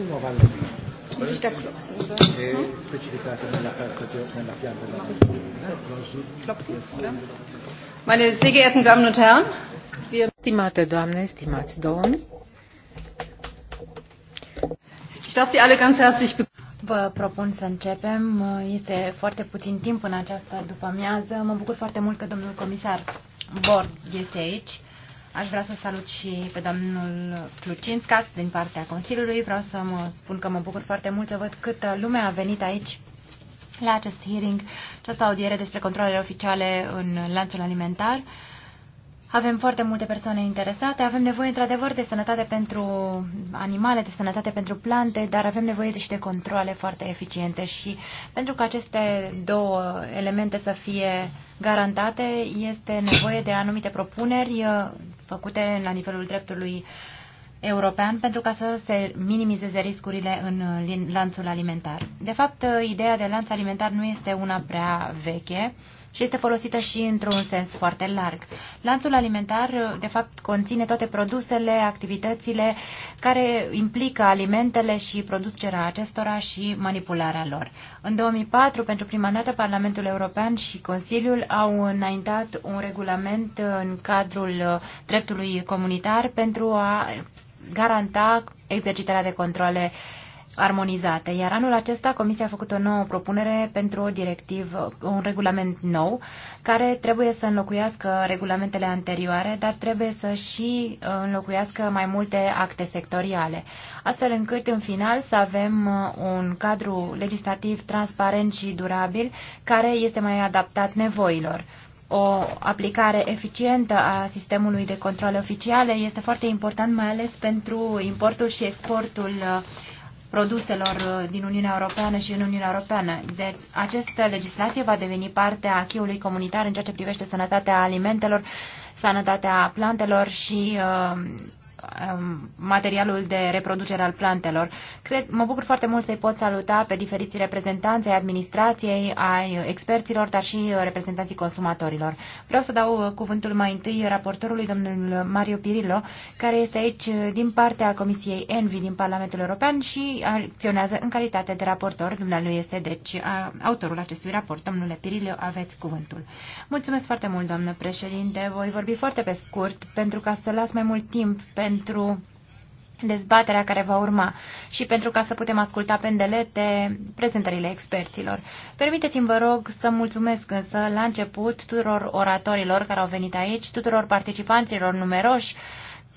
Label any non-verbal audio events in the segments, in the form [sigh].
uno vale Così sta Meine sehr geehrten Damen und Herren, wir Stimate Doamne, stimați domni, ich darf Sie alle ganz herzlich begrüßen. Vă propun să începem. Este foarte puțin timp în această după-amiază. Mă bucur foarte mult că domnul comisar Borg este aici. Aș vrea să salut și pe domnul Clucinscas din partea Consiliului. Vreau să mă spun că mă bucur foarte mult să văd câtă lume a venit aici la acest hearing, această audiere despre controlele oficiale în lanțul alimentar. Uh, avem foarte multe persoane interesate, avem nevoie într-adevăr de sănătate pentru animale, de sănătate pentru plante, dar avem nevoie și de controle foarte eficiente și pentru că aceste două elemente să fie garantate, este nevoie de anumite propuneri uh, făcute la nivelul dreptului european pentru ca să se minimizeze riscurile în lanțul alimentar. De fapt, uh, ideea de lanț alimentar nu este una prea veche, și este folosită și într-un sens foarte larg. Lanțul alimentar, de fapt, conține toate produsele, activitățile care implică alimentele și producerea acestora și manipularea lor. În 2004, pentru prima dată, Parlamentul European și Consiliul au înaintat un regulament în cadrul dreptului comunitar pentru a garanta exercitarea de controle uh, armonizate. Iar anul acesta Comisia a făcut o nouă propunere pentru o directivă, un regulament nou, care trebuie să înlocuiască regulamentele anterioare, dar trebuie să și uh, înlocuiască mai multe acte sectoriale, astfel încât în final să avem uh, un cadru legislativ transparent și durabil care este mai adaptat nevoilor o aplicare eficientă a sistemului de controle oficiale este foarte important, mai ales pentru importul și exportul uh, produselor uh, din Uniunea Europeană și în Uniunea Europeană. Deci această legislație va deveni parte a acquis comunitar în ceea ce privește sănătatea alimentelor, sănătatea plantelor și uh, Um, materialul de reproducere al plantelor. Cred, mă bucur foarte mult să-i pot saluta pe diferiți reprezentanți ai administrației, ai experților, dar și reprezentanții consumatorilor. Vreau să dau uh, cuvântul mai întâi raportorului, domnul Mario Pirillo, care este aici uh, din partea Comisiei Envi din Parlamentul European și acționează în calitate de raportor. Dumnealui este, deci, autorul acestui raport. Domnule Pirillo, aveți cuvântul. Mulțumesc foarte mult, doamnă președinte. Voi vorbi foarte pe scurt, pentru ca să las mai mult timp pentru pentru dezbaterea care va urma și pentru ca să putem asculta pendelete prezentările experților. Permiteți-mi, vă rog, să mulțumesc însă la început tuturor oratorilor care au venit aici, tuturor participanților numeroși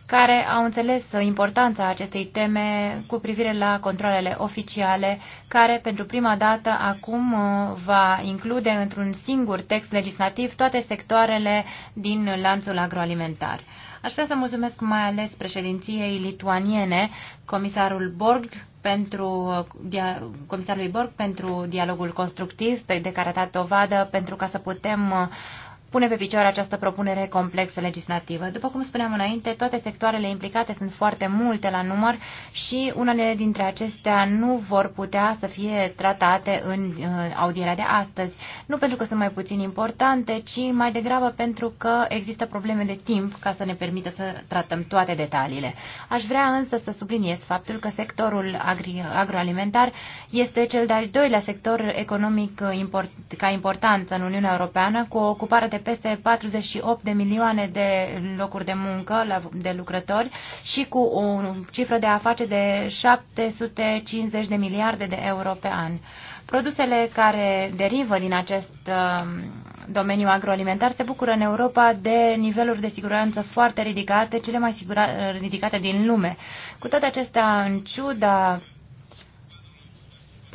care au înțeles importanța acestei teme cu privire la controlele oficiale, care pentru prima dată acum uh, va include într-un singur text legislativ toate sectoarele din lanțul agroalimentar. Aș vrea să mulțumesc mai ales președinției lituaniene, comisarul Borg, pentru, dia, comisarului Borg pentru dialogul constructiv pe, de care a dat dovadă pentru ca să putem pune pe picioare această propunere complexă legislativă. După cum spuneam înainte, toate sectoarele implicate sunt foarte multe la număr și unele dintre acestea nu vor putea să fie tratate în uh, audierea de astăzi. Nu pentru că sunt mai puțin importante, ci mai degrabă pentru că există probleme de timp ca să ne permită să tratăm toate detaliile. Aș vrea însă să subliniez faptul că sectorul agri agroalimentar este cel de-al doilea sector economic import ca importanță în Uniunea Europeană, cu o ocupare de de peste 48 de milioane de locuri de muncă de lucrători și cu o cifră de afaceri de 750 de miliarde de euro pe an. Produsele care derivă din acest um, domeniu agroalimentar se bucură în Europa de niveluri de siguranță foarte ridicate, cele mai ridicate din lume. Cu toate acestea, în ciuda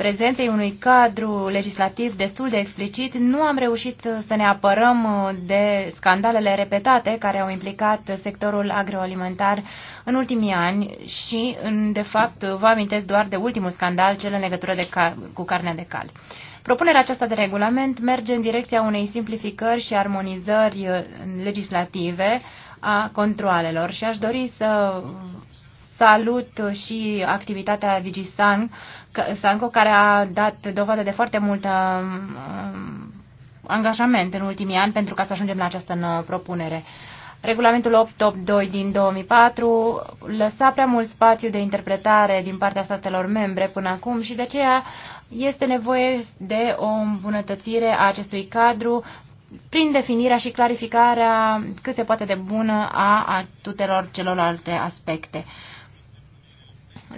prezenței unui cadru legislativ destul de explicit, nu am reușit să ne apărăm uh, de scandalele repetate care au implicat sectorul agroalimentar în ultimii ani și, de fapt, vă amintesc doar de ultimul scandal, cel în legătură de ca cu carnea de cal. Propunerea aceasta de regulament merge în direcția unei simplificări și armonizări uh, legislative a controalelor și aș dori să salut și activitatea DigiSan Sanco, care a dat dovadă de foarte multă um, angajament în ultimii ani pentru ca să ajungem la această nouă propunere. Regulamentul 882 din 2004 lăsa prea mult spațiu de interpretare din partea statelor membre până acum și de aceea este nevoie de o îmbunătățire a acestui cadru prin definirea și clarificarea cât se poate de bună a tuturor celorlalte aspecte.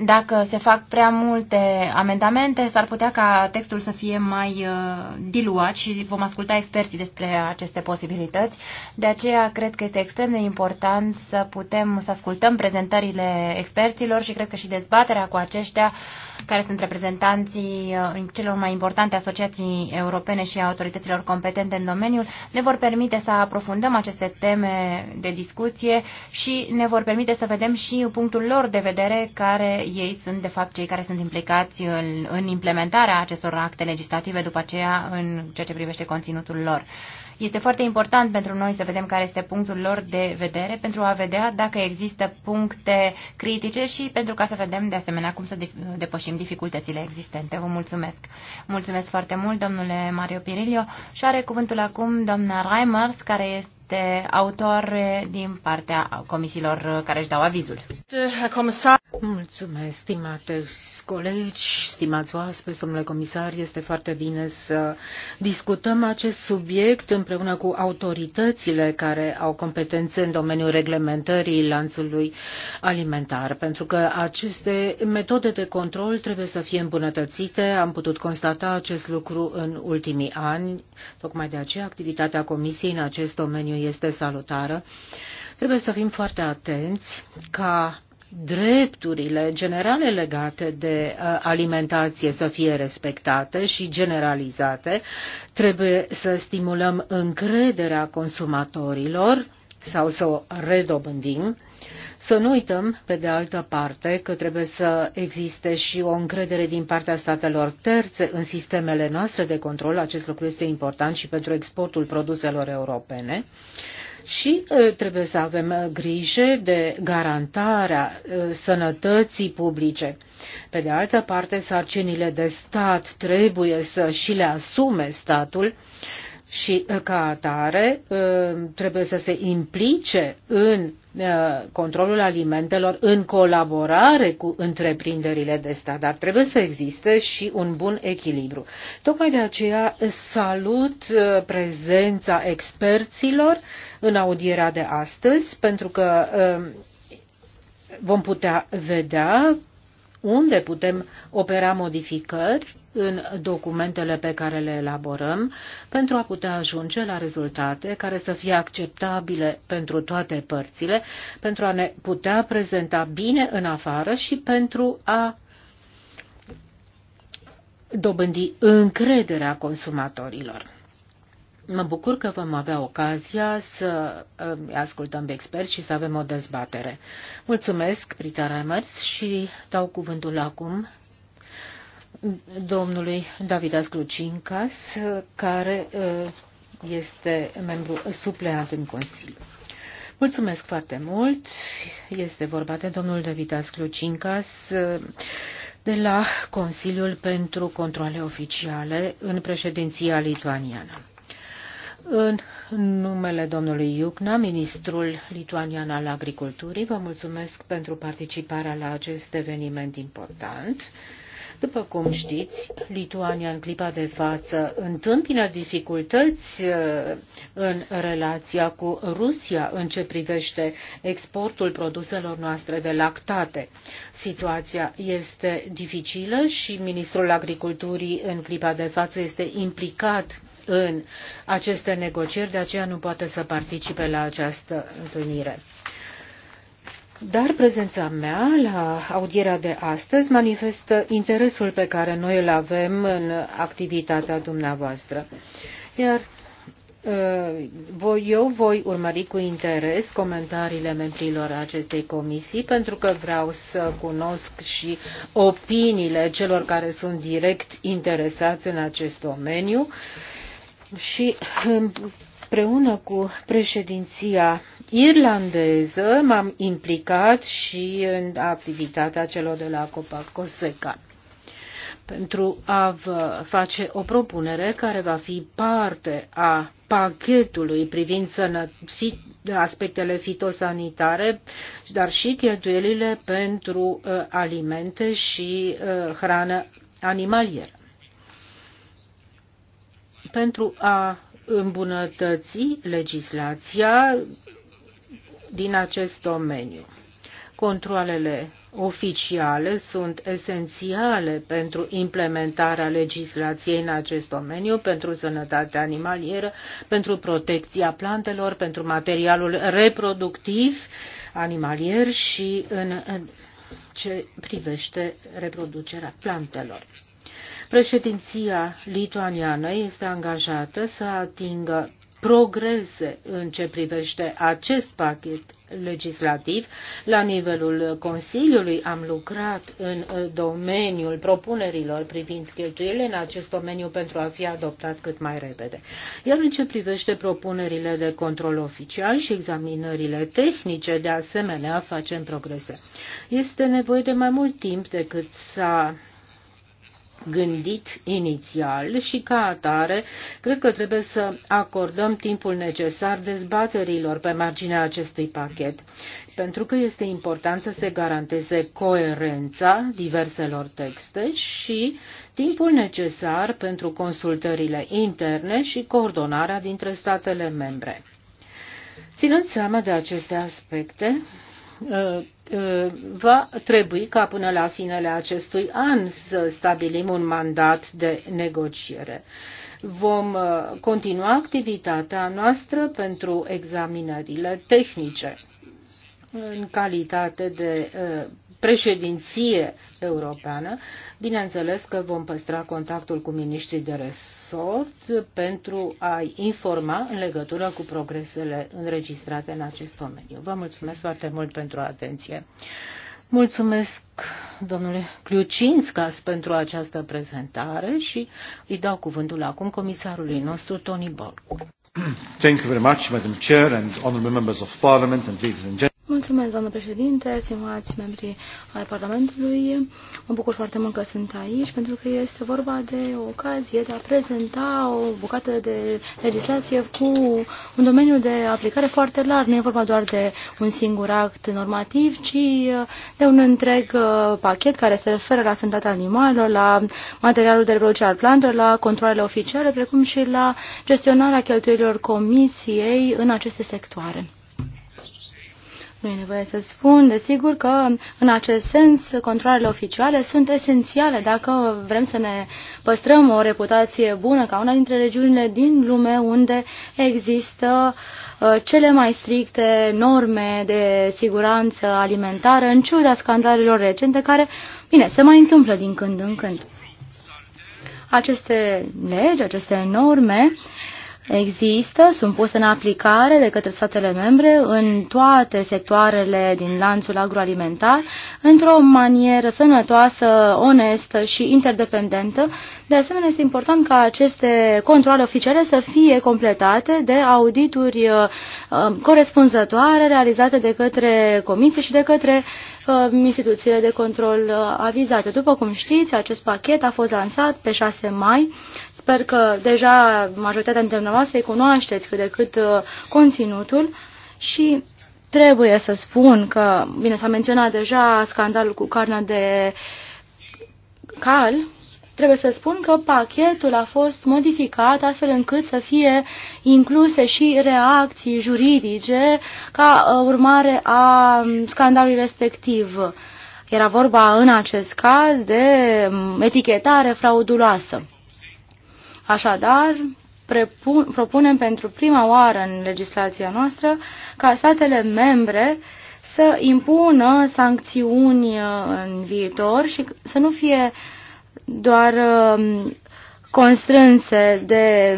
Dacă se fac prea multe amendamente, s-ar putea ca textul să fie mai uh, diluat și vom asculta experții despre aceste posibilități. De aceea cred că este extrem de important să putem să ascultăm prezentările experților și cred că și dezbaterea cu aceștia uh, care sunt reprezentanții uh, celor mai importante asociații europene și autorităților competente în domeniul, ne vor permite să aprofundăm aceste teme de discuție și ne vor permite să vedem și punctul lor de vedere, care ei sunt, de fapt, cei care sunt implicați în, în implementarea acestor acte legislative, după aceea în ceea ce privește conținutul lor. Este foarte important pentru noi să vedem care este punctul lor de vedere pentru a vedea dacă există puncte critice și pentru ca să vedem de asemenea cum să depășim dificultățile existente. Vă mulțumesc! Mulțumesc foarte mult, domnule Mario Pirilio, și are cuvântul acum doamna Reimers, care este de autor din partea comisiilor care își dau avizul. Mulțumesc, stimate colegi, stimați oaspeți, domnule comisar, este foarte bine să discutăm acest subiect împreună cu autoritățile care au competențe în domeniul reglementării lanțului alimentar, pentru că aceste metode de control trebuie să fie îmbunătățite. Am putut constata acest lucru în ultimii ani, tocmai de aceea activitatea comisiei în acest domeniu este salutară. Trebuie să fim foarte atenți ca drepturile generale legate de uh, alimentație să fie respectate și generalizate. Trebuie să stimulăm încrederea consumatorilor sau să o redobândim, să nu uităm, pe de altă parte, că trebuie să existe și o încredere din partea statelor terțe în sistemele noastre de control. Acest lucru este important și pentru exportul produselor europene. Și trebuie să avem grijă de garantarea sănătății publice. Pe de altă parte, sarcinile de stat trebuie să și le asume statul și uh, ca atare uh, trebuie să se implice în uh, controlul alimentelor în colaborare cu întreprinderile de stat, dar trebuie să existe și un bun echilibru. Tocmai de aceea salut prezența experților în audierea de astăzi, pentru că vom putea vedea unde putem opera modificări în documentele pe care le elaborăm pentru a putea ajunge la rezultate care să fie acceptabile pentru toate părțile, pentru a ne putea prezenta bine în afară și pentru a dobândi încrederea consumatorilor. Mă bucur că vom avea ocazia să um, ascultăm pe experți și să avem o dezbatere. Mulțumesc, Rita Reimers, și dau cuvântul acum domnului Davidas Asclucincas, care uh, este membru supleant în Consiliu. Mulțumesc foarte mult. Este vorba de domnul Davidas Asclucincas de la Consiliul pentru Controle Oficiale în președinția lituaniană. În numele domnului Iucna, ministrul lituanian al agriculturii, vă mulțumesc pentru participarea la acest eveniment important. După cum știți, Lituania în clipa de față întâmpină dificultăți uh, în relația cu Rusia în ce privește exportul produselor noastre de lactate. Situația este dificilă și ministrul agriculturii în clipa de față este implicat în aceste negocieri, de aceea nu poate să participe la această întâlnire. Dar prezența mea la audierea de astăzi manifestă interesul pe care noi îl avem în activitatea dumneavoastră. Iar uh, eu voi urmări cu interes comentariile membrilor acestei comisii pentru că vreau să cunosc și opiniile celor care sunt direct interesați în acest domeniu și împreună cu președinția irlandeză m-am implicat și în activitatea celor de la Coseca pentru a vă face o propunere care va fi parte a pachetului privind aspectele fitosanitare, dar și cheltuielile pentru uh, alimente și uh, hrană animalieră pentru a îmbunătăți legislația din acest domeniu. Controlele oficiale sunt esențiale pentru implementarea legislației în acest domeniu, pentru sănătatea animalieră, pentru protecția plantelor, pentru materialul reproductiv animalier și în ce privește reproducerea plantelor. Președinția lituaniană este angajată să atingă progrese în ce privește acest pachet legislativ. La nivelul Consiliului am lucrat în domeniul propunerilor privind cheltuielile în acest domeniu pentru a fi adoptat cât mai repede. Iar în ce privește propunerile de control oficial și examinările tehnice, de asemenea, facem progrese. Este nevoie de mai mult timp decât s-a gândit inițial și ca atare cred că trebuie să acordăm timpul necesar dezbaterilor pe marginea acestui pachet, pentru că este important să se garanteze coerența diverselor texte și timpul necesar pentru consultările interne și coordonarea dintre statele membre. Ținând seama de aceste aspecte, ă, Uh, va trebui ca până la finele acestui an să stabilim un mandat de negociere. Vom uh, continua activitatea noastră pentru examinările tehnice. În calitate de uh, președinție Europeană. Bineînțeles că vom păstra contactul cu miniștrii de resort pentru a-i informa în legătură cu progresele înregistrate în acest domeniu. Vă mulțumesc foarte mult pentru atenție. Mulțumesc, domnule Clucinscas, pentru această prezentare și îi dau cuvântul acum comisarului nostru, Tony Borg. Thank you very much, Madam Chair and honourable members of Parliament and ladies and gentlemen. Mulțumesc, doamnă președinte, stimați membrii ai Parlamentului. Mă bucur foarte mult că sunt aici, pentru că este vorba de o ocazie de a prezenta o bucată de legislație cu un domeniu de aplicare foarte larg. Nu e vorba doar de un singur act normativ, ci de un întreg uh, pachet care se referă la sănătatea animalelor, la materialul de reproducere al plantelor, la controlele oficiale, precum și la gestionarea cheltuielilor comisiei în aceste sectoare. Nu e nevoie să spun, desigur că în acest sens controlele oficiale sunt esențiale dacă vrem să ne păstrăm o reputație bună ca una dintre regiunile din lume unde există uh, cele mai stricte norme de siguranță alimentară în ciuda scandalelor recente care, bine, se mai întâmplă din când în când. Aceste legi, aceste norme uh, există, sunt puse în aplicare de către statele membre în toate sectoarele din lanțul agroalimentar, într-o manieră sănătoasă, onestă și interdependentă. De asemenea, este important ca aceste controle oficiale să fie completate de audituri uh, uh, corespunzătoare realizate de către comisie și de către uh, instituțiile de control avizate. După cum știți, acest pachet a fost lansat pe 6 mai Sper că deja majoritatea dintre îi cunoașteți cât de cât uh, conținutul și trebuie să spun că, bine, s-a menționat deja scandalul cu carnea de cal, trebuie să spun că pachetul a fost modificat astfel încât să fie incluse și reacții juridice ca uh, urmare a um, scandalului respectiv. Era vorba în acest caz de um, etichetare frauduloasă. Așadar, prepun, propunem pentru prima oară în legislația noastră ca statele membre să impună sancțiuni uh, în viitor și să nu fie doar um, constrânse de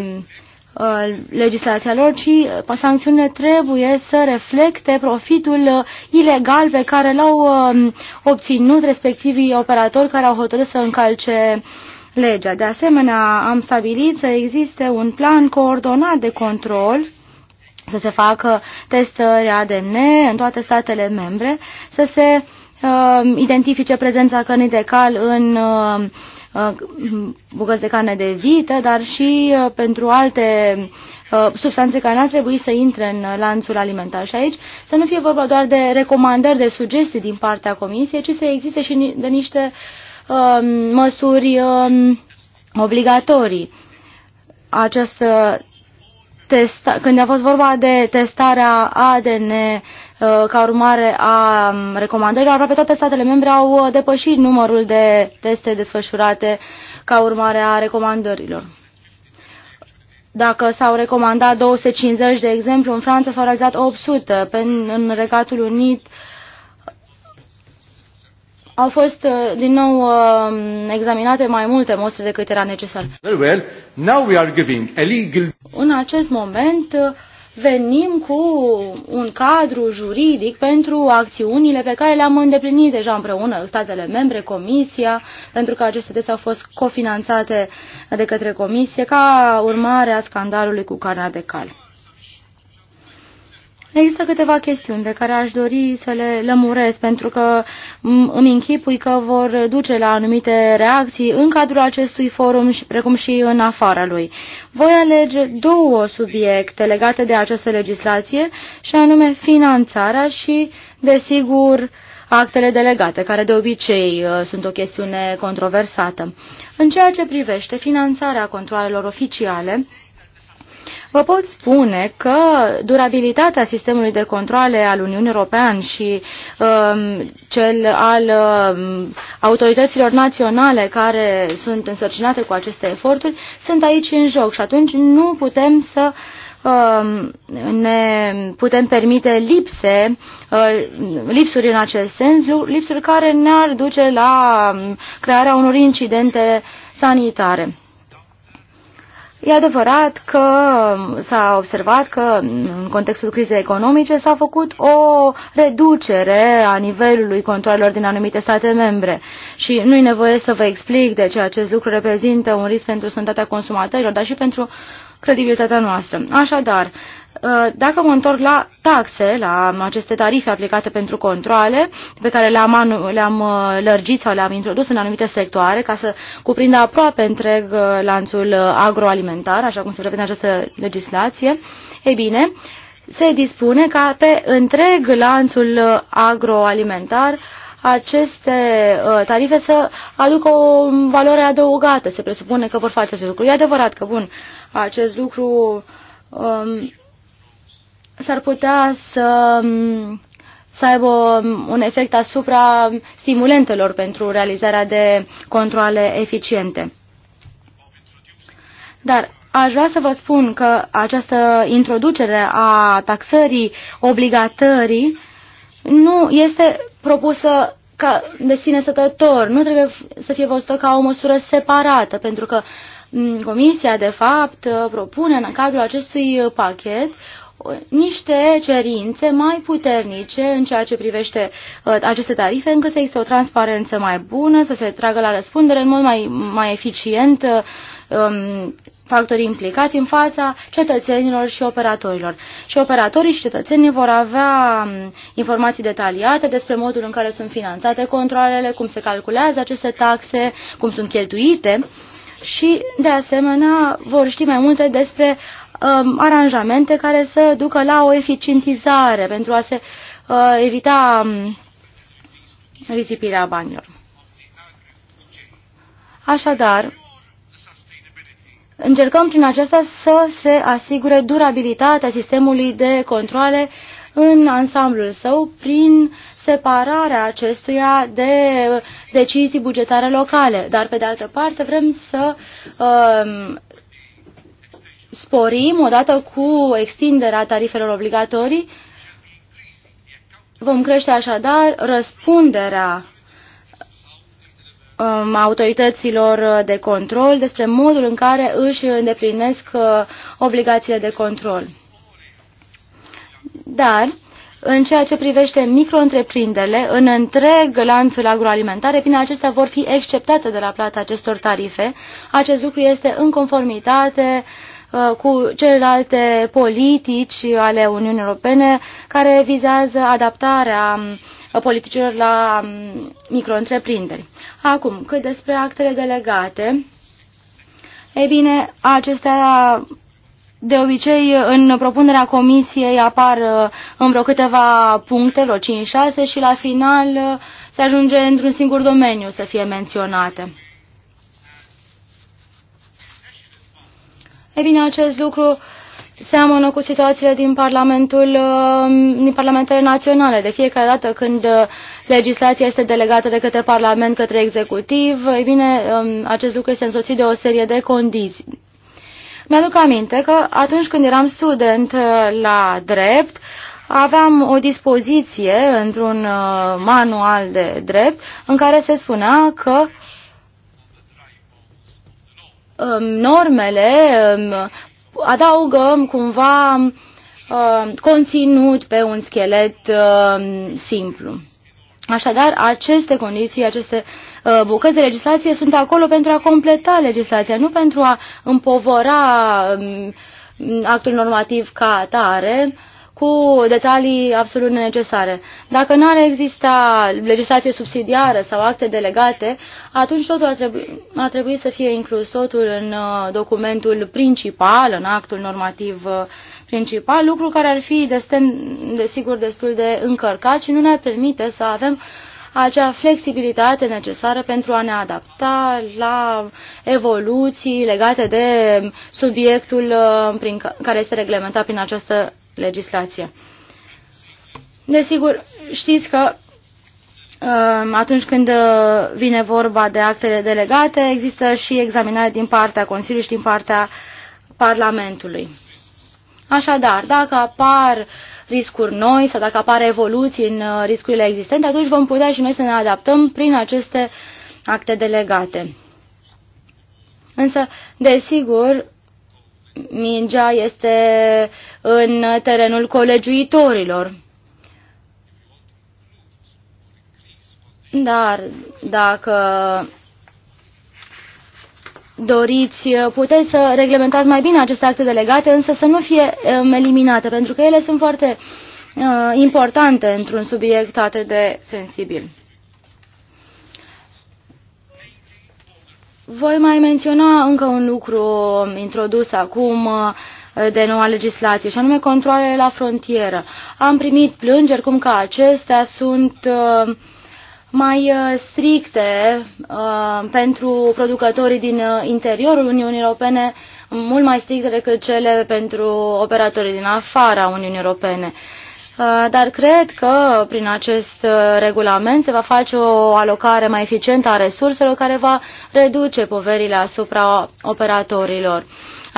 uh, legislația lor, ci uh, sancțiunile trebuie să reflecte profitul ilegal pe care l-au um, obținut respectivii operatori care au hotărât să încalce uh, legea. De asemenea, am stabilit să existe un plan coordonat de control să se facă testări ADN în toate statele membre, să se uh, identifice prezența cărnii de cal în uh, uh, bucăți de carne de vită, dar și uh, pentru alte uh, substanțe care n-ar trebui să intre în lanțul alimentar. Și aici să nu fie vorba doar de recomandări, de sugestii din partea Comisiei, ci să existe și de niște uh, Um, măsuri um, obligatorii. Această testa, când a fost vorba de testarea ADN uh, ca urmare a um, recomandărilor, aproape toate statele membre au uh, depășit numărul de teste desfășurate ca urmare a recomandărilor. Dacă s-au recomandat 250, de exemplu, în Franța s-au realizat 800, în Regatul Unit au fost uh, din nou uh, examinate mai multe mostre decât era necesar. Very well. Now we are giving a legal... În acest moment uh, venim cu un cadru juridic pentru acțiunile pe care le-am îndeplinit deja împreună statele membre, Comisia, pentru că aceste des au fost cofinanțate de către Comisie ca urmare a scandalului cu carnea de cal. Există câteva chestiuni pe care aș dori să le lămuresc, pentru că îmi închipui că vor duce la anumite reacții în cadrul acestui forum, și precum și în afara lui. Voi alege două subiecte legate de această legislație, și anume finanțarea și, desigur, actele delegate, care de obicei uh, sunt o chestiune controversată. În ceea ce privește finanțarea controlelor oficiale, Vă pot spune că durabilitatea sistemului de controle al Uniunii European și um, cel al um, autorităților naționale care sunt însărcinate cu aceste eforturi sunt aici în joc și atunci nu putem să um, ne putem permite lipse, uh, lipsuri în acest sens, lipsuri care ne-ar duce la um, crearea unor incidente sanitare. E adevărat că s-a observat că în contextul crizei economice s-a făcut o reducere a nivelului controlelor din anumite state membre și nu e nevoie să vă explic de ce acest lucru reprezintă un risc pentru sănătatea consumatorilor, dar și pentru credibilitatea noastră. Așadar, uh, dacă mă întorc la taxe, la aceste tarife aplicate pentru controle, pe care le-am le, -am, uh, lărgit sau le-am introdus în anumite sectoare, ca să cuprindă aproape întreg uh, lanțul agroalimentar, așa cum se prevede în această legislație, e bine, se dispune ca pe întreg lanțul agroalimentar aceste tarife să aducă o valoare adăugată. Se presupune că vor face acest lucru. E adevărat că, bun, acest lucru um, s-ar putea să, um, să aibă um, un efect asupra stimulentelor pentru realizarea de controle eficiente. Dar aș vrea să vă spun că această introducere a taxării obligatării nu este propusă ca de sine sătător, nu trebuie să fie văzută ca o măsură separată, pentru că uh, Mm, comisia, de fapt, uh, propune în cadrul acestui pachet uh, niște cerințe mai puternice în ceea ce privește uh, aceste tarife, încât să există o transparență mai bună, să se tragă la răspundere în mod mai, mai eficient uh, um, factorii implicați în fața cetățenilor și operatorilor. Și operatorii și cetățenii vor avea um, informații detaliate despre modul în care sunt finanțate controlele, cum se calculează aceste taxe, cum sunt cheltuite și, de asemenea, vor ști mai multe despre um, aranjamente care să ducă la o eficientizare pentru a se uh, evita um, risipirea banilor. Așadar, încercăm prin aceasta să se asigure durabilitatea sistemului de controle în ansamblul său prin separarea acestuia de decizii bugetare locale. Dar, pe de altă parte, vrem să um, sporim, odată cu extinderea tarifelor obligatorii, vom crește așadar răspunderea um, autorităților de control despre modul în care își îndeplinesc uh, obligațiile de control. Dar în ceea ce privește micro-întreprinderile în întreg lanțul agroalimentar, e bine, acestea vor fi exceptate de la plata acestor tarife. Acest lucru este în conformitate uh, cu celelalte politici ale Uniunii Europene care vizează adaptarea um, politicilor la um, micro-întreprinderi. Acum, cât despre actele delegate, ei bine, acestea de obicei, în propunerea comisiei apar uh, în vreo câteva puncte, vreo 5-6, și la final uh, se ajunge într-un singur domeniu să fie menționate. E bine, acest lucru seamănă cu situațiile din, Parlamentul, uh, din Parlamentele Naționale. De fiecare dată când legislația este delegată de către Parlament către executiv, e bine, um, acest lucru este însoțit de o serie de condiții mi-aduc aminte că atunci când eram student uh, la drept, aveam o dispoziție într-un uh, manual de drept în care se spunea că um, normele um, adaugă cumva um, conținut pe un schelet simplu. Așadar, aceste condiții, aceste Uh, bucăți de legislație sunt acolo pentru a completa legislația, nu pentru a împovora um, actul normativ ca atare cu detalii absolut necesare. Dacă nu ar exista legislație subsidiară sau acte delegate, atunci totul ar trebui, ar trebui să fie inclus totul în uh, documentul principal, în actul normativ uh, principal, lucru care ar fi, destem, desigur, destul de încărcat și nu ne-ar permite să avem acea flexibilitate necesară pentru a ne adapta la evoluții legate de subiectul uh, prin care este reglementat prin această legislație. Desigur, știți că uh, atunci când uh, vine vorba de actele delegate, există și examinare din partea Consiliului și din partea Parlamentului. Așadar, dacă apar uh, riscuri noi sau dacă apare evoluții în uh, riscurile existente, atunci vom putea și noi să ne adaptăm prin aceste acte delegate. Însă, desigur, mingea este în terenul colegiuitorilor. Dar dacă doriți, uh, puteți să reglementați mai bine aceste acte delegate, însă să nu fie um, eliminate, pentru că ele sunt foarte uh, importante într-un subiect atât de sensibil. Voi mai menționa încă un lucru introdus acum uh, de noua legislație, și anume controlele la frontieră. Am primit plângeri cum că acestea sunt uh, mai uh, stricte uh, pentru producătorii din uh, interiorul Uniunii Europene, mult mai stricte decât cele pentru operatorii din afara Uniunii Europene. Dar cred că prin acest regulament se va face o alocare mai eficientă a resurselor care va reduce poverile asupra operatorilor.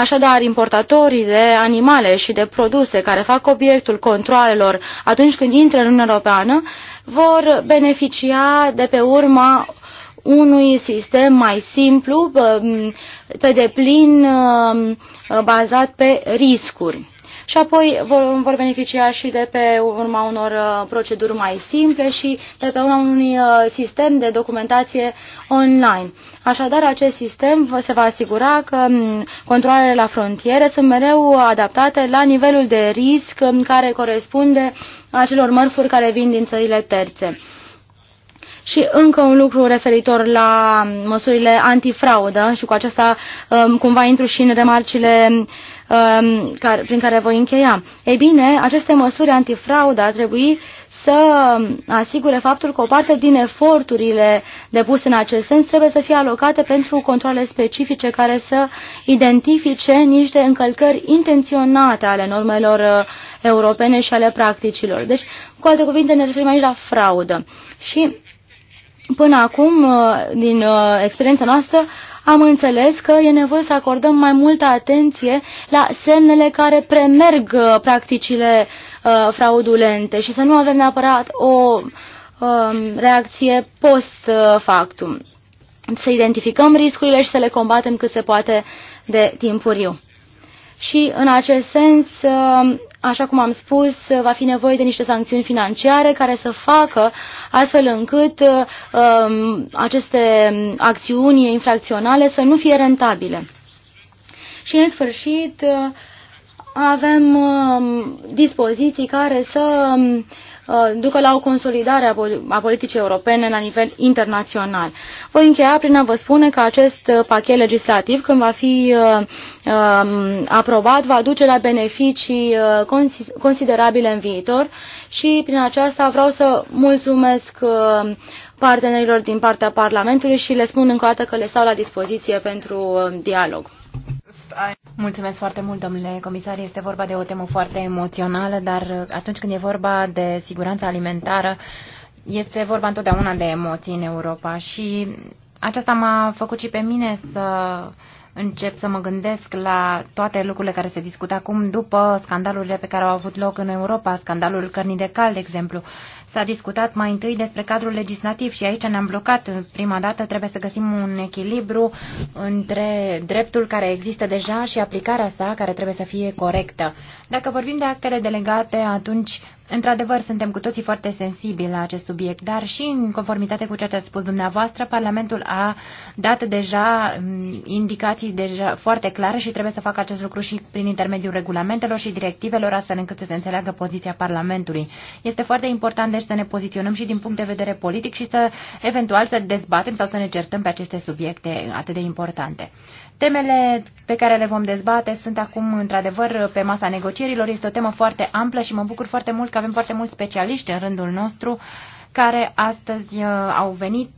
Așadar, importatorii de animale și de produse care fac obiectul controalelor atunci când intră în Uniunea Europeană vor beneficia de pe urma unui sistem mai simplu, pe deplin bazat pe riscuri și apoi vor, beneficia și de pe urma unor uh, proceduri mai simple și de pe urma unui uh, sistem de documentație online. Așadar, acest sistem se va asigura că mm, controlele la frontiere sunt mereu adaptate la nivelul de risc um, care corespunde acelor mărfuri care vin din țările terțe. Și încă un lucru referitor la mm, măsurile antifraudă și cu aceasta um, cumva intru și în remarcile Um, prin care voi încheia. Ei bine, aceste măsuri antifraudă ar trebui să asigure faptul că o parte din eforturile depuse în acest sens trebuie să fie alocate pentru controle specifice care să identifice niște încălcări intenționate ale normelor uh, europene și ale practicilor. Deci, cu alte cuvinte, ne referim aici la fraudă. Și Până acum, uh, din uh, experiența noastră, am înțeles că e nevoie să acordăm mai multă atenție la semnele care premerg uh, practicile uh, fraudulente și să nu avem neapărat o uh, reacție post-factum. Să identificăm riscurile și să le combatem cât se poate de timpuriu și în acest sens, uh, așa cum am spus, uh, va fi nevoie de niște sancțiuni financiare care să facă astfel încât uh, um, aceste acțiuni infracționale să nu fie rentabile. Și în sfârșit avem um, dispoziții care să um, Uh, ducă la o consolidare a politicii europene la nivel internațional. Voi încheia prin a vă spune că acest uh, pachet legislativ, când va fi uh, um, aprobat, va duce la beneficii considerabile în viitor și prin aceasta vreau să mulțumesc partenerilor din partea Parlamentului și le spun încă o dată că le stau la dispoziție pentru dialog. Mulțumesc foarte mult, domnule comisar. Este vorba de o temă foarte emoțională, dar atunci când e vorba de siguranța alimentară, este vorba întotdeauna de emoții în Europa și aceasta m-a făcut și pe mine să încep să mă gândesc la toate lucrurile care se discută acum după scandalurile pe care au avut loc în Europa, scandalul cărnii de cal, de exemplu s-a discutat mai întâi despre cadrul legislativ și aici ne-am blocat. Prima dată trebuie să găsim un echilibru între dreptul care există deja și aplicarea sa care trebuie să fie corectă. Dacă vorbim de actele delegate, atunci, într-adevăr, suntem cu toții foarte sensibili la acest subiect, dar și în conformitate cu ceea ce ați spus dumneavoastră, Parlamentul a dat deja mm, indicații deja foarte clare și trebuie să facă acest lucru și prin intermediul regulamentelor și directivelor, astfel încât să se înțeleagă poziția Parlamentului. Este foarte important, deci, să ne poziționăm și din punct de vedere politic și să, eventual, să dezbatem sau să ne certăm pe aceste subiecte atât de importante. Temele pe care le vom dezbate sunt acum, într-adevăr, pe masa negocierilor. Este o temă foarte amplă și mă bucur foarte mult că avem foarte mulți specialiști în rândul nostru care astăzi uh, au venit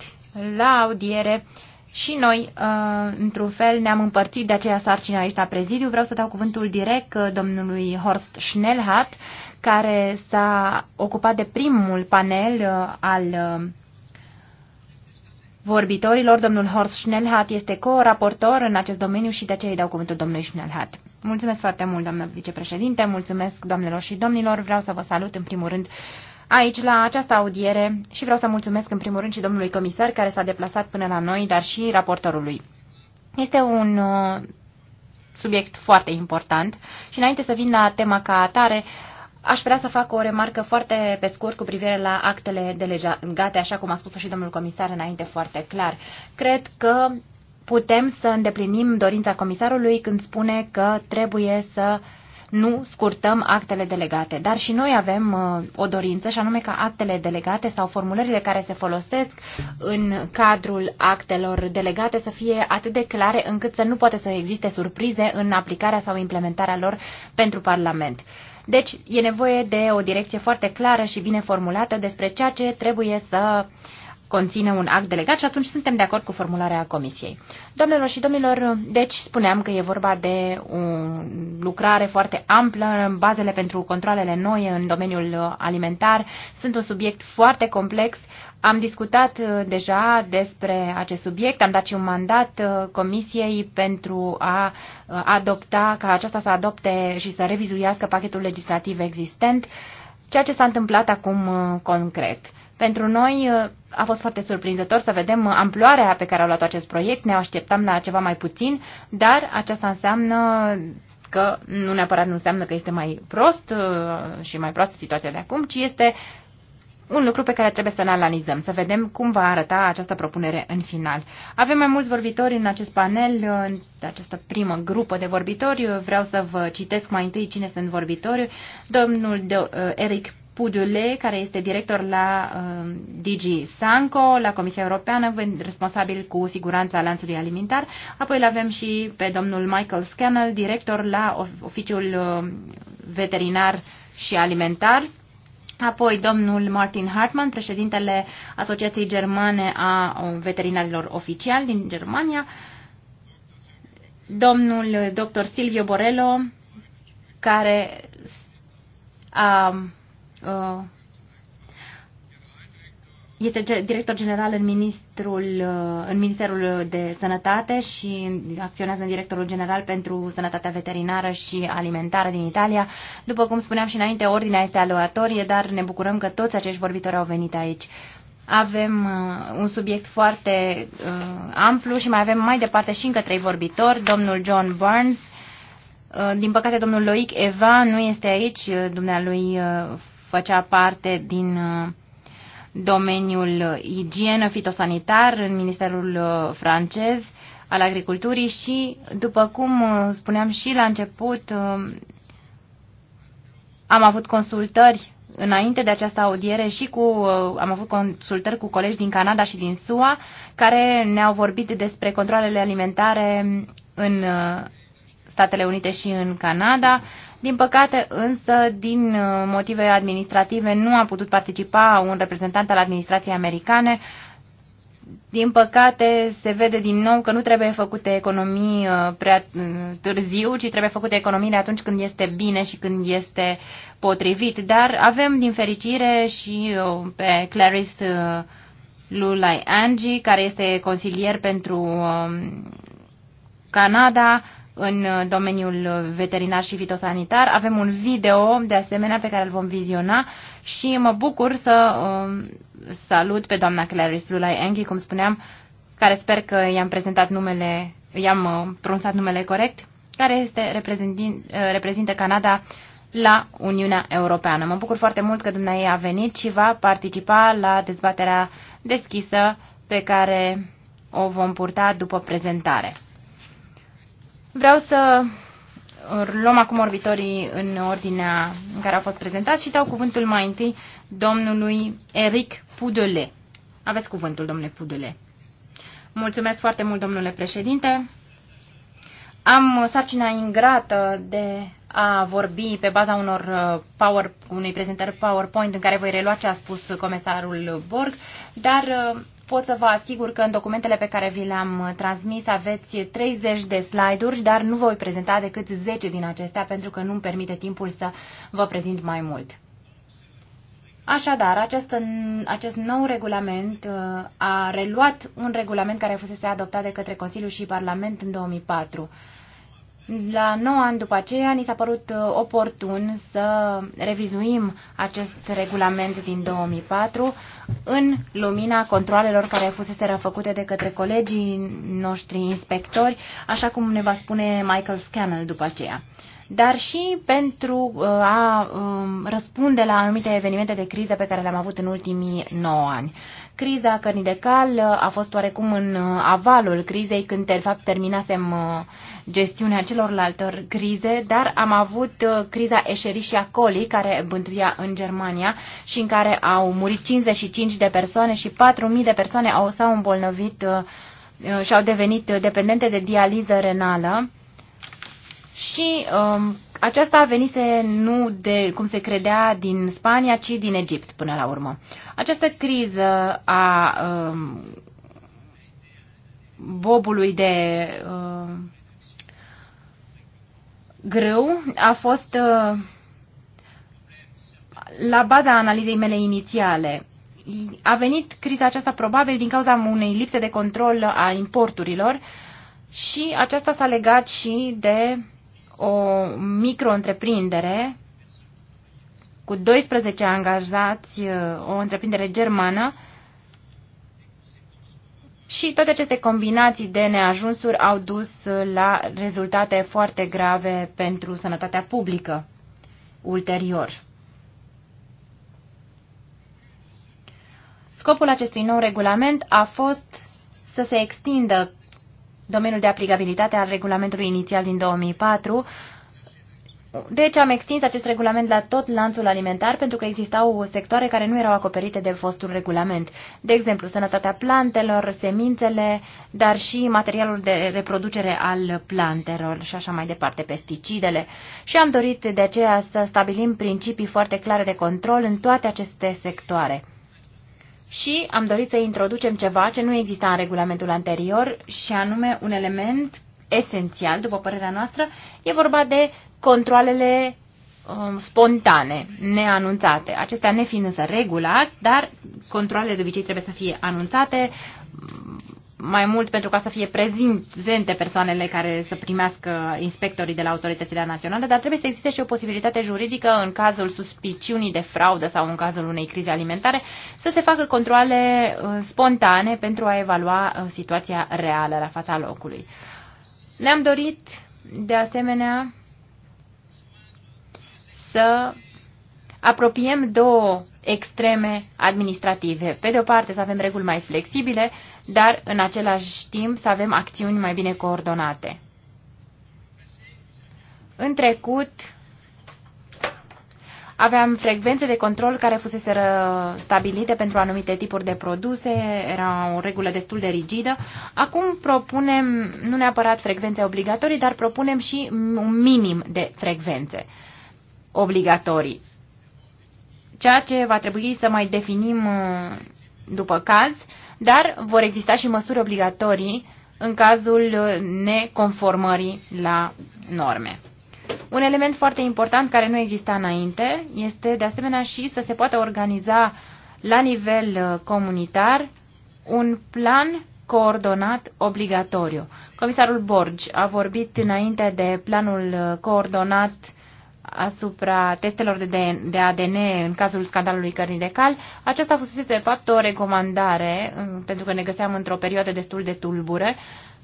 la audiere și noi, uh, într-un fel, ne-am împărțit de aceea sarcină aici la prezidiu. Vreau să dau cuvântul direct uh, domnului Horst Schnellhardt, care s-a ocupat de primul panel al vorbitorilor. Domnul Horst Schnellhardt este co-raportor în acest domeniu și de aceea îi dau cuvântul domnului Schnellhardt. Mulțumesc foarte mult, doamnă vicepreședinte, mulțumesc doamnelor și domnilor. Vreau să vă salut în primul rând aici la această audiere și vreau să mulțumesc în primul rând și domnului comisar care s-a deplasat până la noi, dar și raportorului. Este un uh, subiect foarte important și înainte să vin la tema ca atare, uh, Aș vrea să fac o remarcă foarte pe scurt cu privire la actele delegate, așa cum a spus și domnul comisar înainte foarte clar. Cred că putem să îndeplinim dorința comisarului când spune că trebuie să nu scurtăm actele delegate. Dar și noi avem uh, o dorință și anume ca actele delegate sau formulările care se folosesc în cadrul actelor delegate să fie atât de clare încât să nu poate să existe surprize în aplicarea sau implementarea lor pentru Parlament. Uh, deci e nevoie de o direcție foarte clară și bine formulată despre ceea ce trebuie să conține un act delegat și atunci suntem de acord cu formularea comisiei. Domnilor și domnilor, deci spuneam că e vorba de o lucrare foarte amplă, bazele pentru controlele noi în domeniul alimentar sunt un subiect foarte complex, am discutat uh, deja despre acest subiect, am dat și un mandat uh, Comisiei pentru a uh, adopta, ca aceasta să adopte și să revizuiască pachetul legislativ existent, ceea ce s-a întâmplat acum concret. Pentru noi a fost foarte surprinzător să vedem amploarea pe care a luat acest proiect, ne așteptam la ceva mai puțin, dar aceasta înseamnă că nu neapărat nu înseamnă că este mai prost și mai proastă situația de acum, ci este un lucru pe care trebuie să-l analizăm, să vedem cum va arăta această propunere în final. Avem mai mulți vorbitori în acest panel, în această primă grupă de vorbitori. Eu vreau să vă citesc mai întâi cine sunt vorbitori. Domnul de, uh, Eric Pudule, care este director la uh, DG Sanco, la Comisia Europeană, responsabil cu siguranța lanțului alimentar. Apoi îl avem și pe domnul Michael Scannell, director la Oficiul uh, Veterinar și Alimentar Apoi domnul Martin Hartmann, președintele Asociației Germane a Veterinarilor Oficiali din Germania, domnul dr. Silvio Borello, care a, a uh, este director general în, ministrul, uh, în Ministerul de Sănătate și acționează în directorul general pentru sănătatea veterinară și alimentară din Italia. După cum spuneam și înainte, ordinea este aleatorie, dar ne bucurăm că toți acești vorbitori au venit aici. Avem uh, un subiect foarte uh, amplu și mai avem mai departe și încă trei vorbitori, domnul John Burns, uh, din păcate domnul Loic Eva nu este aici, uh, dumnealui uh, făcea parte din... Uh, domeniul igienă fitosanitar în Ministerul uh, francez al agriculturii și, după cum uh, spuneam și la început, uh, am avut consultări înainte de această audiere și cu, am avut consultări cu colegi din Canada și din SUA care ne-au vorbit despre controlele alimentare în Statele Unite și în Canada. Din păcate, însă, din uh, motive administrative, nu a putut participa un reprezentant al administrației americane. Din păcate, se vede din nou că nu trebuie făcute economii uh, prea uh, târziu, ci trebuie făcute economiile atunci când este bine și când este potrivit. Dar avem, din fericire, și pe Clarice Lulai Angie, care este consilier pentru um, Canada, în uh, domeniul veterinar și fitosanitar. Avem un video, de asemenea, pe care îl vom viziona și mă bucur să um, salut pe doamna Clarice Lulai Enghi, cum spuneam, care sper că i-am prezentat numele, i-am uh, pronunțat numele corect, care este uh, reprezintă Canada la Uniunea Europeană. Mă bucur foarte mult că dumneavoastră a venit și va participa la dezbaterea deschisă pe care o vom purta după prezentare. Vreau să luăm acum orbitorii în ordinea în care au fost prezentat și dau cuvântul mai întâi domnului Eric Pudele. Aveți cuvântul, domnule Pudele. Mulțumesc foarte mult, domnule președinte. Am sarcina ingrată de a vorbi pe baza unor uh, power, unei prezentări PowerPoint în care voi relua ce a spus comisarul Borg, dar uh, pot să vă asigur că în documentele pe care vi le-am uh, transmis aveți 30 de slide-uri, dar nu voi prezenta decât 10 din acestea pentru că nu-mi permite timpul să vă prezint mai mult. Așadar, acest, acest nou regulament uh, a reluat un regulament care fusese adoptat de către Consiliu și Parlament în 2004. La 9 ani după aceea ni s-a părut uh, oportun să revizuim acest regulament din 2004 în lumina controlelor care fusese făcute de către colegii noștri inspectori, așa cum ne va spune Michael Scannell după aceea dar și pentru uh, a um, răspunde la anumite evenimente de criză pe care le-am avut în ultimii 9 ani. Criza cărnii de cal uh, a fost oarecum în avalul crizei când, de fapt, terminasem gestiunea celorlalte crize, dar am avut uh, criza Escherichia coli, care bântuia în Germania și în care au murit 55 de persoane și 4.000 de persoane au s-au îmbolnăvit uh, uh, și au devenit dependente de dializă renală. Și um, aceasta venit nu de cum se credea din Spania, ci din Egipt până la urmă. Această criză a um, bobului de greu a fost uh, la baza analizei mele inițiale. A venit criza aceasta probabil din cauza unei lipse de control a importurilor și aceasta s-a legat și de o micro-întreprindere cu 12 angajați, uh, o întreprindere germană, și toate aceste combinații de neajunsuri au dus la rezultate foarte grave pentru sănătatea publică ulterior. Scopul acestui nou regulament a fost să se extindă domeniul de aplicabilitate al regulamentului inițial din 2004 deci am extins acest regulament la tot lanțul alimentar pentru că existau sectoare care nu erau acoperite de fostul regulament. De exemplu, sănătatea plantelor, semințele, dar și materialul de reproducere al plantelor și așa mai departe, pesticidele. Și am dorit de aceea să stabilim principii foarte clare de control în toate aceste sectoare. Și am dorit să introducem ceva ce nu exista în regulamentul anterior și anume un element esențial, după părerea noastră, e vorba de controlele um, spontane, neanunțate. Acestea nefiind însă regula, dar controlele de obicei trebuie să fie anunțate, mm, mai mult pentru ca să fie prezente persoanele care să primească inspectorii de la autoritățile naționale, dar trebuie să existe și o posibilitate juridică în cazul suspiciunii de fraudă sau în cazul unei crize alimentare să se facă controle uh, spontane pentru a evalua uh, situația reală la fața locului. Ne-am dorit, de asemenea, să apropiem două extreme administrative. Pe de o parte să avem reguli mai flexibile, dar în același timp să avem acțiuni mai bine coordonate. În trecut, Aveam frecvențe de control care fusese stabilite pentru anumite tipuri de produse, era o regulă destul de rigidă. Acum propunem nu neapărat frecvențe obligatorii, dar propunem și un minim de frecvențe obligatorii. Ceea ce va trebui să mai definim uh, după caz, dar vor exista și măsuri obligatorii în cazul uh, neconformării la norme. Un element foarte important care nu exista înainte este de asemenea și să se poată organiza la nivel uh, comunitar un plan coordonat obligatoriu. Comisarul Borgi a vorbit înainte de planul uh, coordonat asupra testelor de ADN în cazul scandalului cărnii de cal. Aceasta fusese de fapt o recomandare, uh, pentru că ne găseam într-o perioadă destul de tulbură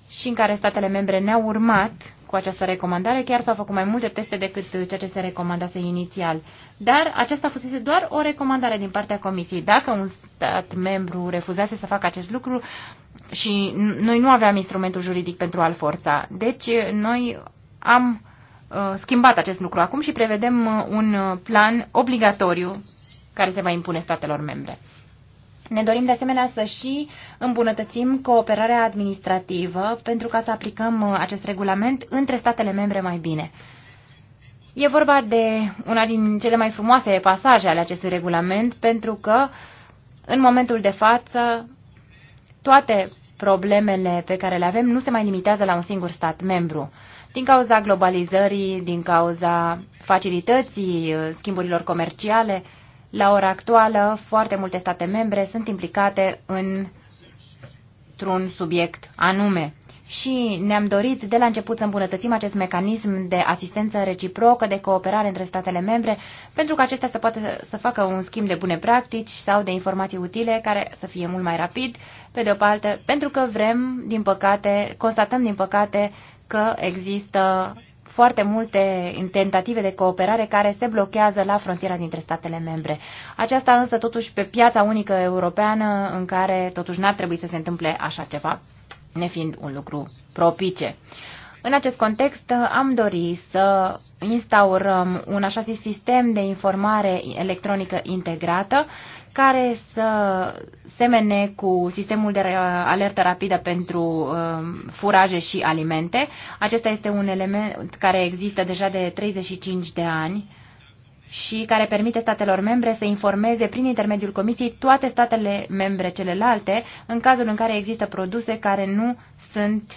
și în care statele membre ne-au urmat cu această recomandare. Chiar s-au făcut mai multe teste decât ceea ce se recomandase inițial. Dar aceasta fusese doar o recomandare din partea Comisiei. Dacă un stat membru refuzase să facă acest lucru și noi nu aveam instrumentul juridic pentru a-l forța. Deci noi am uh, schimbat acest lucru acum și prevedem uh, un uh, plan obligatoriu care se va impune statelor membre. Ne dorim de asemenea să și îmbunătățim cooperarea administrativă pentru ca să aplicăm acest regulament între statele membre mai bine. E vorba de una din cele mai frumoase pasaje ale acestui regulament pentru că în momentul de față toate problemele pe care le avem nu se mai limitează la un singur stat membru. Din cauza globalizării, din cauza facilității schimburilor comerciale, la ora actuală, foarte multe state membre sunt implicate în un subiect anume și ne-am dorit de la început să îmbunătățim acest mecanism de asistență reciprocă, de cooperare între statele membre, pentru că acestea să poată să facă un schimb de bune practici sau de informații utile care să fie mult mai rapid, pe de o parte, pentru că vrem, din păcate, constatăm din păcate că există foarte multe tentative de cooperare care se blochează la frontiera dintre statele membre. Aceasta însă totuși pe piața unică europeană în care totuși n-ar trebui să se întâmple așa ceva, nefiind un lucru propice. În acest context am dorit să instaurăm un așa zis sistem de informare electronică integrată care să semene cu sistemul de alertă rapidă pentru um, furaje și alimente. Acesta este un element care există deja de 35 de ani și care permite statelor membre să informeze prin intermediul Comisiei toate statele membre celelalte în cazul în care există produse care nu sunt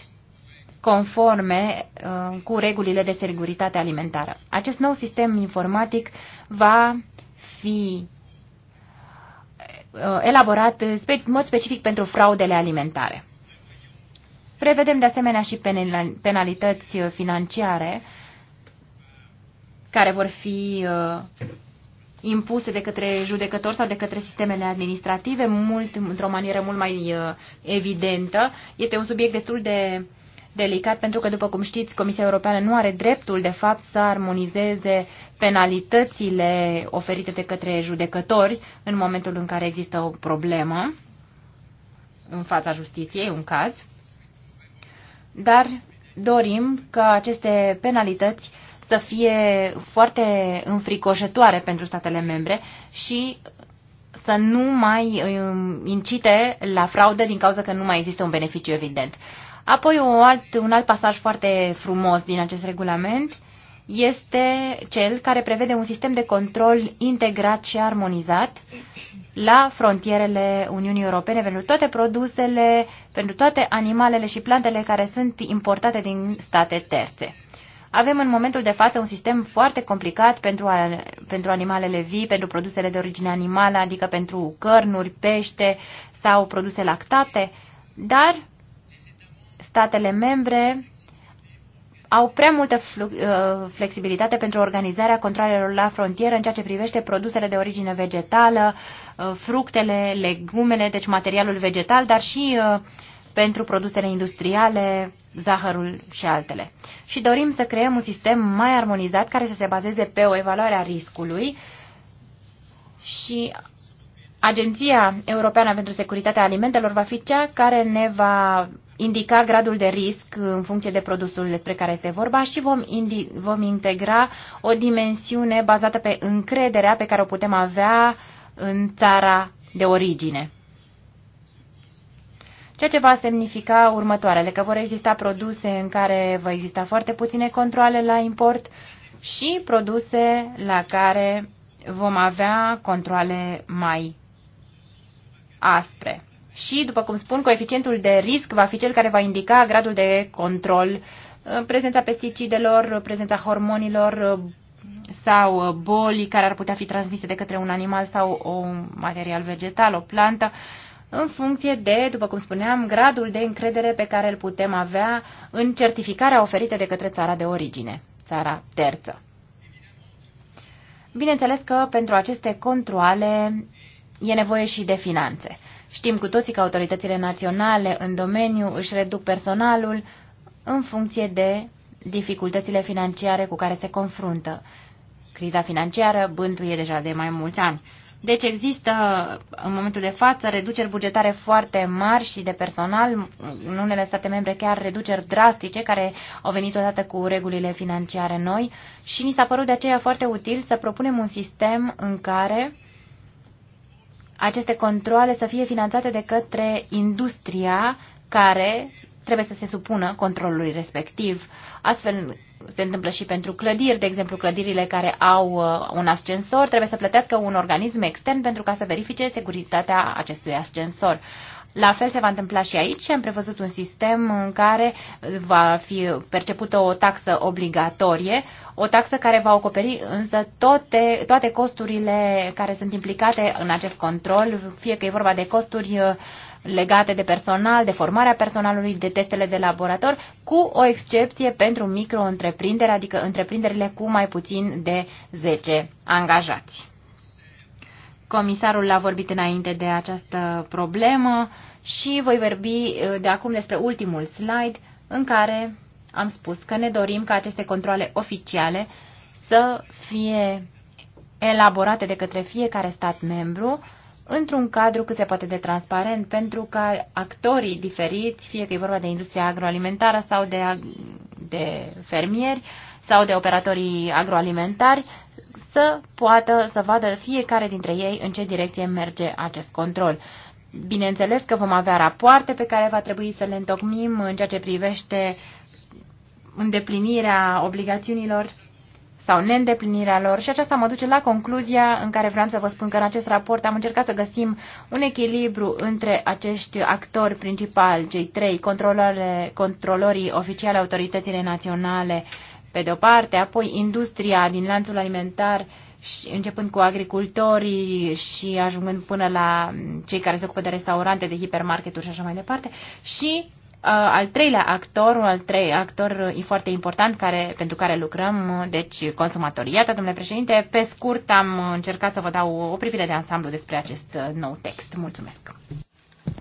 conforme uh, cu regulile de securitate alimentară. Acest nou sistem informatic va fi Uh, elaborat uh, în mod specific pentru fraudele alimentare. Prevedem de asemenea și penalități uh, financiare care vor fi impuse de către judecători sau de către sistemele administrative mult, într-o manieră mult mai evidentă. Este un subiect destul de delicat pentru că, după cum știți, Comisia Europeană nu are dreptul, de fapt, să armonizeze penalitățile oferite de către judecători în momentul în care există o problemă în fața justiției, un caz, dar dorim ca aceste penalități să fie foarte înfricoșătoare pentru statele membre și să nu mai um, incite la fraude din cauza că nu mai există un beneficiu evident. Apoi un alt, un alt pasaj foarte frumos din acest regulament este cel care prevede un sistem de control integrat și armonizat la frontierele Uniunii Europene pentru toate produsele, pentru toate animalele și plantele care sunt importate din state terțe. Avem în momentul de față un sistem foarte complicat pentru, a, pentru animalele vii, pentru produsele de origine animală, adică pentru cărnuri, pește sau produse lactate, dar statele membre au prea multă uh, flexibilitate pentru organizarea controlelor la frontieră în ceea ce privește produsele de origine vegetală, uh, fructele, legumele, deci materialul vegetal, dar și uh, pentru produsele industriale, zahărul și altele. Și dorim să creăm un sistem mai armonizat care să se bazeze pe o evaluare a riscului și Agenția Europeană pentru Securitatea Alimentelor va fi cea care ne va indica gradul de risc în funcție de produsul despre care este vorba și vom, vom integra o dimensiune bazată pe încrederea pe care o putem avea în țara de origine. Ceea ce va semnifica următoarele, că vor exista produse în care va exista foarte puține controle la import și produse la care vom avea controle mai aspre și, după cum spun, coeficientul de risc va fi cel care va indica gradul de control, uh, prezența pesticidelor, prezența hormonilor uh, sau uh, bolii care ar putea fi transmise de către un animal sau un material vegetal, o plantă, în funcție de, după cum spuneam, gradul de încredere pe care îl putem avea în certificarea oferită de către țara de origine, țara terță. Bineînțeles că pentru aceste controle e nevoie și de finanțe. Știm cu toții că autoritățile naționale în domeniu își reduc personalul în funcție de dificultățile financiare cu care se confruntă. Criza financiară bântuie deja de mai mulți ani. Deci există în momentul de față reduceri bugetare foarte mari și de personal, în unele state membre chiar reduceri drastice care au venit odată cu regulile financiare noi și ni s-a părut de aceea foarte util să propunem un sistem în care aceste controle să fie finanțate de către industria care trebuie să se supună controlului respectiv. Astfel se întâmplă și pentru clădiri, de exemplu clădirile care au uh, un ascensor trebuie să plătească un organism extern pentru ca să verifice securitatea acestui ascensor. La fel se va întâmpla și aici am prevăzut un sistem în care va fi percepută o taxă obligatorie, o taxă care va acoperi însă toate, toate costurile care sunt implicate în acest control, fie că e vorba de costuri uh, legate de personal, de formarea personalului, de testele de laborator, cu o excepție pentru micro-întreprinderi, adică întreprinderile cu mai puțin de 10 angajați. Comisarul a vorbit înainte de această problemă și voi vorbi uh, de acum despre ultimul slide în care am spus că ne dorim ca aceste controle oficiale să fie elaborate de către fiecare stat membru într-un cadru cât se poate de transparent pentru ca actorii diferiți, fie că e vorba de industria agroalimentară sau de, de fermieri sau de operatorii agroalimentari, să poată să vadă fiecare dintre ei în ce direcție merge acest control. Bineînțeles că vom avea rapoarte pe care va trebui să le întocmim în ceea ce privește îndeplinirea obligațiunilor sau neîndeplinirea lor și aceasta mă duce la concluzia în care vreau să vă spun că în acest raport am încercat să găsim un echilibru între acești actori principali, cei trei, controlorii oficiale, autoritățile naționale, uh, pe de-o parte, apoi industria din lanțul alimentar, și începând cu agricultorii și ajungând până la cei care se ocupă de restaurante, de hipermarketuri și așa mai departe, și uh, al treilea actor, un al trei actor uh, foarte important care, pentru care lucrăm, uh, deci consumatorii. Iată, domnule președinte, pe scurt am încercat să vă dau o privire de ansamblu despre acest nou text. Mulțumesc!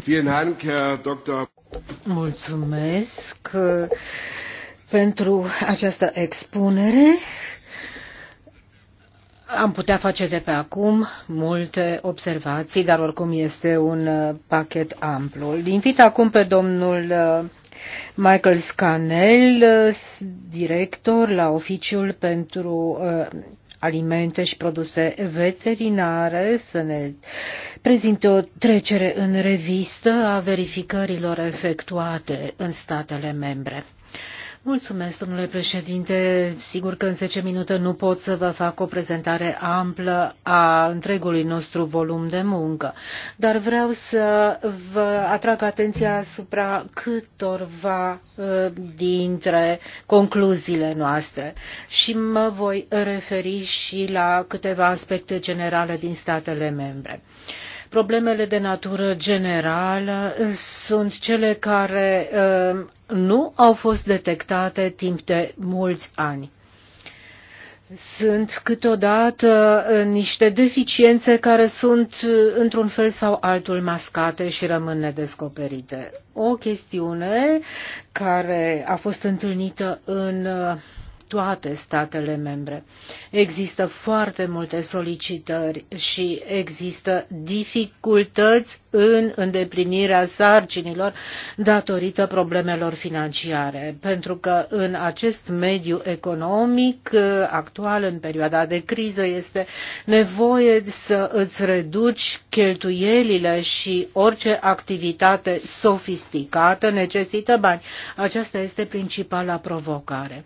Vielen Dank, Herr Mulțumesc, pentru această expunere. Am putea face de pe acum multe observații, dar oricum este un uh, pachet amplu. Îl invit acum pe domnul uh, Michael Scanel, uh, director la Oficiul pentru Alimente și Produse Veterinare, să ne prezinte o trecere în revistă a verificărilor efectuate în statele membre. Mulțumesc, domnule președinte. Sigur că în 10 minute nu pot să vă fac o prezentare amplă a întregului nostru volum de muncă, dar vreau să vă atrag atenția asupra câtorva uh, dintre concluziile noastre și mă voi referi și la câteva aspecte generale din statele membre. Problemele de natură generală sunt cele care uh, nu au fost detectate timp de mulți ani. Sunt câteodată uh, niște deficiențe care sunt uh, într-un fel sau altul mascate și rămân nedescoperite. O chestiune care a fost întâlnită în uh, toate statele membre. Există foarte multe solicitări și există dificultăți în îndeplinirea sarcinilor datorită problemelor financiare, pentru că în acest mediu economic uh, actual, în perioada de criză, este nevoie să îți reduci cheltuielile și orice activitate sofisticată necesită bani. Aceasta este principala provocare.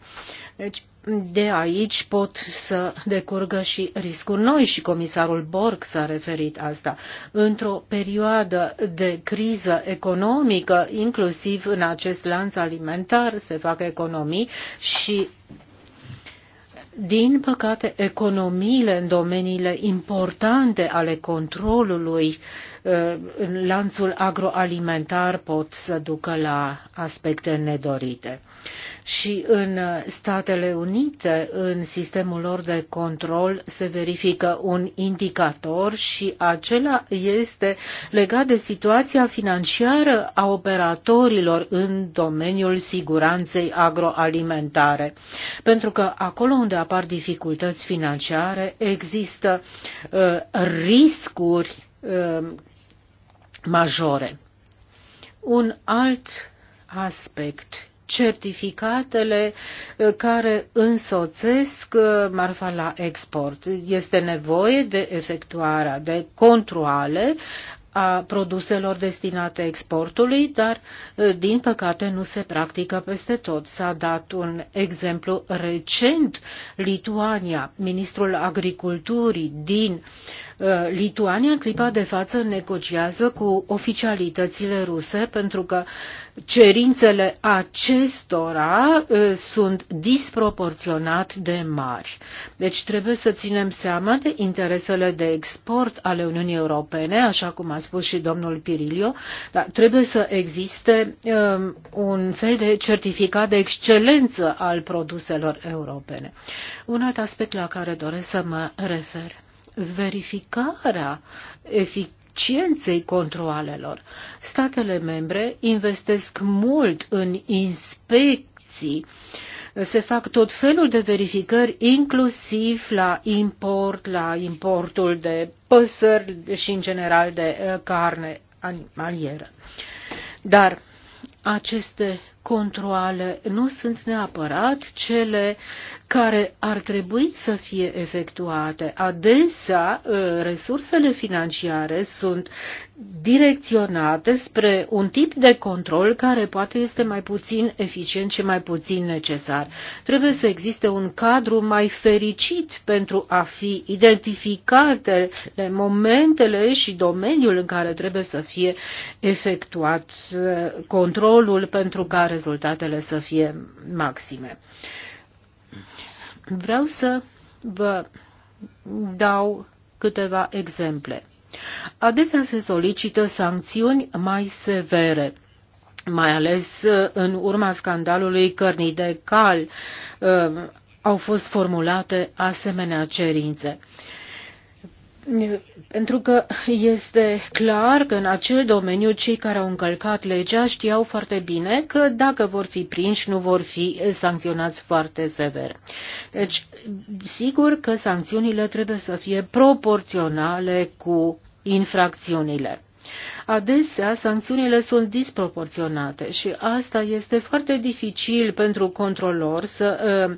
Deci, de aici pot să decurgă și riscuri noi și comisarul Borg s-a referit asta. Într-o perioadă de criză economică, inclusiv în acest lanț alimentar, se fac economii și din păcate, economiile în domeniile importante ale controlului uh, în uh, lanțul agroalimentar pot să ducă la aspecte nedorite. Și în Statele Unite, în sistemul lor de control, se verifică un indicator și acela este legat de situația financiară a operatorilor în domeniul siguranței agroalimentare. Pentru că acolo unde apar dificultăți financiare, există uh, riscuri uh, majore. Un alt aspect certificatele eh, care însoțesc eh, marfa la export. Este nevoie de efectuarea de controale a produselor destinate exportului, dar eh, din păcate nu se practică peste tot. S-a dat un exemplu recent, Lituania, ministrul agriculturii din Uh, Lituania în clipa de față negociază cu oficialitățile ruse pentru că cerințele acestora uh, sunt disproporționat de mari. Deci trebuie să ținem seama de interesele de export ale Uniunii Europene, așa cum a spus și domnul Pirilio, dar trebuie să existe um, un fel de certificat de excelență al produselor europene. Un alt aspect la care doresc să mă refer verificarea eficienței controalelor. Statele membre investesc mult în inspecții se fac tot felul de verificări, inclusiv la import, la importul de păsări și, în general, de eh, carne animalieră. Dar aceste controale nu sunt neapărat cele care ar trebui să fie efectuate. Adesea, uh, resursele financiare sunt direcționate spre un tip de control care poate este mai puțin eficient și mai puțin necesar. Trebuie să existe un cadru mai fericit pentru a fi identificate momentele și domeniul în care trebuie să fie efectuat uh, controlul pentru care rezultatele să fie maxime. Vreau să vă dau câteva exemple. Adesea se solicită sancțiuni mai severe, mai ales uh, în urma scandalului cărnii de cal uh, au fost formulate asemenea cerințe. Uh, pentru că este clar că în acel domeniu cei care au încălcat legea știau foarte bine că dacă vor fi prinși nu vor fi sancționați foarte sever. Deci, sigur că sancțiunile trebuie să fie proporționale cu infracțiunile. Adesea, sancțiunile sunt disproporționate și asta este foarte dificil pentru controlor să uh,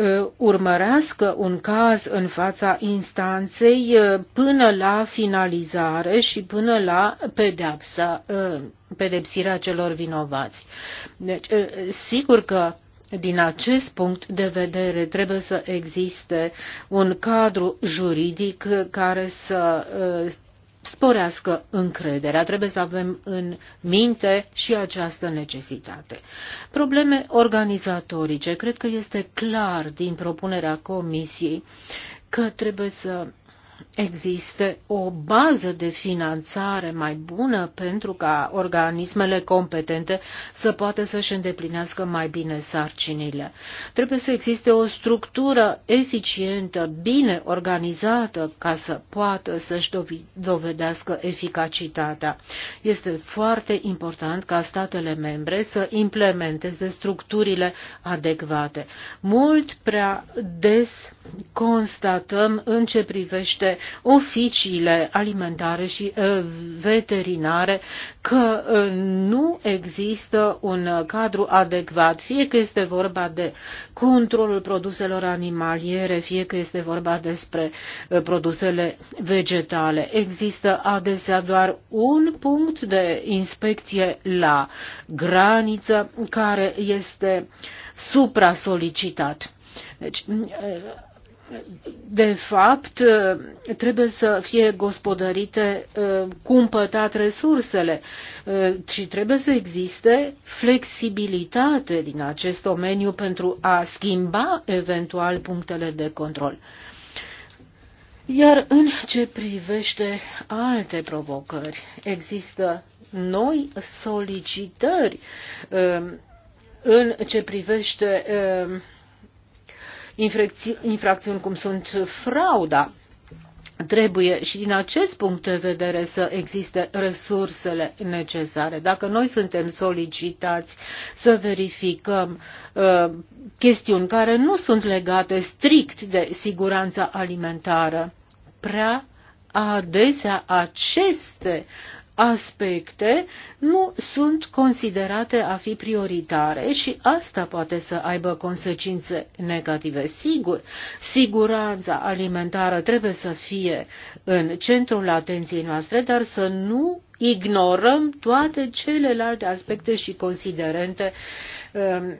Uh, urmărească un caz în fața instanței uh, până la finalizare și până la pedepsa, uh, pedepsirea celor vinovați. Deci, sigur că din acest punct de vedere trebuie să existe un cadru juridic care să sporească încrederea. Trebuie să avem în minte și această necesitate. Probleme organizatorice. Cred că este clar din propunerea Comisiei că trebuie să existe o bază de finanțare mai bună pentru ca organismele competente să poată să-și îndeplinească mai bine sarcinile. Trebuie să existe o structură eficientă, bine organizată, ca să poată să-și dovedească eficacitatea. Este foarte important ca statele membre să implementeze structurile adecvate. Mult prea des constatăm în ce privește toate oficiile alimentare și uh, veterinare că uh, nu există un cadru adecvat, fie că este vorba de controlul produselor animaliere, fie că este vorba despre uh, produsele vegetale. Există adesea doar un punct de inspecție la graniță care este supra-solicitat. Deci, de fapt, trebuie să fie gospodărite, ă, cumpătat resursele și ă, trebuie să existe flexibilitate din acest domeniu pentru a schimba eventual punctele de control. Iar în ce privește alte provocări, există noi solicitări ă, în ce privește uh, infracțiuni cum sunt frauda. Trebuie și din acest punct de vedere să existe resursele necesare. Dacă noi suntem solicitați să verificăm uh, chestiuni care nu sunt legate strict de siguranța alimentară, prea adesea aceste aspecte nu sunt considerate a fi prioritare și asta poate să aibă consecințe negative. Sigur, siguranța alimentară trebuie să fie în centrul atenției noastre, dar să nu ignorăm toate celelalte aspecte și considerente um,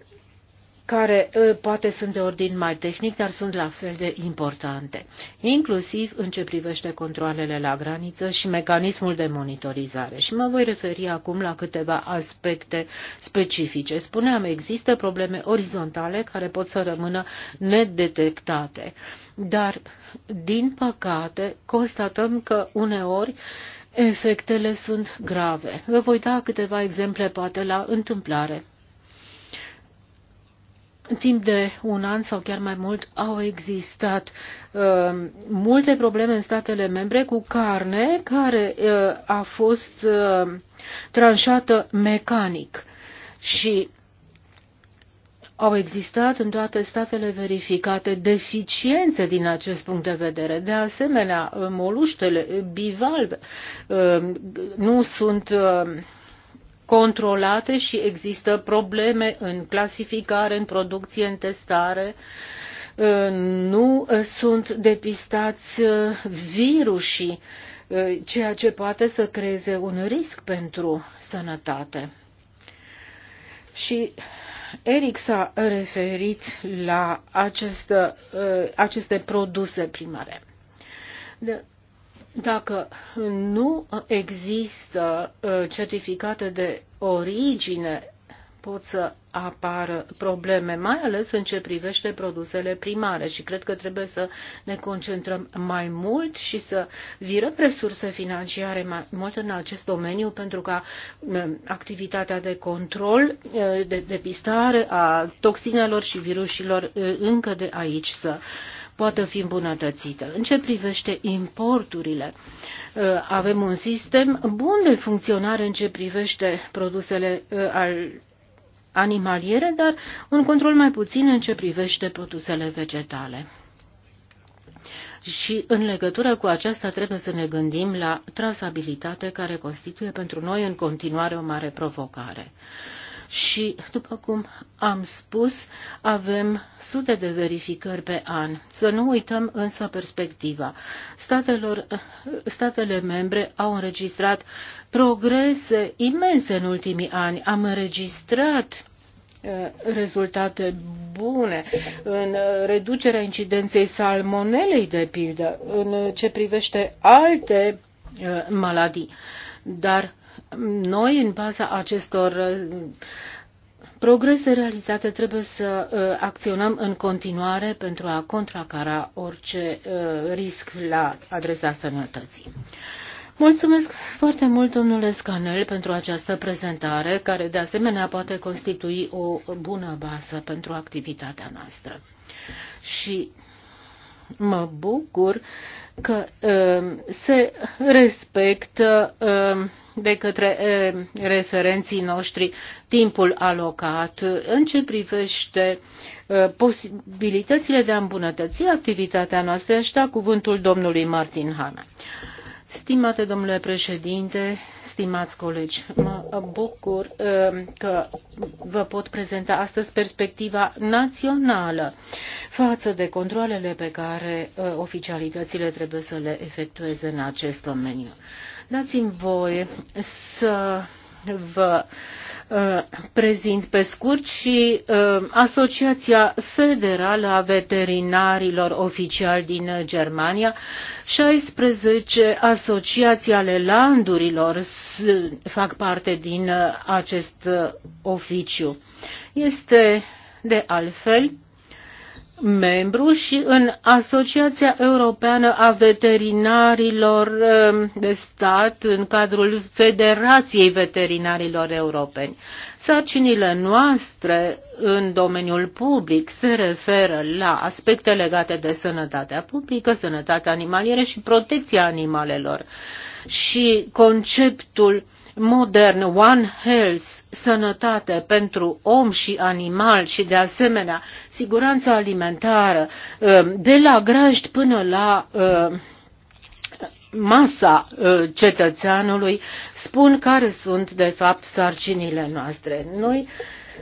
care ă, poate sunt de ordin mai tehnic, dar sunt la fel de importante, inclusiv în ce privește controlele la graniță și mecanismul de monitorizare. Și mă voi referi acum la câteva aspecte specifice. Spuneam, există probleme orizontale care pot să rămână nedetectate, dar, din păcate, constatăm că uneori efectele sunt grave. Vă voi da câteva exemple, poate, la întâmplare timp de un an sau chiar mai mult au existat uh, multe probleme în statele membre cu carne care uh, a fost uh, tranșată mecanic și au existat în toate statele verificate deficiențe din acest punct de vedere. De asemenea, moluștele, bivalve, uh, nu sunt uh, controlate și există probleme în clasificare, în producție, în testare. Uh, nu uh, sunt depistați uh, virusii, ceea ce poate să creeze un risc pentru sănătate. Și Eric s-a referit la aceste, aceste produse primare. Dacă nu există ă, certificate de origine, pot să apară probleme, mai ales în ce privește produsele primare și cred că trebuie să ne concentrăm mai mult și să virăm resurse financiare mai mult în acest domeniu pentru ca ă, activitatea de control, ă, de depistare a toxinelor și virusilor încă de aici să poată fi îmbunătățită. În ce privește importurile, uh, avem un sistem bun de funcționare în ce privește produsele uh, animaliere, dar un control mai puțin în ce privește produsele vegetale. Și în legătură cu aceasta trebuie să ne gândim la trasabilitate care constituie pentru noi în continuare o mare provocare și, după cum am spus, avem sute de verificări pe an. Să nu uităm însă perspectiva. Statelor, statele membre au înregistrat progrese imense în ultimii ani. Am înregistrat uh, rezultate bune în uh, reducerea incidenței salmonelei, de pildă, în ce privește alte uh, maladii. Dar noi, în baza acestor uh, progrese realizate, trebuie să uh, acționăm în continuare pentru a contracara orice uh, risc la adresa sănătății. Mulțumesc foarte mult, domnule Scanel, pentru această prezentare, care de asemenea poate constitui o bună bază pentru activitatea noastră. Și mă bucur că uh, se respectă uh, de către referenții noștri timpul alocat în ce privește posibilitățile de a îmbunătăți activitatea noastră. așa da cuvântul domnului Martin Hanna. Stimate domnule președinte, stimați colegi, mă bucur că vă pot prezenta astăzi perspectiva națională față de controlele pe care oficialitățile trebuie să le efectueze în acest domeniu. Dați-mi voie să vă uh, prezint pe scurt și uh, Asociația Federală a Veterinarilor Oficiali din Germania, 16 asociații ale landurilor fac parte din uh, acest oficiu. Este de altfel membru și în Asociația Europeană a Veterinarilor um, de Stat în cadrul Federației Veterinarilor Europeni. Sarcinile noastre în domeniul public se referă la aspecte legate de sănătatea publică, sănătatea animaliere și protecția animalelor. Și conceptul uh, modern, One Health, sănătate pentru om și animal și de asemenea siguranța alimentară, um, de la grajd până la um, masa uh, cetățeanului spun care sunt de fapt sarcinile noastre. Noi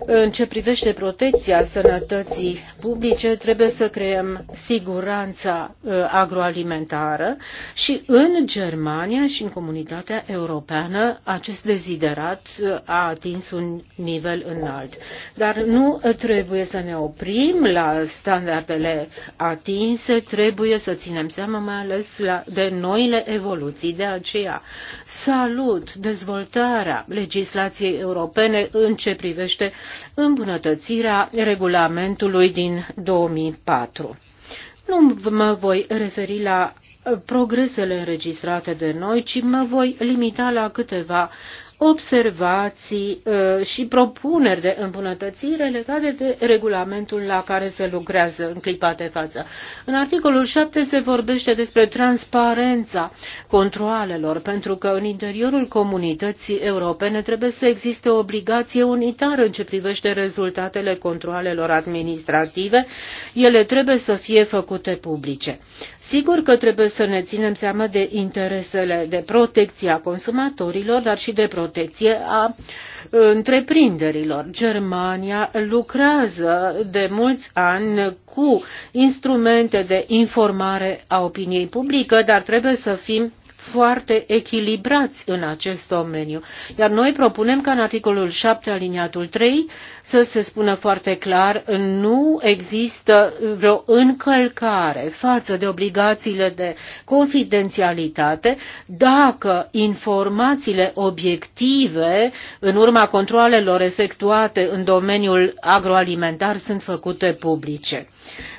în ce privește protecția sănătății publice, trebuie să creăm siguranța uh, agroalimentară și în Germania și în comunitatea europeană acest deziderat uh, a atins un nivel înalt. Dar nu trebuie să ne oprim la standardele atinse, trebuie să ținem seama mai ales de noile evoluții. De aceea salut dezvoltarea legislației europene în ce privește îmbunătățirea regulamentului din 2004. Nu mă voi referi la uh, progresele înregistrate de noi, ci mă voi limita la câteva observații uh, și propuneri de îmbunătățire legate de regulamentul la care se lucrează în clipa de față. În articolul 7 se vorbește despre transparența controalelor, pentru că în interiorul comunității europene trebuie să existe o obligație unitară în ce privește rezultatele controalelor administrative. Ele trebuie să fie făcute publice. Sigur că trebuie să ne ținem seama de interesele de protecție a consumatorilor, dar și de protecție protecție a uh, întreprinderilor. Germania lucrează de mulți ani cu instrumente de informare a opiniei publică, dar trebuie să fim foarte echilibrați în acest domeniu. Iar noi propunem ca în articolul 7 aliniatul 3 să se spună foarte clar nu există vreo încălcare față de obligațiile de confidențialitate dacă informațiile obiective în urma controalelor efectuate în domeniul agroalimentar sunt făcute publice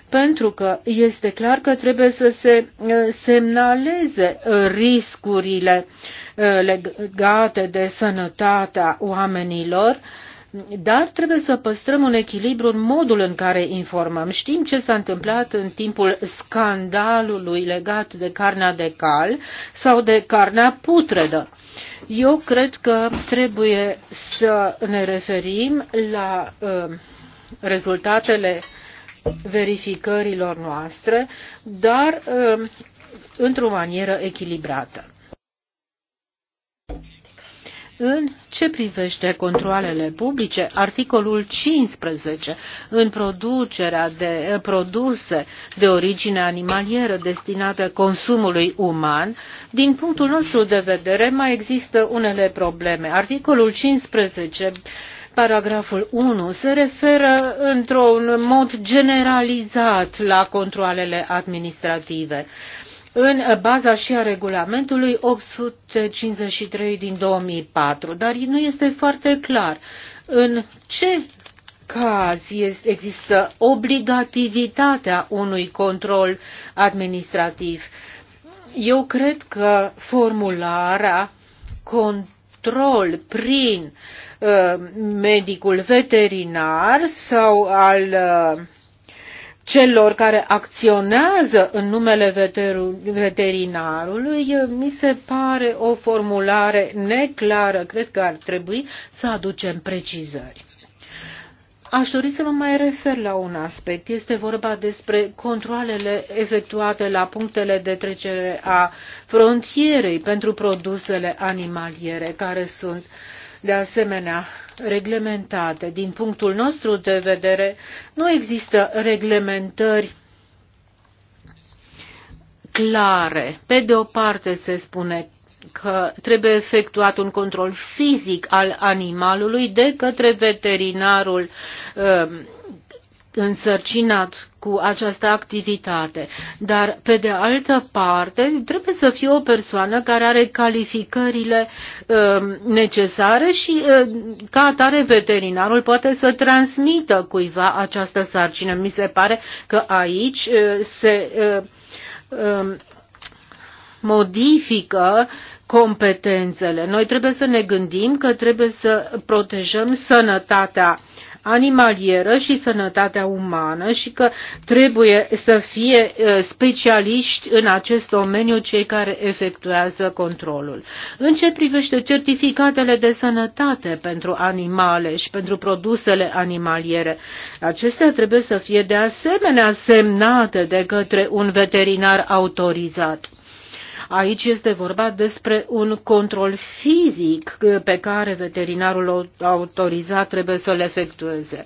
pentru că este clar că trebuie să se uh, semnaleze uh, riscurile uh, legate de sănătatea oamenilor, dar trebuie să păstrăm un echilibru în modul în care informăm. Știm ce s-a întâmplat în timpul scandalului legat de carnea de cal sau de carnea putredă. Eu cred că trebuie să ne referim la uh, rezultatele uh, verificărilor noastre, dar um, într-o manieră echilibrată. În ce privește controlele publice, articolul 15 în producerea de produse de origine animalieră destinate consumului uman, din punctul nostru de vedere mai există unele probleme. Articolul 15 Paragraful 1 se referă într-un mod generalizat la controlele administrative. În baza și a regulamentului 853 din 2004, dar nu este foarte clar în ce caz există obligativitatea unui control administrativ. Eu cred că formularea control prin uh, Uh, medicul veterinar sau al uh, celor care acționează în numele veterinarului, uh, mi se pare o formulare neclară. Cred că ar trebui să aducem precizări. Aș dori să mă mai refer la un aspect. Este vorba despre controlele efectuate la punctele de trecere a frontierei pentru produsele animaliere care sunt uh, de asemenea reglementate. Din punctul nostru de vedere, nu există reglementări clare. Pe de o parte se spune că trebuie efectuat un control fizic al animalului de către veterinarul uh, însărcinat cu această activitate, dar pe de altă parte trebuie să fie o persoană care are calificările uh, necesare și uh, ca atare veterinarul poate să transmită cuiva această sarcină. Mi se pare că aici uh, se uh, um, modifică competențele. Noi trebuie să ne gândim că trebuie să protejăm sănătatea animalieră și sănătatea umană și că trebuie să fie uh, specialiști în acest domeniu cei care efectuează controlul. În ce privește certificatele de sănătate pentru animale și pentru produsele animaliere, acestea trebuie să fie de asemenea semnate de către un veterinar autorizat. Aici este vorba despre un control fizic uh, pe care veterinarul autorizat trebuie să-l efectueze.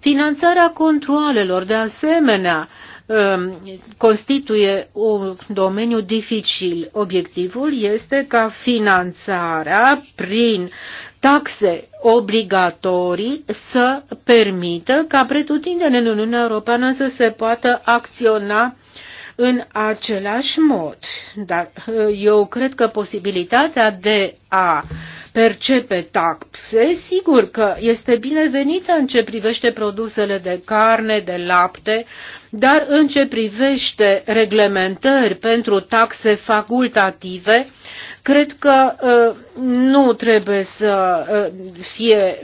Finanțarea controalelor, de asemenea, um, constituie un domeniu dificil. Obiectivul este ca finanțarea prin taxe obligatorii să permită ca pretutindeni în Uniunea Europeană să se poată acționa în același mod. Dar eh, eu cred că posibilitatea de a percepe taxe, sigur că este binevenită în ce privește produsele de carne, de lapte, dar în ce privește reglementări pentru taxe facultative, cred că eh, nu trebuie să eh, fie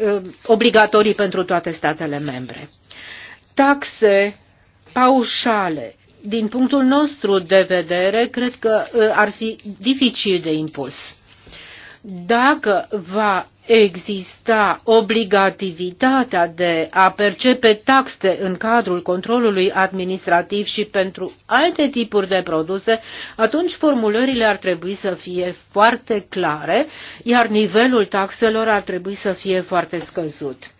obligatorii pentru toate statele membre. Taxe paușale din punctul nostru de vedere, cred că uh, ar fi dificil de impus. Dacă va exista obligativitatea de a percepe taxe în cadrul controlului administrativ și pentru alte tipuri de produse, atunci formulările ar trebui să fie foarte clare, iar nivelul taxelor ar trebui să fie foarte scăzut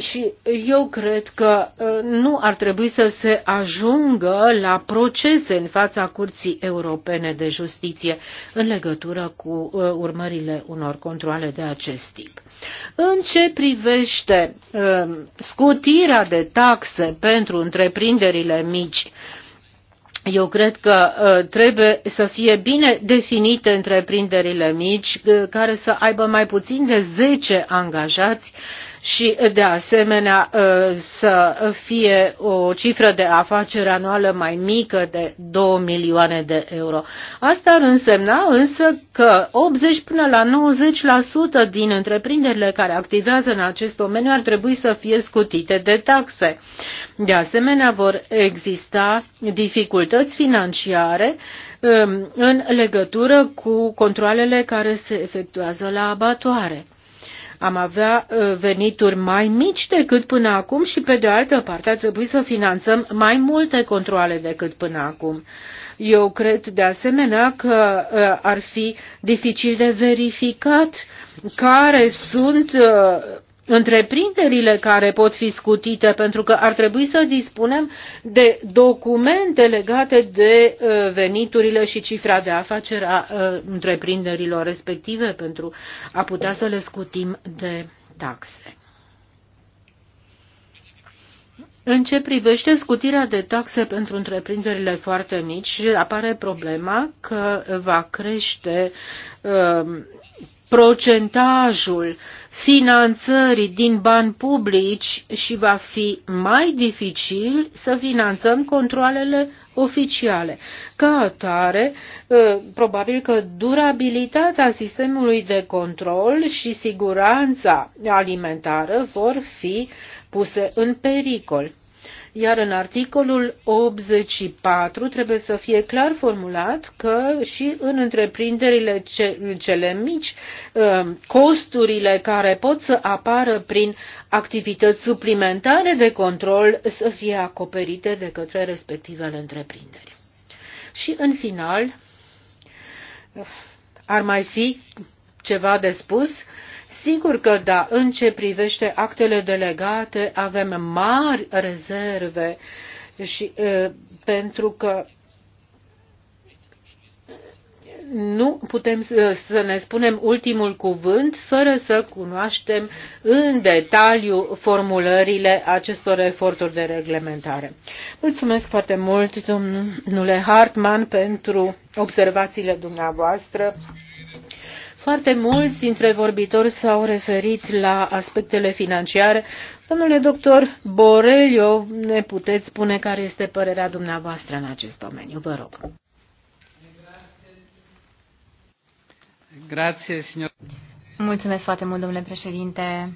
și eu cred că uh, nu ar trebui să se ajungă la procese în fața Curții Europene de Justiție în legătură cu uh, urmările unor controle de acest tip. În ce privește uh, scutirea de taxe pentru întreprinderile mici, eu cred că trebuie să fie bine definite întreprinderile mici care să aibă mai puțin de 10 angajați și de asemenea ă, să fie o cifră de afaceri anuală mai mică de 2 milioane de euro. Asta ar însemna însă că 80 până la 90% din întreprinderile care activează în acest domeniu ar trebui să fie scutite de taxe. De asemenea, vor exista dificultăți financiare ă, în legătură cu controlele care se efectuează la abatoare am avea ă, venituri mai mici decât până acum și, pe de altă parte, ar trebui să finanțăm mai multe controle decât până acum. Eu cred de asemenea că ă, ar fi dificil de verificat care sunt ă, întreprinderile care pot fi scutite, pentru că ar trebui să dispunem de documente legate de uh, veniturile și cifra de afacere a uh, întreprinderilor respective pentru a putea să le scutim de taxe. În ce privește scutirea de taxe pentru întreprinderile foarte mici, apare problema că va crește uh, procentajul uh, finanțării din bani publici și va fi mai dificil să finanțăm controlele oficiale. Ca atare, ă, probabil că durabilitatea sistemului de control și siguranța alimentară vor fi puse în pericol. Iar în articolul 84 trebuie să fie clar formulat că și în întreprinderile cele mici, uh, costurile care pot să apară prin activități suplimentare de control să fie acoperite de către respectivele întreprinderi. Și în final, uh, ar mai fi ceva de spus Sigur că da, în ce privește actele delegate avem mari rezerve și uh, pentru că nu putem să ne spunem ultimul cuvânt fără să cunoaștem în detaliu formulările acestor eforturi de reglementare. Mulțumesc foarte mult, domnule Hartman, pentru observațiile dumneavoastră. Foarte mulți dintre vorbitori s-au referit la aspectele financiare. Domnule doctor Borelio, ne puteți spune care este părerea dumneavoastră în acest domeniu. Vă rog. Grazie, signor. Mulțumesc foarte mult, domnule președinte.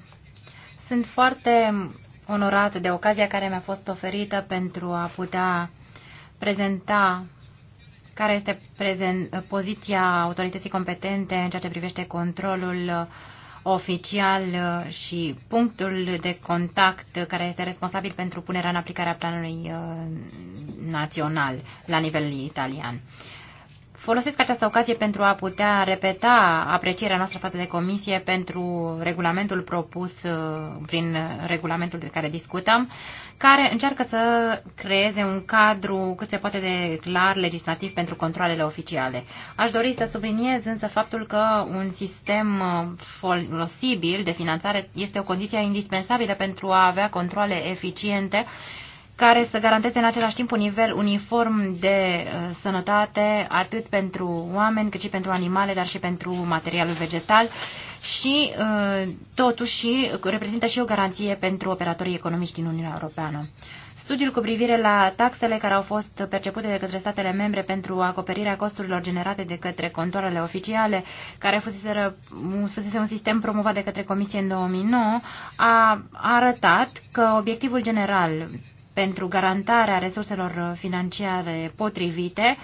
Sunt foarte onorată de ocazia care mi-a fost oferită pentru a putea prezenta care este prezent, poziția autorității competente în ceea ce privește controlul uh, oficial uh, și punctul de contact care este responsabil pentru punerea în aplicare a planului uh, național la nivel italian. Folosesc această ocazie pentru a putea repeta aprecierea noastră față de comisie pentru regulamentul propus uh, prin regulamentul de care discutăm, care încearcă să creeze un cadru cât se poate de clar legislativ pentru controlele oficiale. Aș dori să subliniez însă faptul că un sistem uh, folosibil de finanțare este o condiție indispensabilă pentru a avea controle eficiente care să garanteze în același timp un nivel uniform de uh, sănătate atât pentru oameni cât și pentru animale, dar și pentru materialul vegetal și uh, totuși reprezintă și o garanție pentru operatorii economici din Uniunea Europeană. Studiul cu privire la taxele care au fost percepute de către statele membre pentru acoperirea costurilor generate de către contoarele oficiale, care fusese un sistem promovat de către Comisie în 2009, a arătat că obiectivul general pentru garantarea resurselor financiare potrivite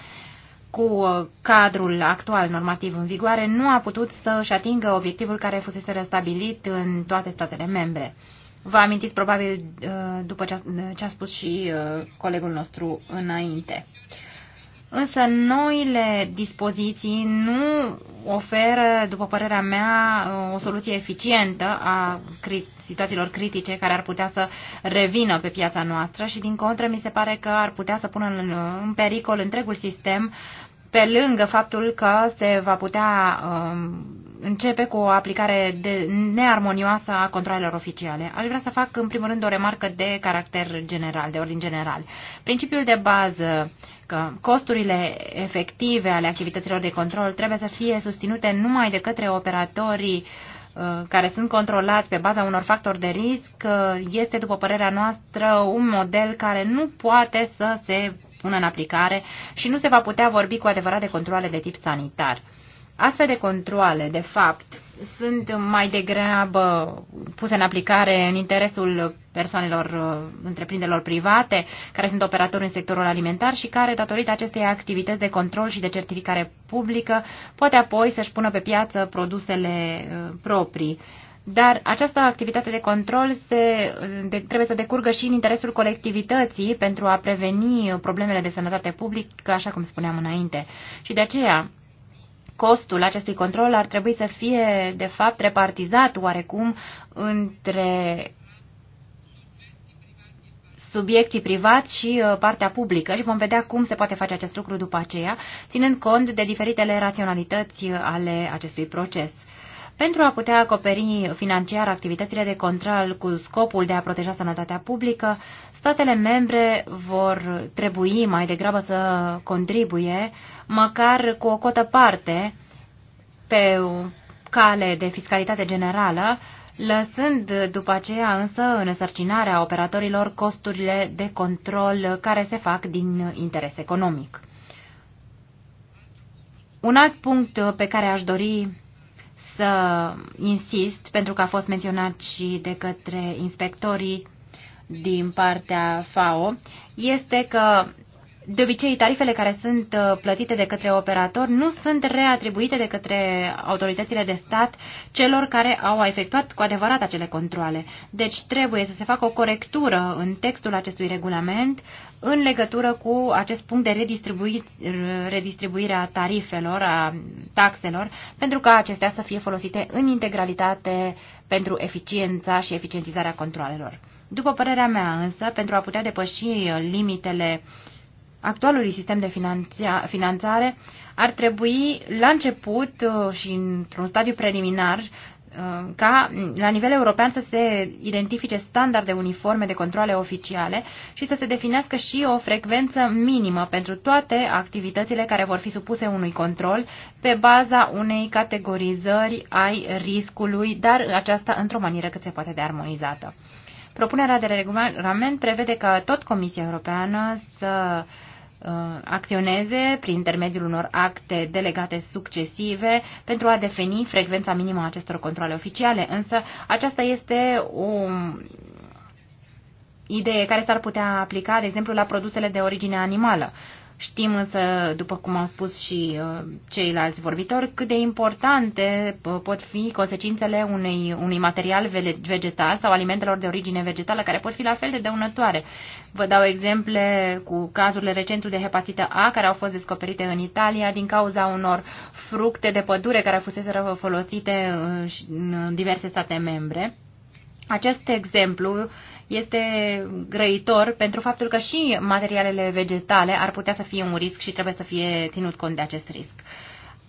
cu uh, cadrul actual normativ în vigoare, nu a putut să-și atingă obiectivul care fusese restabilit în toate statele membre. Vă amintiți probabil uh, după ce a spus și uh, colegul nostru înainte. Însă noile dispoziții nu oferă, după părerea mea, o soluție eficientă a situațiilor critice care ar putea să revină pe piața noastră și, din contră, mi se pare că ar putea să pună în, în pericol întregul sistem, pe lângă faptul că se va putea um, începe cu o aplicare de nearmonioasă a controlelor oficiale. Aș vrea să fac, în primul rând, o remarcă de caracter general, de ordin general. Principiul de bază uh, că costurile efective ale activităților de control trebuie să fie susținute numai de către operatorii uh, care sunt controlați pe baza unor factori de risc, uh, este, după părerea noastră, un model care nu poate să se pună în aplicare și nu se va putea vorbi cu adevărat de controle de tip sanitar. Astfel de controle, de fapt, sunt mai degrabă puse în aplicare în interesul persoanelor, uh, întreprinderilor private, care sunt operatori în sectorul alimentar și care, datorită acestei activități de control și de certificare publică, poate apoi să-și pună pe piață produsele uh, proprii. Dar această activitate de control se, de, trebuie să decurgă și în interesul colectivității pentru a preveni problemele de sănătate publică, așa cum spuneam înainte. Și de aceea, costul acestui control ar trebui să fie, de fapt, repartizat oarecum între subiectii privați și uh, partea publică și vom vedea cum se poate face acest lucru după aceea, ținând cont de diferitele raționalități uh, ale acestui proces. Pentru a putea acoperi financiar activitățile de control cu scopul de a proteja sănătatea publică, statele membre vor trebui mai degrabă să contribuie, măcar cu o cotă parte, pe cale de fiscalitate generală, lăsând după aceea însă în însărcinarea operatorilor costurile de control care se fac din interes economic. Un alt punct pe care aș dori să insist, pentru că a fost menționat și de către inspectorii din partea FAO, este că de obicei, tarifele care sunt uh, plătite de către operator nu sunt reatribuite de către autoritățile de stat celor care au efectuat cu adevărat acele controle. Deci trebuie să se facă o corectură în textul acestui regulament în legătură cu acest punct de redistribuire, a tarifelor, a taxelor, pentru ca acestea să fie folosite în integralitate pentru eficiența și eficientizarea controlelor. După părerea mea însă, pentru a putea depăși limitele uh, actualului sistem de finanțare ar trebui la început uh, și într-un stadiu preliminar uh, ca la nivel european să se identifice standarde uniforme de controle oficiale și să se definească și o frecvență minimă pentru toate activitățile care vor fi supuse unui control pe baza unei categorizări ai riscului, dar aceasta într-o manieră cât se poate de armonizată. Propunerea de regulament prevede că tot Comisia Europeană să uh, Uh, acționeze prin intermediul unor acte delegate succesive pentru a defini frecvența minimă a acestor controle oficiale, însă aceasta este o idee care s-ar putea aplica, de exemplu, la produsele de origine animală. Știm însă, după cum au spus și uh, ceilalți vorbitori, cât de importante uh, pot fi consecințele unei, unui material vegetal sau alimentelor de origine vegetală care pot fi la fel de dăunătoare. Vă dau exemple cu cazurile recente de hepatită A care au fost descoperite în Italia din cauza unor fructe de pădure care fusese folosite uh, în diverse state membre. Acest exemplu este grăitor pentru faptul că și materialele vegetale ar putea să fie un risc și trebuie să fie ținut cont de acest risc.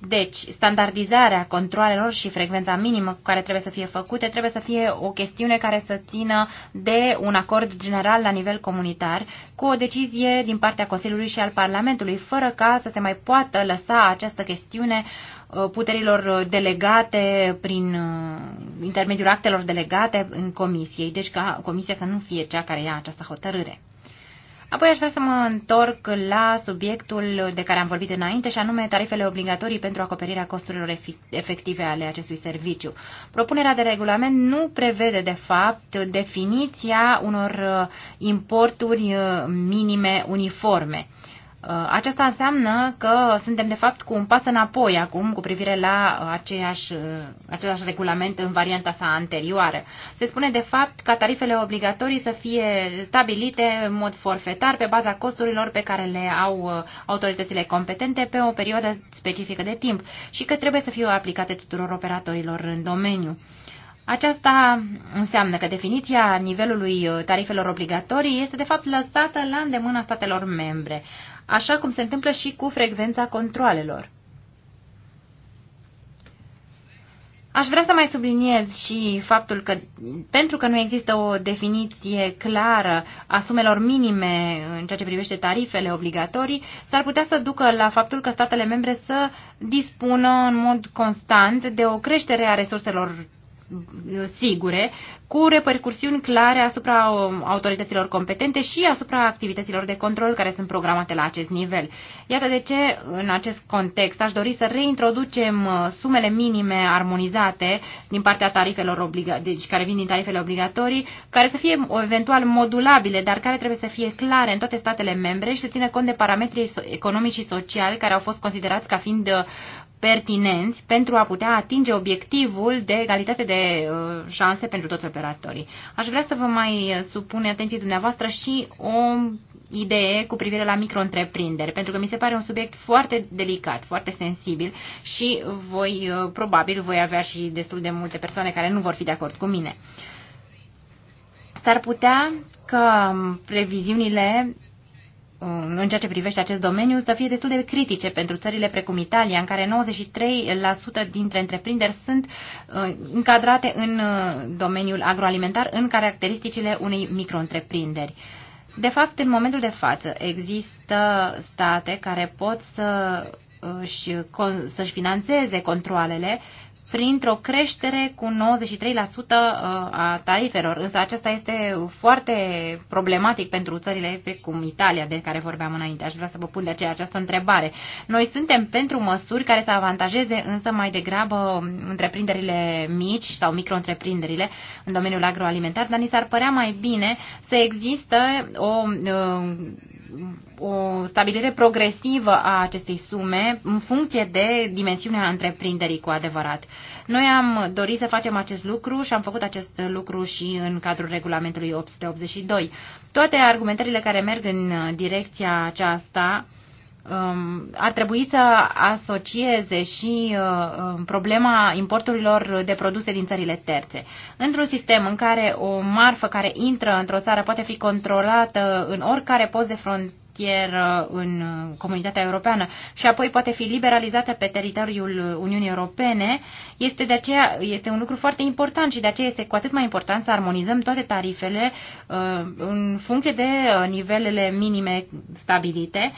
Deci, standardizarea controlelor și frecvența minimă cu care trebuie să fie făcute trebuie să fie o chestiune care să țină de un acord general la nivel comunitar, cu o decizie din partea Consiliului și al Parlamentului, fără ca să se mai poată lăsa această chestiune uh, Uh, puterilor delegate prin uh, intermediul actelor delegate în comisiei, deci ca comisia să nu fie cea care ia această hotărâre. Apoi aș vrea să mă întorc la subiectul de care am vorbit înainte și anume tarifele obligatorii pentru acoperirea costurilor efective ale acestui serviciu. Propunerea de regulament nu prevede de fapt definiția unor uh, importuri minime uniforme. Uh, aceasta înseamnă că suntem de fapt cu un pas înapoi acum cu privire la uh, aceeași, uh, același regulament în varianta sa anterioară. Se spune de fapt ca tarifele obligatorii să fie stabilite în mod forfetar pe baza costurilor pe care le au autoritățile competente pe o perioadă specifică de timp și că trebuie să fie aplicate tuturor operatorilor în domeniu. Aceasta înseamnă că definiția nivelului tarifelor obligatorii este de fapt lăsată la îndemâna statelor membre așa cum se întâmplă și cu frecvența controalelor. Aș vrea să mai subliniez și faptul că, pentru că nu există o definiție clară a sumelor minime în ceea ce privește tarifele obligatorii, s-ar putea să ducă la faptul că statele membre să dispună în mod constant de o creștere a resurselor sigure, cu repercursiuni clare asupra um, autorităților competente și asupra activităților de control care sunt programate la acest nivel. Iată de ce, în acest context, aș dori să reintroducem uh, sumele minime armonizate din partea tarifelor obliga- deci care vin din tarifele obligatorii, care să fie um, eventual modulabile, dar care trebuie să fie clare în toate statele membre și să țină cont de parametrii economici și sociali care au fost considerați ca fiind uh, pertinenți pentru a putea atinge obiectivul de egalitate de uh, șanse pentru toți operatorii. Aș vrea să vă mai supune atenției dumneavoastră și o idee cu privire la micro-întreprinderi, pentru că mi se pare un subiect foarte delicat, foarte sensibil și voi, uh, probabil, voi avea și destul de multe persoane care nu vor fi de acord cu mine. S-ar putea că previziunile Um, în ceea ce privește acest domeniu să fie destul de critice pentru țările precum Italia, în care 93% dintre întreprinderi sunt uh, încadrate în uh, domeniul agroalimentar în caracteristicile unei micro-întreprinderi. De fapt, în momentul de față există state care pot să uh, și să-și finanțeze controlele printr-o creștere cu 93% uh, a tarifelor. Însă aceasta este foarte problematic pentru țările precum Italia, de care vorbeam înainte. Aș vrea să vă pun de aceea această întrebare. Noi suntem pentru măsuri care să avantajeze însă mai degrabă întreprinderile mici sau micro-întreprinderile în domeniul agroalimentar, dar ni s-ar părea mai bine să există o uh, o stabilire progresivă a acestei sume în funcție de dimensiunea întreprinderii cu adevărat. Noi am dorit să facem acest lucru și am făcut acest lucru și în cadrul regulamentului 882. Toate argumentările care merg în direcția aceasta Um, ar trebui să asocieze și uh, um, problema importurilor de produse din țările terțe. Într-un sistem în care o marfă care intră într-o țară poate fi controlată în oricare post de frontieră în comunitatea europeană și apoi poate fi liberalizată pe teritoriul Uniunii Europene, este, de aceea, este un lucru foarte important și de aceea este cu atât mai important să armonizăm toate tarifele uh, în funcție de uh, nivelele minime stabilite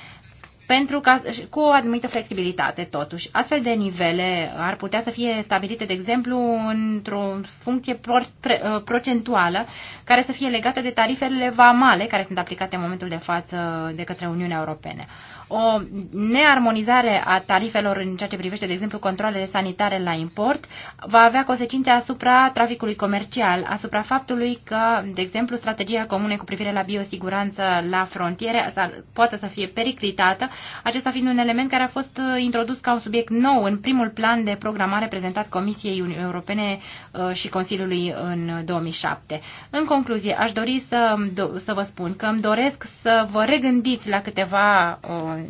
pentru ca, cu o anumită flexibilitate totuși. Astfel de nivele ar putea să fie stabilite, de exemplu, într-o funcție pro, pre, uh, procentuală care să fie legată de tarifele vamale care sunt aplicate în momentul de față de către Uniunea Europeană o nearmonizare a tarifelor în ceea ce privește, de exemplu, controlele sanitare la import, va avea consecințe asupra traficului comercial, asupra faptului că, de exemplu, strategia comune cu privire la biosiguranță la frontiere poate să fie periclitată, acesta fiind un element care a fost uh, introdus ca un subiect nou în primul plan de programare prezentat Comisiei Europene uh, și Consiliului în 2007. Uh, în concluzie, aș dori să, să vă spun că îmi doresc să vă regândiți la câteva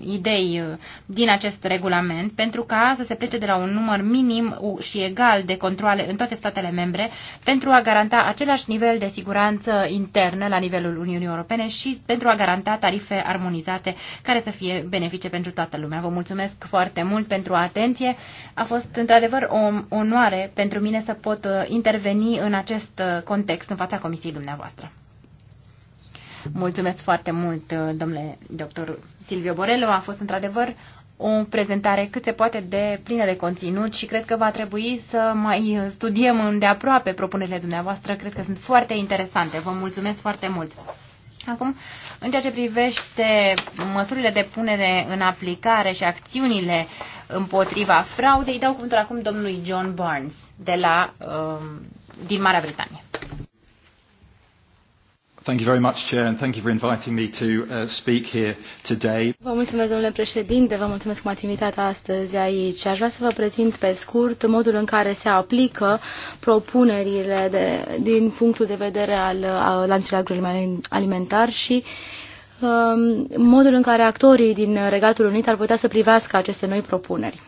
idei uh, din acest regulament pentru ca să se plece de la un număr minim și egal de controle în toate statele membre pentru a garanta același nivel de siguranță internă la nivelul Uniunii Europene și pentru a garanta tarife armonizate care să fie benefice pentru toată lumea. Vă mulțumesc foarte mult pentru atenție. A fost într-adevăr o onoare pentru mine să pot uh, interveni în acest uh, context în fața Comisiei dumneavoastră. Mulțumesc foarte mult, domnule doctor Silvio Borello. A fost într-adevăr o prezentare cât se poate de plină de conținut și cred că va trebui să mai studiem îndeaproape propunerile dumneavoastră. Cred că sunt foarte interesante. Vă mulțumesc foarte mult! Acum, în ceea ce privește măsurile de punere în aplicare și acțiunile împotriva fraudei, dau cuvântul acum domnului John Barnes de la, um, din Marea Britanie. Thank you very much, Chair, and thank you for inviting me to uh, speak here today. Vă mulțumesc, domnule președinte, vă mulțumesc pentru activitatea astăzi aici. Aș vrea să vă prezint pe scurt modul în care se aplică propunerile de, din punctul de vedere al, al lanțului agroalimentar și um, modul în care actorii din Regatul Unit ar putea să privească aceste noi propuneri.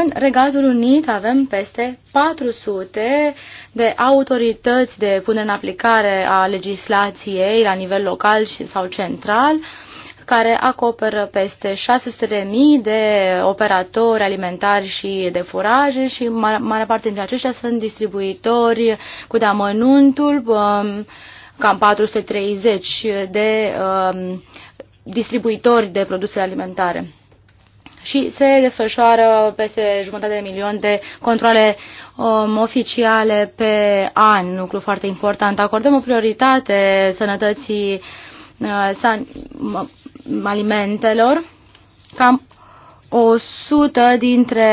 În Regatul Unit avem peste 400 de autorități de punere în aplicare a legislației la nivel local sau central, care acoperă peste 600.000 de operatori alimentari și de furaje și mare, mare parte dintre aceștia sunt distribuitori cu deamănuntul, um, cam 430 de um, distribuitori de produse alimentare și se desfășoară peste jumătate de milion de controle um, oficiale pe an, lucru foarte important. Acordăm o prioritate sănătății uh, san, alimentelor. Cam 100 dintre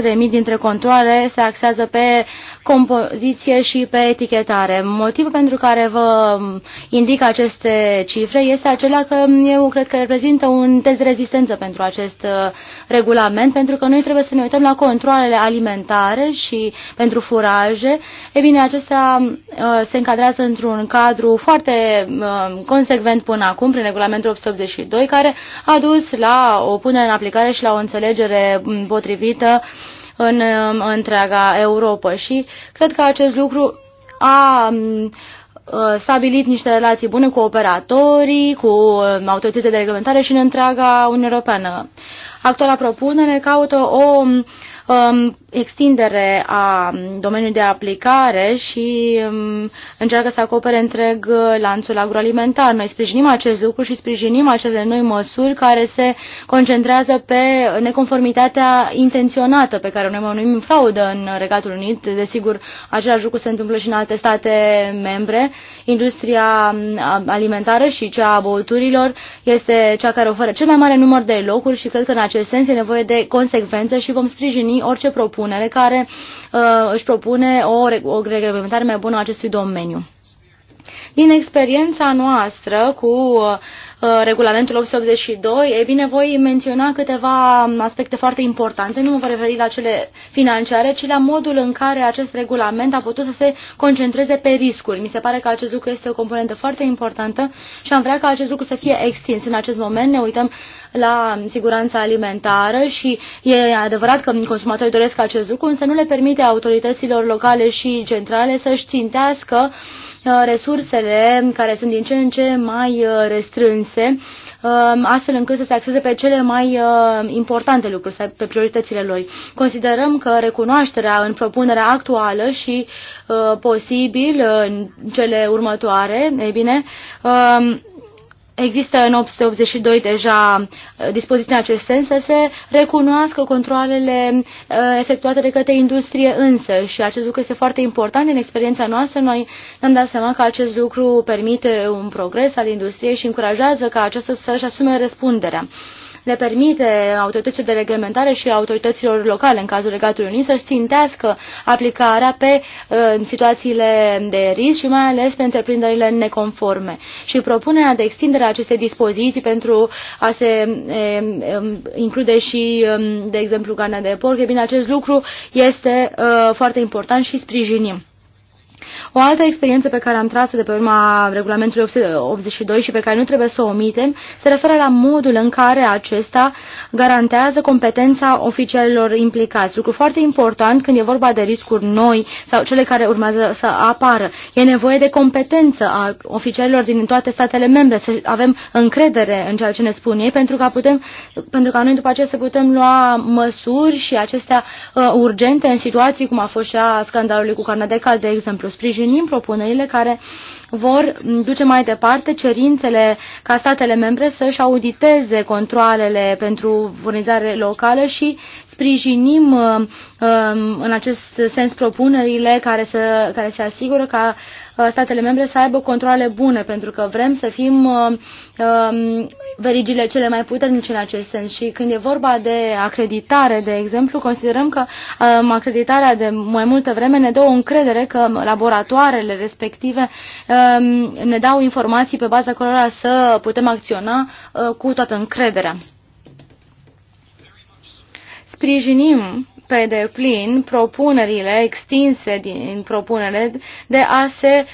100.000 dintre controle se axează pe compoziție și pe etichetare. Motivul pentru care vă indic aceste cifre este acela că eu cred că reprezintă un test de rezistență pentru acest uh, regulament, pentru că noi trebuie să ne uităm la controlele alimentare și pentru furaje. E bine, acestea uh, se încadrează într-un cadru foarte uh, consecvent până acum, prin regulamentul 882, care a dus la o punere în aplicare și la o înțelegere mm, potrivită în um, întreaga Europa și cred că acest lucru a um, uh, stabilit niște relații bune cu operatorii, cu um, autoritățile de reglementare și în întreaga Uniune Europeană. Actuala propunere caută o um, extindere a domeniului de aplicare și um, încearcă să acopere întreg uh, lanțul agroalimentar. Noi sprijinim acest lucru și sprijinim acele noi măsuri care se concentrează pe neconformitatea intenționată pe care noi mă numim fraudă în Regatul Unit. Desigur, același lucru se întâmplă și în alte state membre. Industria um, alimentară și cea a băuturilor este cea care oferă cel mai mare număr de locuri și cred că în acest sens e nevoie de consecvență și vom sprijini orice propunere propunere care uh, își propune o, o reglementare mai bună a acestui domeniu. Din experiența noastră cu uh, regulamentul 882, e bine, voi menționa câteva aspecte foarte importante. Nu mă voi referi la cele financiare, ci la modul în care acest regulament a putut să se concentreze pe riscuri. Mi se pare că acest lucru este o componentă foarte importantă și am vrea ca acest lucru să fie extins. În acest moment ne uităm la siguranța alimentară și e adevărat că consumatorii doresc acest lucru, însă nu le permite autorităților locale și centrale să-și țintească uh, Uh, resursele care sunt din ce în ce mai uh, restrânse, um, astfel încât să se axeze pe cele mai uh, importante lucruri, pe prioritățile lor. Considerăm că recunoașterea în propunerea actuală și posibil în cele următoare, e bine, um, există în 882 deja uh, dispoziții în acest sens, să se recunoască controlele uh, efectuate de către industrie însă și acest lucru este foarte important. în experiența noastră, noi ne-am dat seama că acest lucru permite un progres al industriei și încurajează ca aceasta să-și asume răspunderea le permite autorității de reglementare și autorităților locale, în cazul Regatului Unit, să-și țintească aplicarea pe uh, în situațiile de risc și mai ales pe întreprinderile neconforme. Și propunerea de extindere a acestei dispoziții pentru a se e, um, um, include și, um, de exemplu, carnea de porc, e bine, acest lucru este e, uh, foarte important și sprijinim. O altă experiență pe care am tras-o de pe urma regulamentului 82 și pe care nu trebuie să o omitem se referă la modul în care acesta garantează competența oficialilor implicați. Lucru foarte important când e vorba de riscuri noi sau cele care urmează să apară. E nevoie de competență a oficialilor din toate statele membre, să avem încredere în ceea ce ne spun ei, pentru ca, putem, pentru ca noi după aceea să putem lua măsuri și acestea uh, urgente în situații cum a fost și a scandalului cu carne de cal, de exemplu sprijinim propunerile care vor duce mai departe cerințele ca statele membre să-și auditeze controlele pentru furnizare locală și sprijinim uh, Um, în acest sens propunerile care, să, care se asigură ca uh, statele membre să aibă controle bune, pentru că vrem să fim uh, um, verigile cele mai puternice în acest sens. Și când e vorba de acreditare, de exemplu, considerăm că um, acreditarea de mai multă vreme ne dă o încredere că laboratoarele respective ne dau informații pe baza cărora să putem acționa uh, cu toată încrederea. Sprijinim pe deplin propunerile extinse din propunere de a se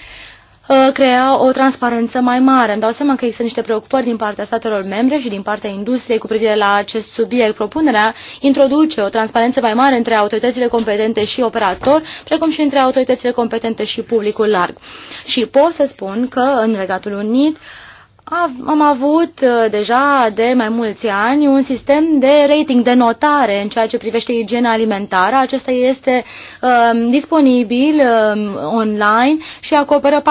uh, crea o transparență mai mare. Îmi dau seama că există niște preocupări din partea statelor membre și din partea industriei cu privire la acest subiect. Propunerea introduce o transparență mai mare între autoritățile competente și operator, precum și între autoritățile competente și publicul larg. Și pot să spun că în Regatul Unit uh, am avut uh, deja de mai mulți ani un sistem de rating, de notare în ceea ce privește igiena alimentară. Acesta este um, disponibil um, online și acoperă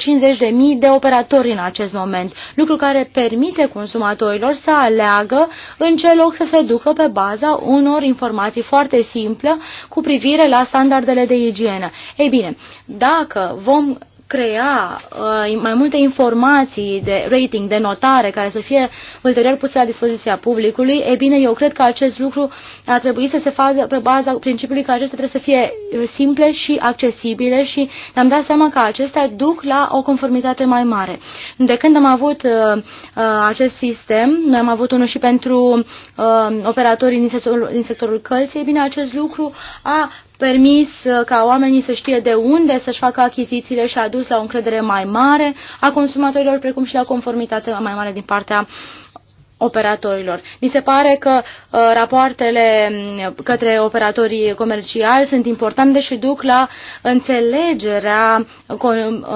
450.000 de operatori în acest moment, lucru care permite consumatorilor să aleagă în ce loc să se ducă pe baza unor informații foarte simple cu privire la standardele de igienă. Ei bine, dacă vom crea uh, mai multe informații de rating, de notare, care să fie ulterior puse la dispoziția publicului, e bine, eu cred că acest lucru ar trebui să se facă pe baza principiului că acestea trebuie să fie uh, simple și accesibile și ne-am dat seama că acestea duc la o conformitate mai mare. De când am avut uh, uh, acest sistem, noi am avut unul și pentru uh, operatorii din sectorul, din sectorul călții, e bine, acest lucru a permis uh, ca oamenii să știe de unde să-și facă achizițiile și a dus la o încredere mai mare a consumatorilor, precum și la conformitate mai mare din partea operatorilor. Mi se pare că uh, rapoartele mm, către operatorii comerciali sunt importante și duc la înțelegerea um,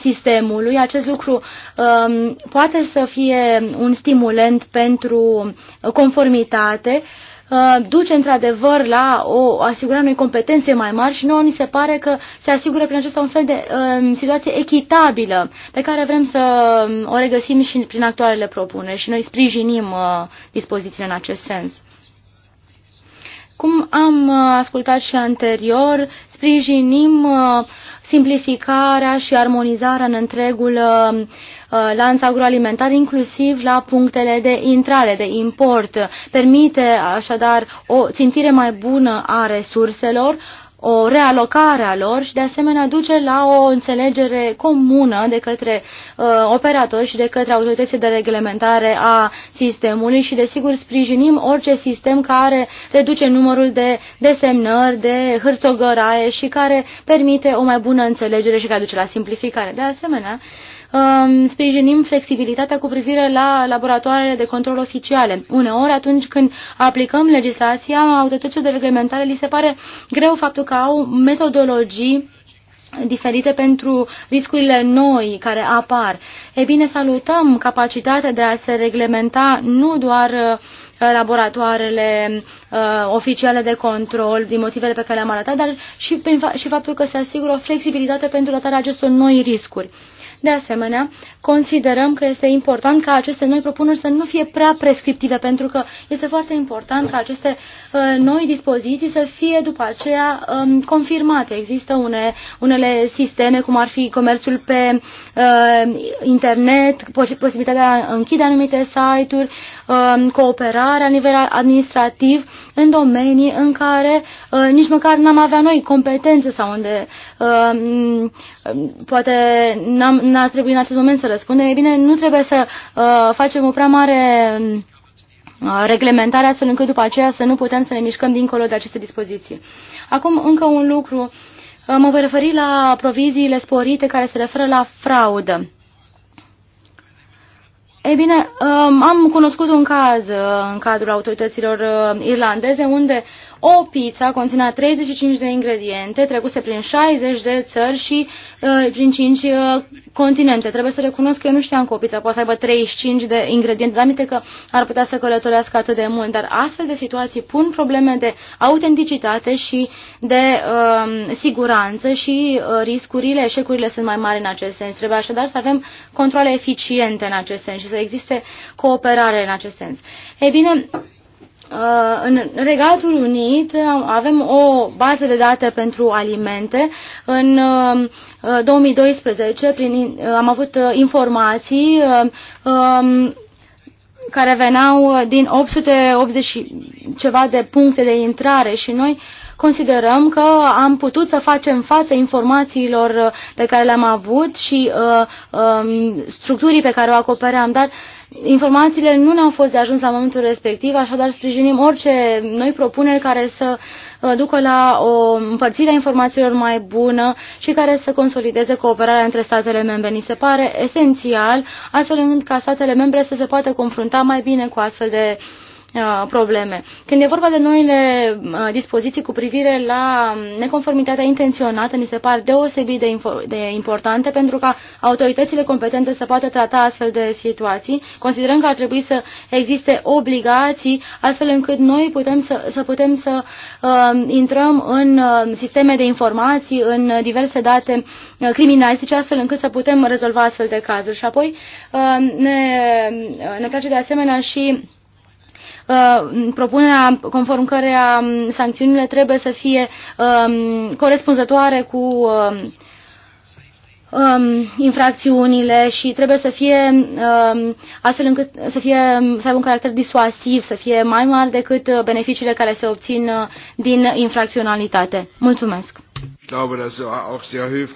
sistemului. Acest lucru um, poate să fie un stimulent pentru conformitate uh, Uh, duce într-adevăr la o asigurare unei competențe mai mari și nouă ni se pare că se asigură prin acesta un fel de um, situație echitabilă pe care vrem să um, o regăsim și prin actualele propuneri și noi sprijinim uh, dispozițiile în acest sens. Cum am uh, ascultat și anterior, sprijinim uh, simplificarea și armonizarea în întregul uh, uh, lanț agroalimentar, inclusiv la punctele de intrare, de import. Permite așadar o țintire mai bună a resurselor, o realocare a lor și de asemenea duce la o înțelegere comună de către uh, operatori și de către autoritățile de reglementare a sistemului și desigur sprijinim orice sistem care reduce numărul de desemnări, de hârțogăraie și care permite o mai bună înțelegere și care duce la simplificare. De asemenea, uh, Um, sprijinim flexibilitatea cu privire la laboratoarele de control oficiale. Uneori, atunci când aplicăm legislația, autoritățile de reglementare li se pare greu faptul că au metodologii diferite pentru riscurile noi care apar. E bine, salutăm capacitatea de a se reglementa nu doar uh, laboratoarele uh, oficiale de control, din motivele pe care le-am arătat, dar și, prin fa și faptul că se asigură o flexibilitate pentru datarea acestor noi riscuri. De asemenea, considerăm că este important ca aceste noi propuneri să nu fie prea prescriptive, pentru că este foarte important ca aceste uh, noi dispoziții să fie după aceea um, confirmate. Există une, unele sisteme, cum ar fi comerțul pe uh, internet, posibilitatea de a închide anumite site-uri, uh, cooperarea la nivel administrativ în domenii în care uh, nici măcar n-am avea noi competențe sau unde uh, poate n-ar trebui în acest moment să răspundere, e bine, nu trebuie să uh, facem o prea mare mm, uh, reglementare astfel încât după aceea să nu putem să ne mișcăm dincolo de aceste dispoziții. Acum încă un lucru. Uh, mă voi referi la proviziile sporite care se referă la fraudă. Ei bine, uh, am cunoscut un caz în cadrul autorităților irlandeze unde o pizza conținea 35 de ingrediente, trecuse prin 60 de țări și uh, prin 5 uh, continente. Trebuie să recunosc că eu nu știam că o pizza poate să aibă 35 de ingrediente, dar aminte că ar putea să călătorească atât de mult. Dar astfel de situații pun probleme de autenticitate și de uh, siguranță și uh, riscurile, eșecurile sunt mai mari în acest sens. Trebuie așadar să avem controle eficiente în acest sens și să existe cooperare în acest sens. Ei bine, Uh, în Regatul Unit uh, avem o bază de date pentru alimente. În 2012 uh, prin, am avut informații um, care veneau din 880 ceva de puncte de intrare și noi considerăm că am putut să facem față informațiilor pe care le-am avut și uh, um, structurii pe care o acopeream, dar uh, Informațiile nu ne-au fost de ajuns la momentul respectiv, așadar sprijinim orice noi propuneri care să uh, ducă la o împărțire a informațiilor mai bună și care să consolideze cooperarea între statele membre. Ni se pare esențial, astfel încât ca statele membre să se poată confrunta mai bine cu astfel de uh, Uh, probleme. Când e vorba de noile uh, dispoziții cu privire la um, neconformitatea intenționată, ni se par deosebit de, de importante pentru ca autoritățile competente să poată trata astfel de situații. Considerăm că ar trebui să existe obligații astfel încât noi putem să, să putem să uh, intrăm în uh, sisteme de informații, în uh, diverse date uh, criminalistice, astfel încât să putem rezolva astfel de cazuri. Și apoi uh, ne, uh, ne place de asemenea și Uh, propunerea conform căreia um, sancțiunile trebuie să fie um, corespunzătoare cu um, infracțiunile și trebuie să fie astfel încât să, fie, să aibă un caracter disuasiv, să fie mai mari decât uh, beneficiile care se obțin uh, din infracționalitate. Mulțumesc!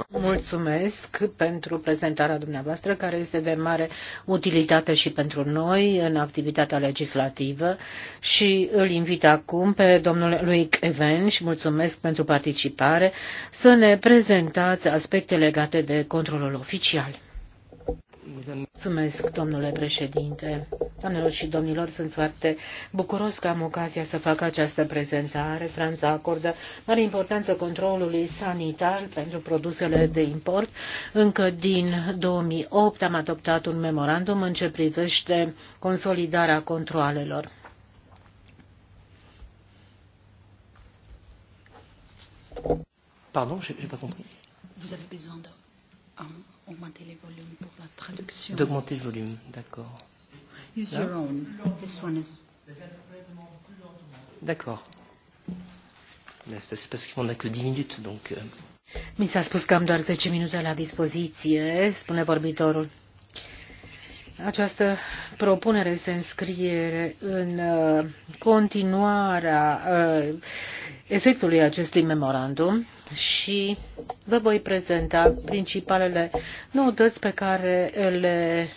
Mulțumesc pentru prezentarea dumneavoastră, care este de mare utilitate și pentru noi în activitatea legislativă și îl invit acum pe domnul Luic Even și mulțumesc pentru participare să ne prezentați aspecte legate de controlul oficial. Mulțumesc, domnule președinte. Doamnelor și domnilor, sunt foarte bucuros că am ocazia să fac această prezentare. Franța acordă mare importanță controlului sanitar pentru produsele de import. Încă din 2008 am adoptat un memorandum în ce privește consolidarea controalelor. Pardon, j'ai pas compris. Vous avez besoin d'un augmenter les volumes pour la traduction. D'augmenter le volume, d'accord. Use Là? your own. This one is... D'accord. C'est parce qu'on n'a que 10 minutes, donc... Euh. Mi s-a spus că am doar 10 minute la dispoziție, spune vorbitorul. Această propunere se înscrie în uh, continuarea uh, efectului acestui memorandum și vă voi prezenta principalele noutăți pe care le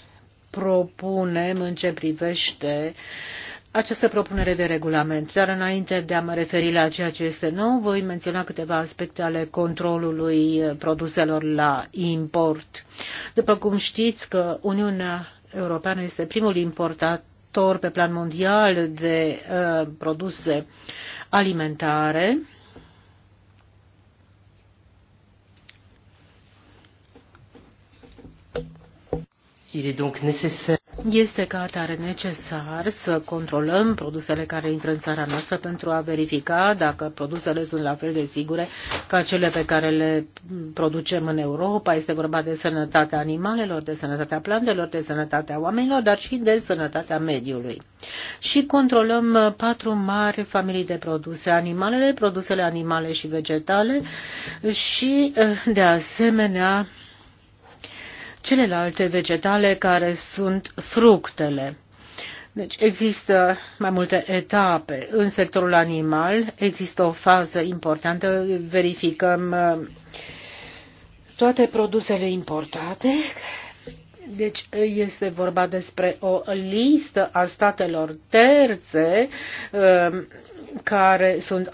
propunem în ce privește această propunere de regulament. Dar înainte de a mă referi la ceea ce este nou, voi menționa câteva aspecte ale controlului produselor la import. După cum știți că Uniunea Europeană este primul importator pe plan mondial de uh, produse alimentare, Este ca atare necesar să controlăm produsele care intră în țara noastră pentru a verifica dacă produsele sunt la fel de sigure ca cele pe care le producem în Europa. Este vorba de sănătatea animalelor, de sănătatea plantelor, de sănătatea oamenilor, dar și de sănătatea mediului. Și controlăm patru mari familii de produse, animalele, produsele animale și vegetale și, de asemenea, celelalte vegetale care sunt fructele. Deci există mai multe etape. În sectorul animal există o fază importantă, verificăm uh, toate produsele importate deci este vorba despre o listă a statelor terțe um, care sunt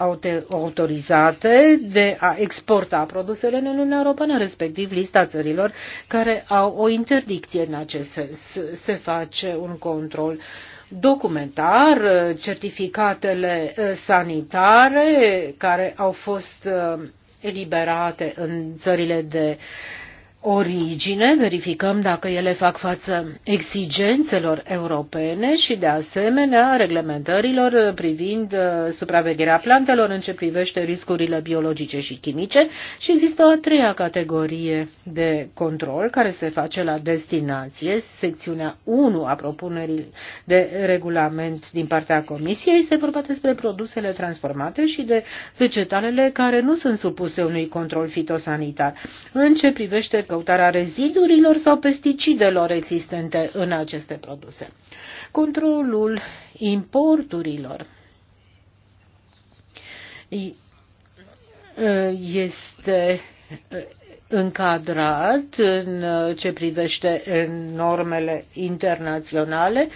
autorizate de a exporta produsele în Uniunea Europeană, respectiv lista țărilor care au o interdicție în acest sens. Se face un control documentar, certificatele uh, sanitare care au fost uh, eliberate în țările de uh, origine, verificăm dacă ele fac față exigențelor europene și, de asemenea, reglementărilor privind uh, supravegherea plantelor în ce privește riscurile biologice și chimice. Și există o a treia categorie de control care se face la destinație. Secțiunea 1 a propunerii de regulament din partea Comisiei se vorba despre produsele transformate și de vegetalele care nu sunt supuse unui control fitosanitar. În ce privește căutarea rezidurilor sau pesticidelor existente în aceste produse. Controlul importurilor este încadrat în ce privește normele internaționale,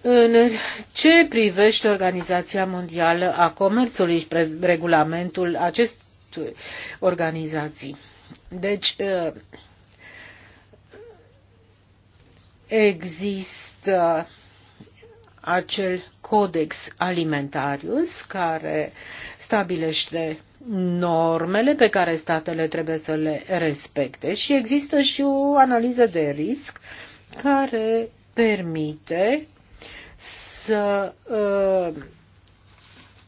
în ce privește Organizația Mondială a Comerțului și regulamentul acestui organizații. Deci, uh, există acel codex alimentarius care stabilește normele pe care statele trebuie să le respecte și există și o analiză de risc care permite să uh,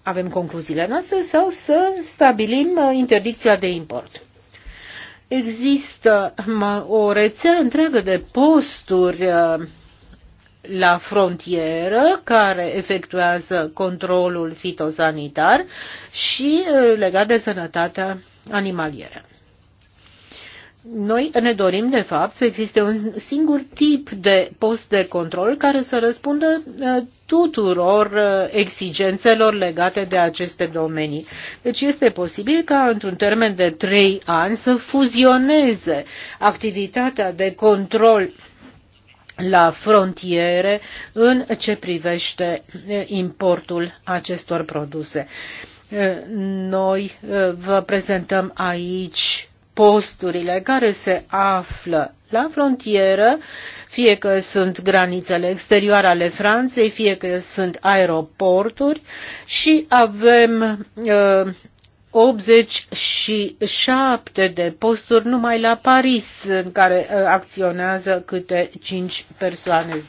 avem concluziile noastre sau să stabilim uh, interdicția de import. Există o rețea întreagă de posturi uh, la frontieră care efectuează controlul fitosanitar și uh, legat de sănătatea animalieră. Noi ne dorim, de fapt, să existe un singur tip de post de control care să răspundă uh, tuturor uh, exigențelor legate de aceste domenii. Deci este posibil ca într-un termen de trei ani să fuzioneze activitatea de control la frontiere în ce privește uh, importul acestor produse. Uh, noi vă prezentăm aici posturile care se află la frontieră, fie că sunt granițele exterioare ale Franței, fie că sunt aeroporturi și avem uh, 87 de posturi numai la Paris, în care uh, acționează câte 5 persoane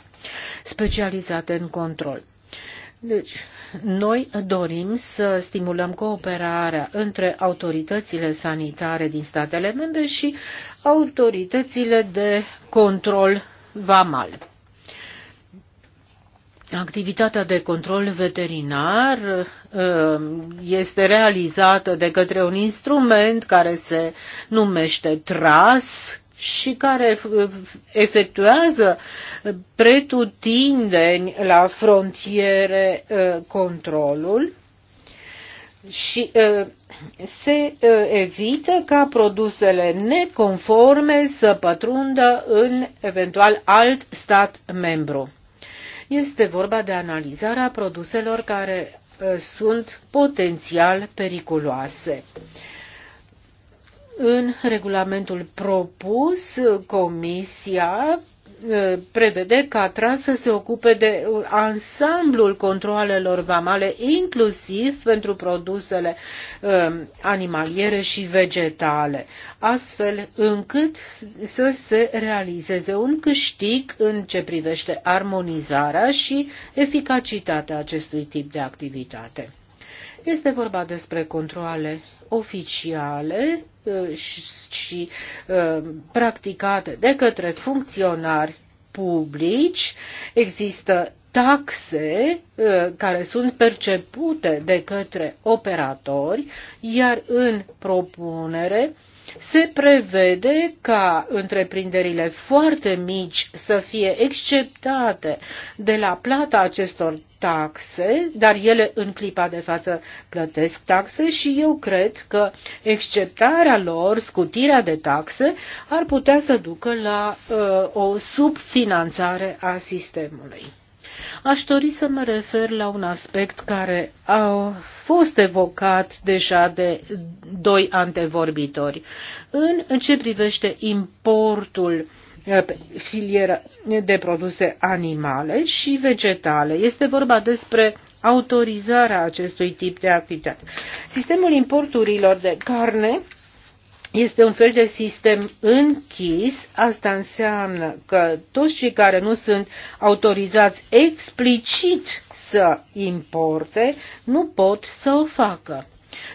specializate în control. Deci, noi dorim să stimulăm cooperarea între autoritățile sanitare din statele membre și autoritățile de control vamal. Activitatea de control veterinar uh, este realizată de către un instrument care se numește TRAS, și care efectuează pretutindeni la frontiere uh, controlul și uh, se uh, evită ca produsele neconforme să pătrundă în eventual alt stat membru. Este vorba de analizarea produselor care sunt potențial periculoase. În regulamentul propus, Comisia prevede ca trans să se ocupe de ansamblul controalelor vamale, inclusiv pentru produsele animaliere și vegetale, astfel încât să se realizeze un câștig în ce privește armonizarea și eficacitatea acestui tip de activitate. Este vorba despre controle oficiale uh, și uh, practicate de către funcționari publici. Există taxe uh, care sunt percepute de către operatori, iar în propunere se prevede ca întreprinderile foarte mici să fie exceptate de la plata acestor taxe, dar ele în clipa de față plătesc taxe și eu cred că exceptarea lor, scutirea de taxe, ar putea să ducă la uh, o subfinanțare a sistemului. Aș dori să mă refer la un aspect care a fost evocat deja de doi antevorbitori. În ce privește importul uh, filieră de produse animale și vegetale. Este vorba despre autorizarea acestui tip de activitate. Sistemul importurilor de carne este un fel de sistem închis. Asta înseamnă că toți cei care nu sunt autorizați explicit să importe nu pot să o facă.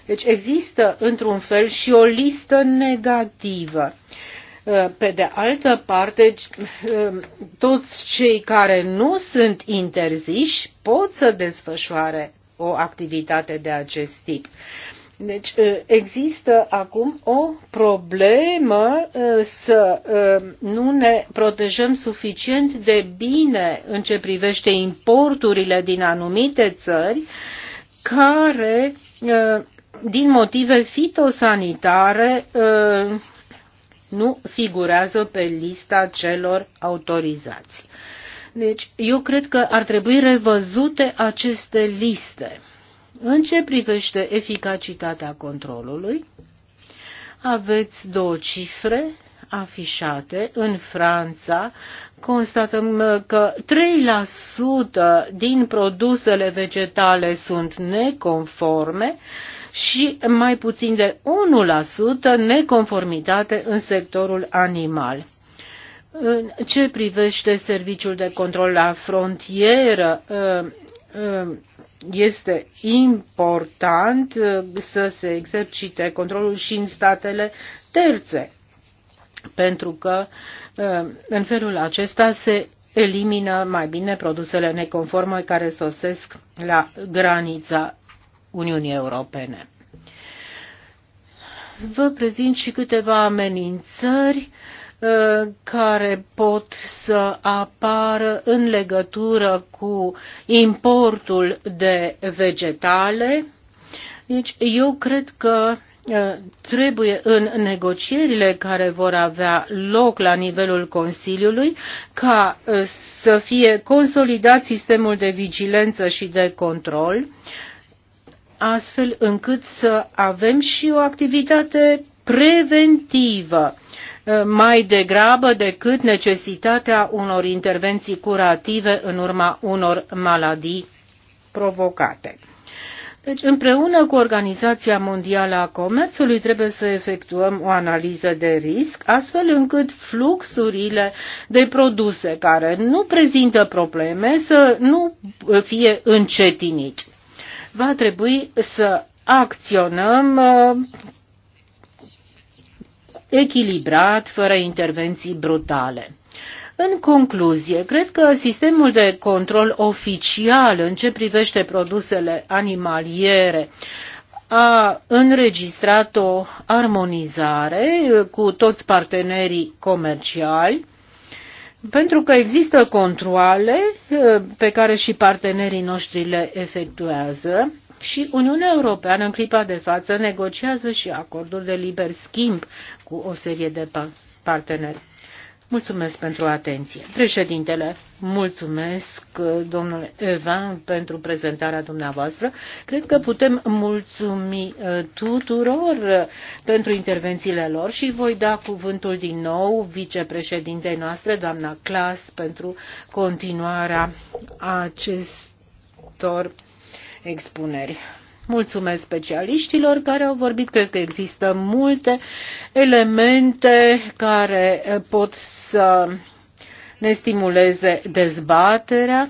Deci există într-un fel și o listă negativă. Pe de altă parte, toți cei care nu sunt interziși pot să desfășoare o activitate de acest tip. Deci uh, există acum o problemă uh, să uh, nu ne protejăm suficient de bine în ce privește importurile din anumite țări care din motive fitosanitare nu figurează pe lista celor autorizați. Deci, eu cred că ar trebui revăzute aceste liste. În ce privește eficacitatea controlului, aveți două cifre afișate în Franța, constatăm că 3% din produsele vegetale sunt neconforme, și mai puțin de 1% neconformitate în sectorul animal. În ce privește serviciul de control la frontieră, ă, ă, este important ă, să se exercite controlul și în statele terțe, pentru că în felul acesta se elimină mai bine produsele neconforme care sosesc la granița Uniunii Europene. Vă prezint și câteva amenințări uh, care pot să apară în legătură cu importul de vegetale. Deci eu cred că uh, trebuie în negocierile care vor avea loc la nivelul Consiliului ca uh, să fie consolidat sistemul de vigilență și de control, astfel încât să avem și o activitate preventivă eh, mai degrabă decât necesitatea unor intervenții curative în urma unor maladii provocate. Deci, împreună cu Organizația Mondială a Comerțului, trebuie să efectuăm o analiză de risc, astfel încât fluxurile de produse care nu prezintă probleme să nu fie încetiniți va trebui să acționăm uh, echilibrat, fără intervenții brutale. În concluzie, cred că sistemul de control oficial în ce privește produsele animaliere a înregistrat o armonizare cu toți partenerii comerciali pentru că există controle eh, pe care și partenerii noștri le efectuează și Uniunea Europeană în clipa de față negociază și acorduri de liber schimb cu o serie de parteneri. Mulțumesc pentru atenție. Președintele, mulțumesc, domnule Evan, pentru prezentarea dumneavoastră. Cred că putem mulțumi eh, tuturor eh, pentru intervențiile lor și voi da cuvântul din nou vicepreședintei noastre, doamna Clas, pentru continuarea acestor expuneri. Mulțumesc specialiștilor care au vorbit. Cred că există multe elemente care pot să ne stimuleze dezbaterea.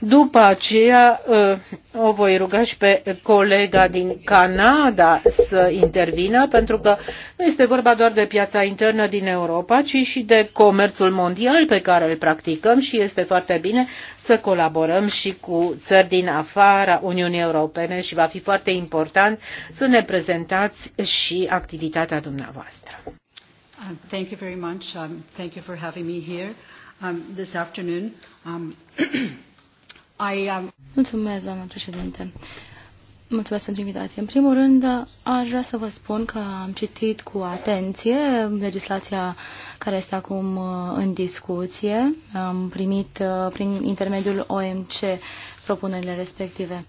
După aceea uh, o voi ruga și pe colega din Canada să intervină, pentru că nu este vorba doar de piața internă din Europa, ci și de comerțul mondial pe care îl practicăm și este foarte bine să colaborăm și cu țări din afara Uniunii Europene și va fi foarte important să ne prezentați și activitatea dumneavoastră. Uh, thank you very much. Um, thank you for having me here um, this afternoon. Um, [clears throat] I am... Um, Mulțumesc, doamnă președinte. Mulțumesc pentru invitație. În primul rând, aș vrea să vă spun că am citit cu atenție legislația care este acum uh, în discuție. Am primit uh, prin intermediul OMC propunerile respective.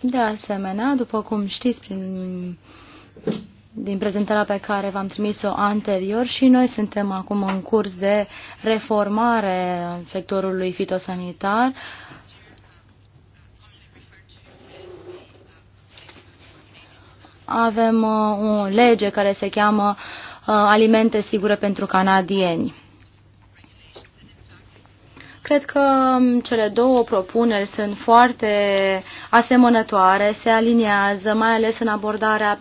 De asemenea, după cum știți, prin din prezentarea pe care v-am trimis-o anterior și noi suntem acum în curs de reformare în sectorului fitosanitar. Avem uh, o lege care se cheamă uh, Alimente sigure pentru canadieni. Cred că um, cele două propuneri sunt foarte asemănătoare, se aliniază, mai ales în abordarea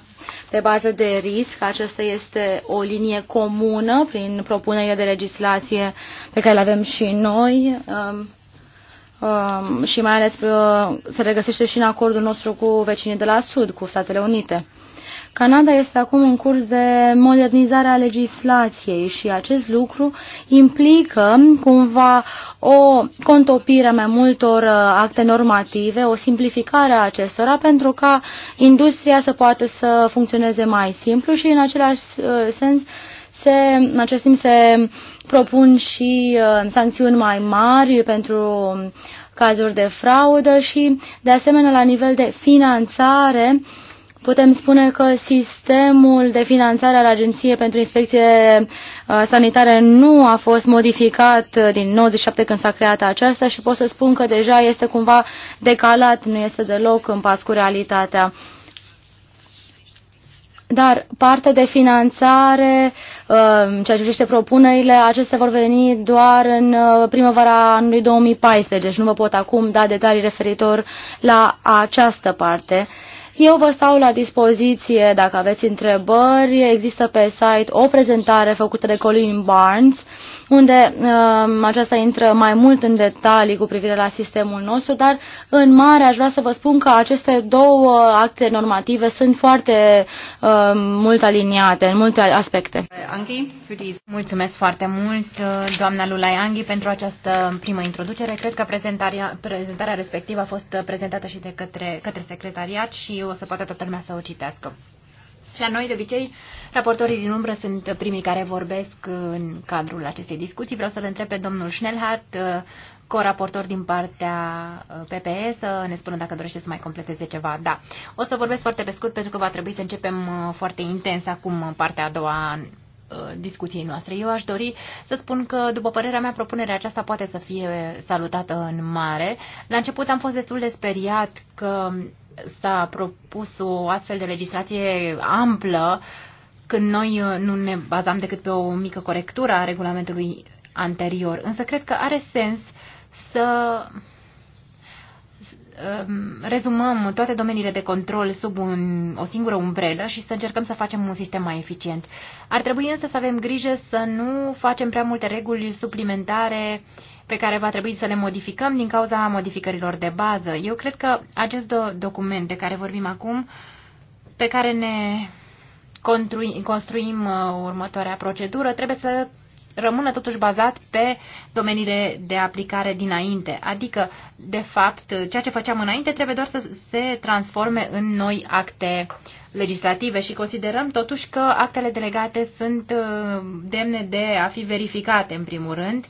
pe bază de risc. Aceasta este o linie comună prin propunerile de legislație pe care le avem și noi um, um, și mai ales uh, se regăsește și în acordul nostru cu vecinii de la Sud, cu Statele Unite. Canada este acum în curs de modernizare a legislației și acest lucru implică cumva o contopire mai multor uh, acte normative, o simplificare a acestora pentru ca industria să poată să funcționeze mai simplu și în același uh, sens se, în acest timp se propun și uh, sancțiuni mai mari pentru cazuri de fraudă și, de asemenea, la nivel de finanțare, uh, Putem spune că sistemul de finanțare al Agenției pentru Inspecție uh, Sanitare nu a fost modificat uh, din 97 când s-a creat aceasta și pot să spun că deja este cumva decalat, nu este deloc în pas cu realitatea. Dar parte de finanțare, uh, ceea ce privește propunerile, acestea vor veni doar în primăvara anului 2014, deci nu vă pot acum da detalii referitor la această parte. Eu vă stau la dispoziție dacă aveți întrebări. Există pe site o prezentare făcută de Colin Barnes unde uh, aceasta intră mai mult în detalii cu privire la sistemul nostru, dar în mare aș vrea să vă spun că aceste două acte normative sunt foarte uh, mult aliniate în multe aspecte. Mulțumesc foarte mult, uh, doamna Lulai Anghi, pentru această primă introducere. Cred că prezentarea, prezentarea respectivă a fost prezentată și de către, către secretariat și o să poată toată lumea să o citească. La noi, de obicei, raportorii din umbră sunt primii care vorbesc în cadrul acestei discuții. Vreau să-l întreb pe domnul Schnellhardt, co-raportor din partea uh, PPE, să ne spună dacă dorește să mai completeze ceva. Da. O să vorbesc foarte pe scurt pentru că va trebui să începem uh, foarte intens acum partea a doua uh, discuției noastre. Eu aș dori să spun că, după părerea mea, propunerea aceasta poate să fie salutată în mare. La început am fost destul de speriat că s-a propus o astfel de legislație amplă când noi uh, nu ne bazam decât pe o mică corectură a regulamentului anterior. Însă cred că are sens să um, rezumăm toate domeniile de control sub un, o singură umbrelă și să încercăm să facem un sistem mai eficient. Ar trebui însă să avem grijă să nu facem prea multe reguli suplimentare uh, pe care va trebui să le modificăm din cauza modificărilor de bază. Eu cred că acest document de care vorbim acum, pe care ne construim uh, următoarea procedură, trebuie să rămână totuși bazat pe domeniile de aplicare dinainte. Adică, de fapt, ceea ce făceam înainte trebuie doar să se transforme în noi acte legislative și considerăm totuși că actele delegate sunt uh, demne de a fi verificate, în primul rând,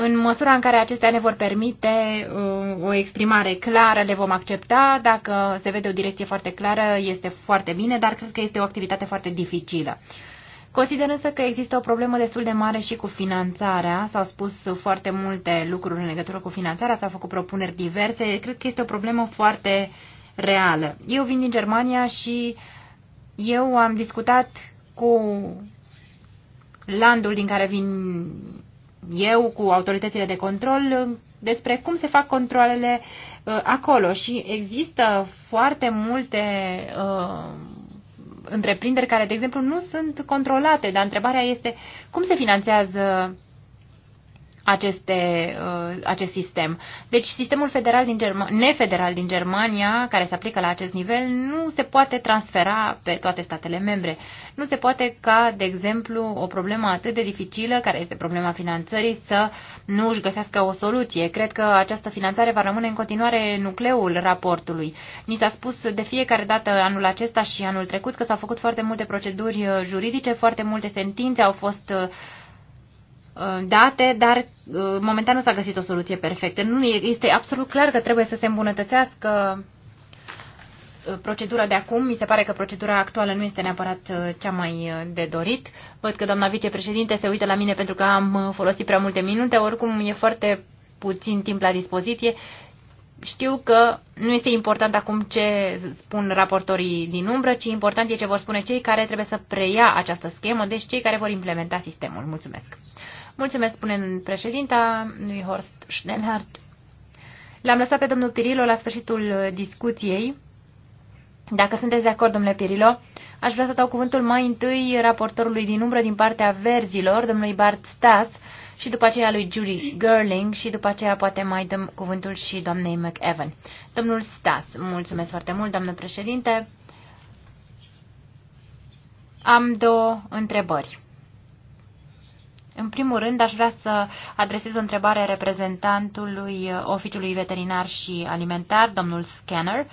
în măsura în care acestea ne vor permite uh, o exprimare clară, le vom accepta. Dacă se vede o direcție foarte clară, este foarte bine, dar cred că este o activitate foarte dificilă. Consider însă că există o problemă destul de mare și cu finanțarea. S-au spus foarte multe lucruri în legătură cu finanțarea, s-au făcut propuneri diverse. Cred că este o problemă foarte reală. Eu vin din Germania și eu am discutat cu landul din care vin eu cu autoritățile de control despre cum se fac controlele uh, acolo și există foarte multe uh, întreprinderi care, de exemplu, nu sunt controlate, dar întrebarea este cum se finanțează aceste, uh, acest sistem. Deci sistemul federal din Germa- nefederal din Germania, care se aplică la acest nivel, nu se poate transfera pe toate statele membre. Nu se poate ca, de exemplu, o problemă atât de dificilă, care este problema finanțării, să nu își găsească o soluție. Cred că această finanțare va rămâne în continuare nucleul raportului. Ni s-a spus de fiecare dată anul acesta și anul trecut că s-au făcut foarte multe proceduri uh, juridice, foarte multe sentințe au fost uh, Uh, date, dar uh, momentan nu s-a găsit o soluție perfectă. Nu este absolut clar că trebuie să se îmbunătățească uh, procedura de acum. Mi se pare că procedura actuală nu este neapărat cea mai de dorit. Văd că doamna vicepreședinte se uită la mine pentru că am folosit prea multe minute. Oricum e foarte puțin timp la dispoziție. Știu că nu este important acum ce spun raportorii din umbră, ci important e ce vor spune cei care trebuie să preia această schemă, deci cei care vor implementa sistemul. Mulțumesc! Mulțumesc, spune președinta lui Horst Schnellhardt. L-am lăsat pe domnul Pirilo la sfârșitul discuției. Dacă sunteți de acord, domnule Pirilo, aș vrea să dau cuvântul mai întâi raportorului din umbră din partea verzilor, domnului Bart Stas, și după aceea lui Julie Gerling și după aceea poate mai dăm cuvântul și doamnei McEvan. Domnul Stas, mulțumesc foarte mult, doamnă președinte. Am două întrebări. În primul rând, aș vrea să adresez o întrebare reprezentantului Oficiului Veterinar și Alimentar, domnul Scanner.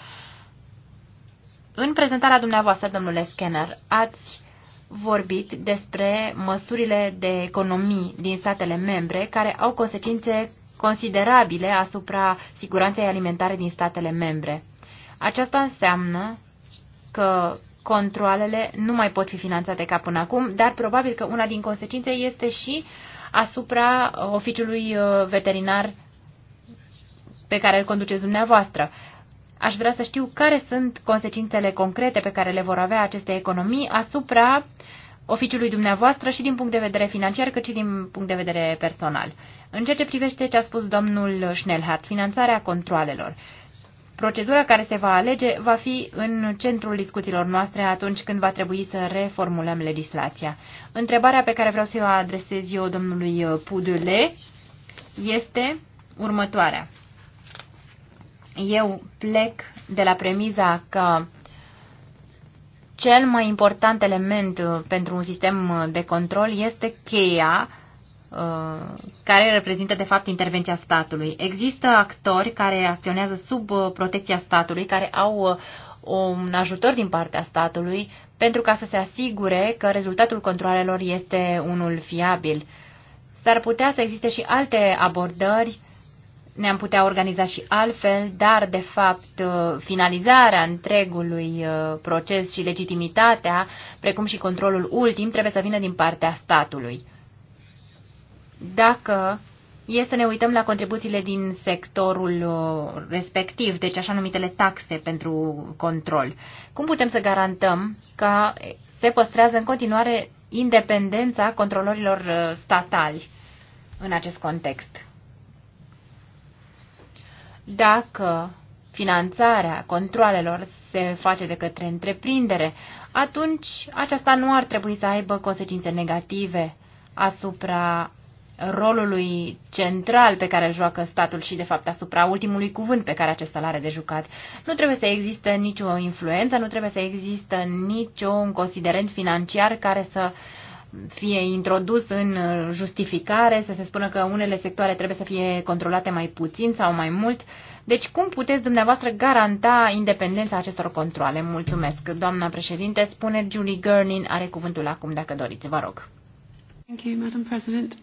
În prezentarea dumneavoastră, domnule Scanner, ați vorbit despre măsurile de economii din statele membre care au consecințe considerabile asupra siguranței alimentare din statele membre. Aceasta înseamnă că controlele nu mai pot fi finanțate ca până acum, dar probabil că una din consecințe este și asupra uh, oficiului uh, veterinar pe care îl conduceți dumneavoastră. Aș vrea să știu care sunt consecințele concrete pe care le vor avea aceste economii asupra oficiului dumneavoastră și din punct de vedere financiar, cât și din punct de vedere personal. În ceea ce privește ce a spus domnul Schnellhardt, finanțarea controalelor. Procedura care se va alege va fi în centrul discuțiilor noastre atunci când va trebui să reformulăm legislația. Întrebarea pe care vreau să o adresez eu domnului Pudule este următoarea. Eu plec de la premiza că cel mai important element pentru un sistem de control este cheia Uh, care reprezintă de fapt intervenția statului. Există actori care acționează sub uh, protecția statului, care au uh, un ajutor din partea statului pentru ca să se asigure că rezultatul controlelor este unul fiabil. S-ar putea să existe și alte abordări, ne-am putea organiza și altfel, dar de fapt finalizarea întregului proces și legitimitatea, precum și controlul ultim, trebuie să vină din partea statului dacă e să ne uităm la contribuțiile din sectorul uh, respectiv, deci așa numitele taxe pentru control. Cum putem să garantăm că se păstrează în continuare independența controlorilor uh, statali în acest context? Dacă finanțarea controlelor se face de către întreprindere, atunci aceasta nu ar trebui să aibă consecințe negative asupra rolului central pe care îl joacă statul și, de fapt, asupra ultimului cuvânt pe care acesta l-are de jucat. Nu trebuie să există nicio influență, nu trebuie să există niciun considerent financiar care să fie introdus în justificare, să se spună că unele sectoare trebuie să fie controlate mai puțin sau mai mult. Deci cum puteți dumneavoastră garanta independența acestor controle? Mulțumesc, doamna președinte. Spune Julie Gurnin, are cuvântul acum dacă doriți. Vă rog. Thank you, Madam President.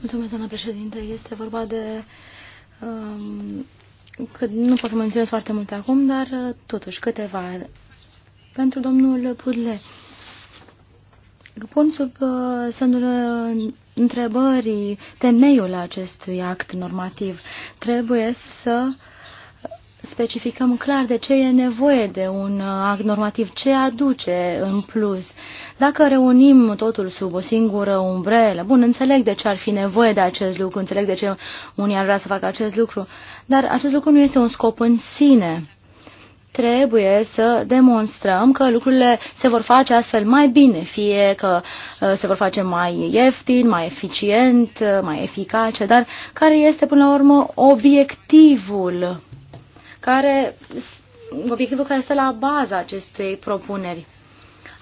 Mulțumesc, doamna președinte. Este vorba de... Um, că nu pot să menționez foarte multe acum, dar uh, totuși câteva. Pentru domnul Pudle, pun sub uh, semnul uh, întrebării temeiul acestui act normativ. Trebuie să specificăm clar de ce e nevoie de un uh, act normativ, ce aduce în plus. Dacă reunim totul sub o singură umbrelă, bun, înțeleg de ce ar fi nevoie de acest lucru, înțeleg de ce unii ar vrea să facă acest lucru, dar acest lucru nu este un scop în sine. Trebuie să demonstrăm că lucrurile se vor face astfel mai bine, fie că uh, se vor face mai ieftin, mai eficient, uh, mai eficace, dar care este până la urmă obiectivul care, obiectivul care stă la baza acestei propuneri.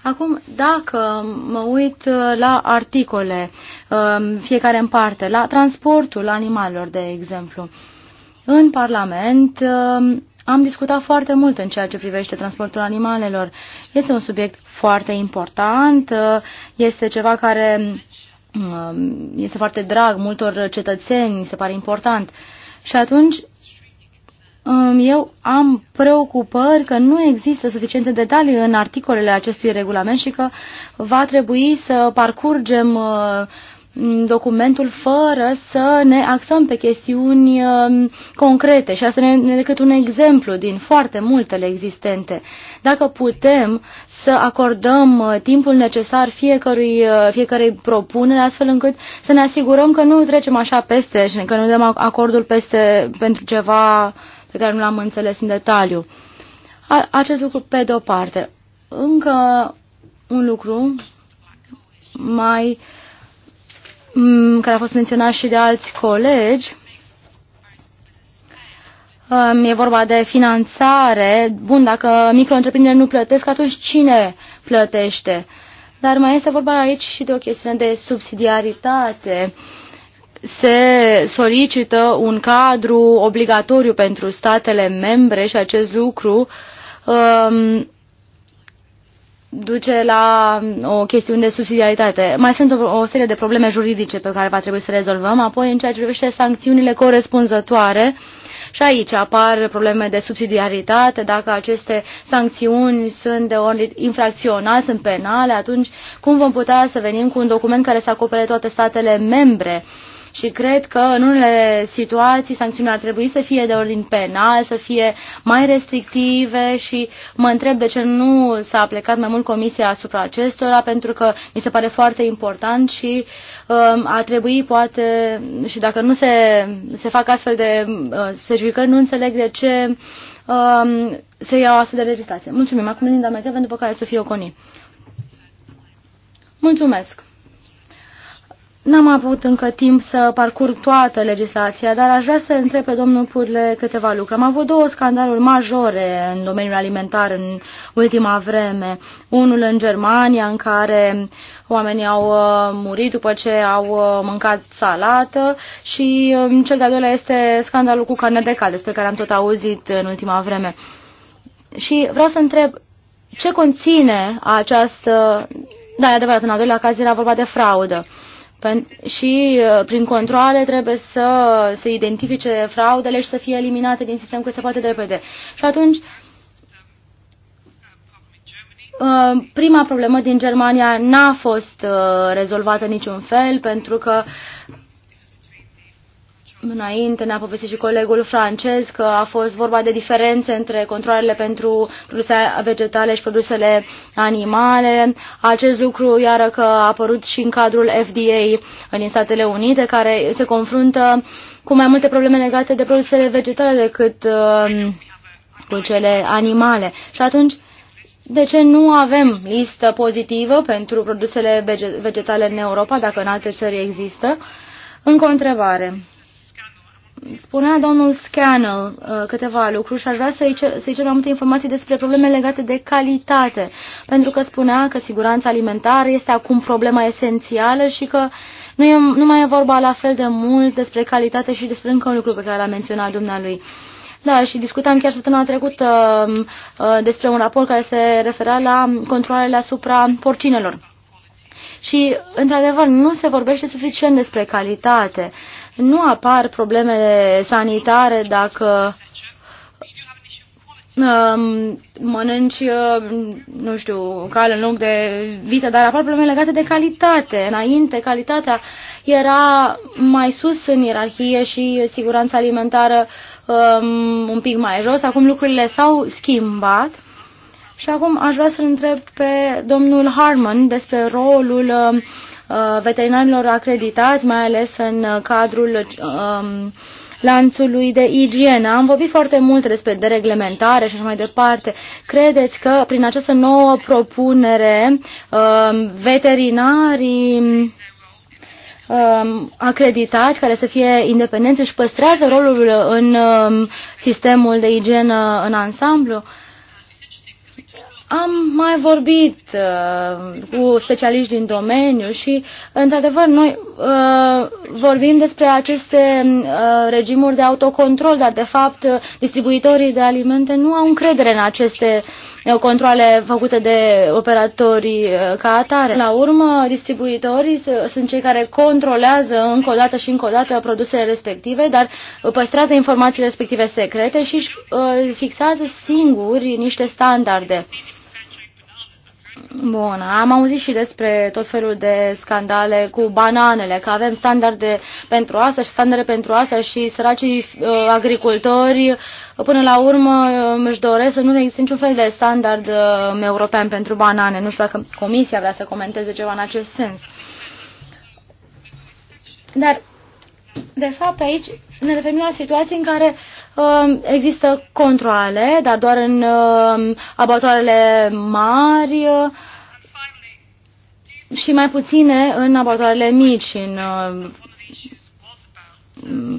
Acum, dacă mă uit uh, la articole, um, fiecare în parte, la transportul animalelor, de exemplu, în Parlament um, am discutat foarte mult în ceea ce privește transportul animalelor. Este un subiect foarte important, uh, este ceva care um, este foarte drag multor cetățeni, se pare important. Și atunci eu am preocupări că nu există suficiente detalii în articolele acestui regulament și că va trebui să parcurgem uh, documentul fără să ne axăm pe chestiuni um, concrete și asta ne decât un exemplu din foarte multele existente. Dacă putem să acordăm uh, timpul necesar fiecărui, uh, fiecarei propunere astfel încât să ne asigurăm că nu trecem așa peste și că nu dăm acordul peste pentru ceva uh, pe care nu l-am înțeles în detaliu. A, acest lucru pe de-o parte. Încă un lucru mai care a fost menționat și de alți colegi, E vorba de finanțare. Bun, dacă micro nu plătesc, atunci cine plătește? Dar mai este vorba aici și de o chestiune de subsidiaritate se solicită un cadru obligatoriu pentru statele membre și acest lucru um, duce la o chestiune de subsidiaritate. Mai sunt o, o serie de probleme juridice pe care va trebui să rezolvăm, apoi în ceea ce privește sancțiunile corespunzătoare, și aici apar probleme de subsidiaritate, dacă aceste sancțiuni sunt de ordin infracțional, sunt penale, atunci cum vom putea să venim cu un document care să acopere toate statele membre? Uh, și cred că în unele situații sancțiunile ar trebui să fie de ordin penal, să fie mai restrictive și mă întreb de ce nu s-a plecat mai mult comisia asupra acestora, pentru că mi se pare foarte important și uh, um, ar trebui poate, și dacă nu se, se fac astfel de uh, specificări, nu înțeleg de ce uh, se iau astfel de legislație. Mulțumim. Acum Linda Mecheven, după care Sofie Oconi. Mulțumesc. N-am avut încă timp să parcurg toată legislația, dar aș vrea să întreb pe domnul Purle câteva lucruri. Am avut două scandaluri majore în domeniul alimentar în ultima vreme. Unul în Germania, în care oamenii au uh, murit după ce au uh, mâncat salată și uh, cel de-al doilea este scandalul cu carne de cal, despre care am tot auzit în ultima vreme. Și vreau să întreb ce conține această... Da, e adevărat, în al doilea caz era vorba de fraudă și uh, prin controle trebuie să se identifice fraudele și să fie eliminate din sistem cât se poate de repede. Și atunci, uh, prima problemă din Germania n-a fost uh, rezolvată niciun fel pentru că Înainte ne-a povestit și colegul francez că a fost vorba de diferențe între controlele pentru produse vegetale și produsele animale. Acest lucru, iară că a apărut și în cadrul FDA din Statele Unite, care se confruntă cu mai multe probleme legate de produsele vegetale decât uh, cu cele animale. Și atunci, de ce nu avem listă pozitivă pentru produsele vegetale în Europa, dacă în alte țări există? Încă o întrebare. Spunea domnul uh, câteva lucruri și aș vrea să-i cer, să cer mai multe informații despre probleme legate de calitate, pentru că spunea că siguranța alimentară este acum problema esențială și că nu, e, nu mai e vorba la fel de mult despre calitate și despre încă un lucru pe care l-a menționat dumnealui. Da, și discutam chiar săptămâna trecută uh, uh, despre un raport care se refera la controlele asupra porcinelor. Și, într-adevăr, nu se vorbește suficient despre calitate. Uh, nu apar probleme sanitare dacă um, mănânci, uh, nu știu, cale în loc de vită, dar apar probleme legate de calitate. Înainte, calitatea era mai sus în ierarhie și siguranța alimentară um, un pic mai jos. Acum lucrurile s-au schimbat. Și acum aș vrea să-l întreb pe domnul Harmon despre rolul uh, Uh, veterinarilor acreditați, mai ales în uh, cadrul uh, um, lanțului de igienă. Am vorbit foarte mult despre dereglementare și așa mai departe. Credeți că prin această nouă propunere um, veterinarii um, acreditați, care să fie independenți, își păstrează rolul în sistemul de igienă în ansamblu? Am mai vorbit uh, cu specialiști din domeniu și, într-adevăr, noi uh, vorbim despre aceste uh, regimuri de autocontrol, dar, de fapt, distribuitorii de alimente nu au încredere în aceste uh, controle făcute de operatorii ca atare. La urmă, distribuitorii sunt cei care controlează încă o dată și încă o dată produsele respective, dar păstrează informațiile respective secrete și își fixează singuri niște standarde. Bun, am auzit și despre tot felul de scandale cu bananele, că avem standarde pentru asta și standarde pentru asta și săracii uh, agricultori până la urmă uh, își doresc să nu există niciun fel de standard uh, european pentru banane. Nu știu dacă Comisia vrea să comenteze ceva în acest sens. Dar, de fapt, aici ne referim la situații în care Um, există controle, dar doar în um, abatoarele mari uh, și mai puține în abatoarele mici, în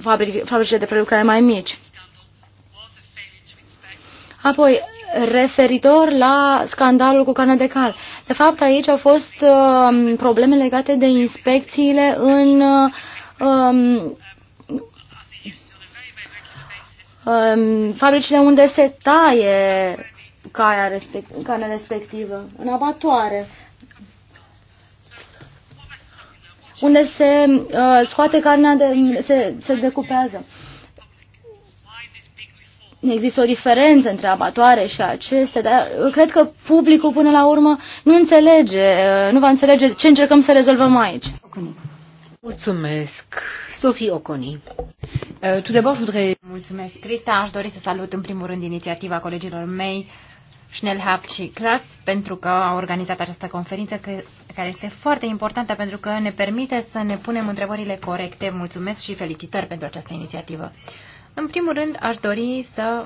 uh, fabricile de prelucrare mai mici. Apoi, referitor la scandalul cu carne de cal. De fapt, aici au fost uh, probleme legate de inspecțiile în uh, fabricile unde se taie caia respect, carnea respectivă, în abatoare, unde se uh, scoate carnea, de, se, se decupează. Există o diferență între abatoare și acestea, dar cred că publicul până la urmă nu înțelege, uh, nu va înțelege ce încercăm să rezolvăm aici. Mulțumesc. Sofie Oconi. Uh, tout d'abord, voudrais... Mulțumesc, Crista. Aș dori să salut în primul rând inițiativa colegilor mei Schnellhap și Clas pentru că au organizat această conferință care este foarte importantă pentru că ne permite să ne punem întrebările corecte. Mulțumesc și felicitări pentru această inițiativă. În primul rând, aș dori să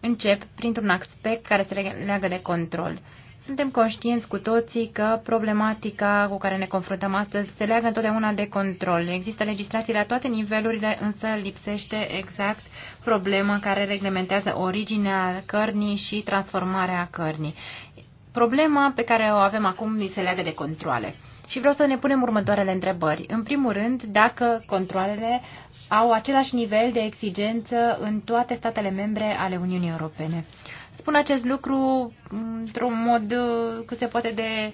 încep printr-un aspect care se leagă de control. Suntem conștienți cu toții că problematica cu care ne confruntăm astăzi se leagă întotdeauna de control. Există legislații la toate nivelurile, însă lipsește exact problema care reglementează originea cărnii și transformarea cărnii. Problema pe care o avem acum se leagă de controle. Și vreau să ne punem următoarele întrebări. În primul rând, dacă controlele au același nivel de exigență în toate statele membre ale Uniunii Europene. Spun acest lucru într-un mod uh, cât se poate de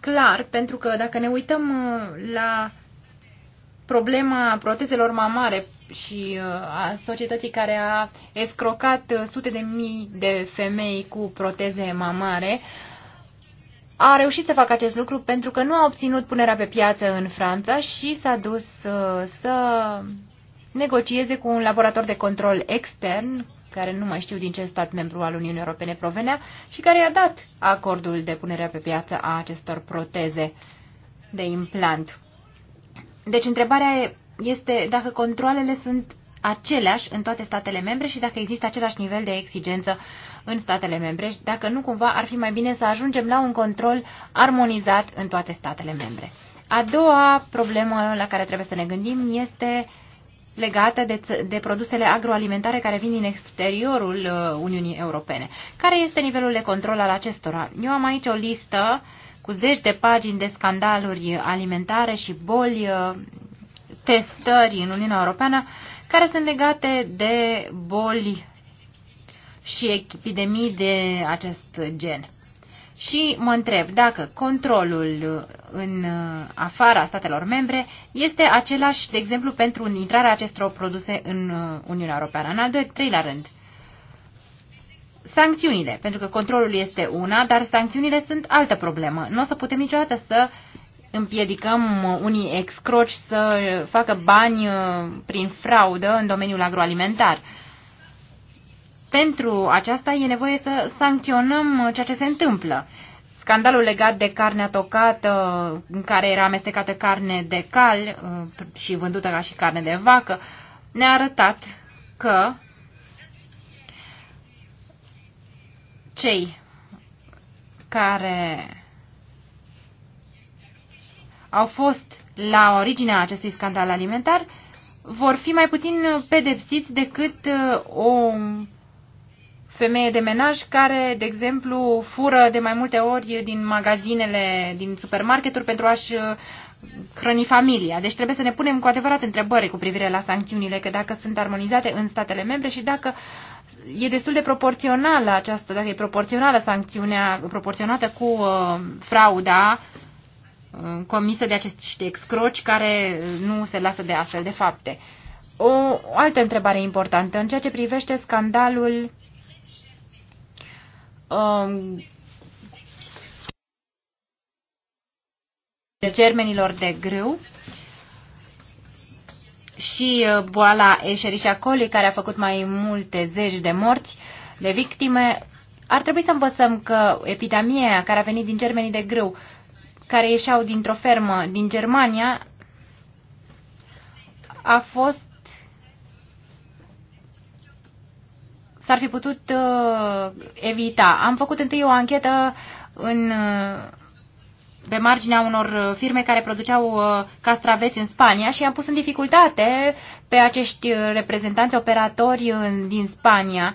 clar, pentru că dacă ne uităm uh, la problema protezelor mamare și uh, a societății care a escrocat sute de mii de femei cu proteze mamare, a reușit să facă acest lucru pentru că nu a obținut punerea pe piață în Franța și s-a dus să negocieze cu un laborator de control extern care nu mai știu din ce stat membru al Uniunii Europene provenea și care i-a dat acordul de punere pe piață a acestor proteze de implant. Deci întrebarea este dacă controlele sunt aceleași în toate statele membre și dacă există același nivel de exigență în statele membre și dacă nu cumva ar fi mai bine să ajungem la un control armonizat în toate statele membre. A doua problemă la care trebuie să ne gândim este uh, legate de, de produsele agroalimentare care vin din exteriorul uh, Uniunii Europene. Care este nivelul de control al acestora? Eu am aici o listă cu zeci de pagini de scandaluri alimentare și boli, uh, testări în Uniunea Europeană, care sunt legate de boli și epidemii de acest gen. Și mă întreb dacă controlul uh, în uh, afara statelor membre este același, de exemplu, pentru intrarea acestor produse în uh, Uniunea Europeană. În al doilea, treilea rând, sancțiunile, pentru că controlul este una, dar sancțiunile sunt altă problemă. Nu o să putem niciodată să împiedicăm unii excroci să facă bani prin fraudă în domeniul agroalimentar. Pentru aceasta e nevoie să sancționăm ceea ce se întâmplă. Scandalul legat de carnea tocată, în care era amestecată carne de cal uh, și vândută ca și carne de vacă, ne-a arătat că cei care au fost la originea acestui scandal alimentar vor fi mai puțin pedepsiți decât uh, o femeie de menaj care, de exemplu, fură de mai multe ori din magazinele, din supermarketuri pentru a-și uh, hrăni familia. Deci trebuie să ne punem cu adevărat întrebări cu privire la sancțiunile, că dacă sunt armonizate în statele membre și dacă e destul de proporțională această, dacă e proporțională sancțiunea, proporționată cu uh, frauda uh, comisă de acești excroci care uh, nu se lasă de astfel de fapte. O altă întrebare importantă, în ceea ce privește scandalul um, germenilor de grâu și uh, boala eșerișa coli, care a făcut mai multe zeci de morți, de victime, ar trebui să învățăm că epidemia care a venit din germenii de grâu, care ieșeau dintr-o fermă din Germania, a fost s-ar fi putut uh, evita. Am făcut întâi o anchetă în, uh, pe marginea unor uh, firme care produceau uh, castraveți în Spania și am pus în dificultate pe acești uh, reprezentanți operatori în, uh, din Spania,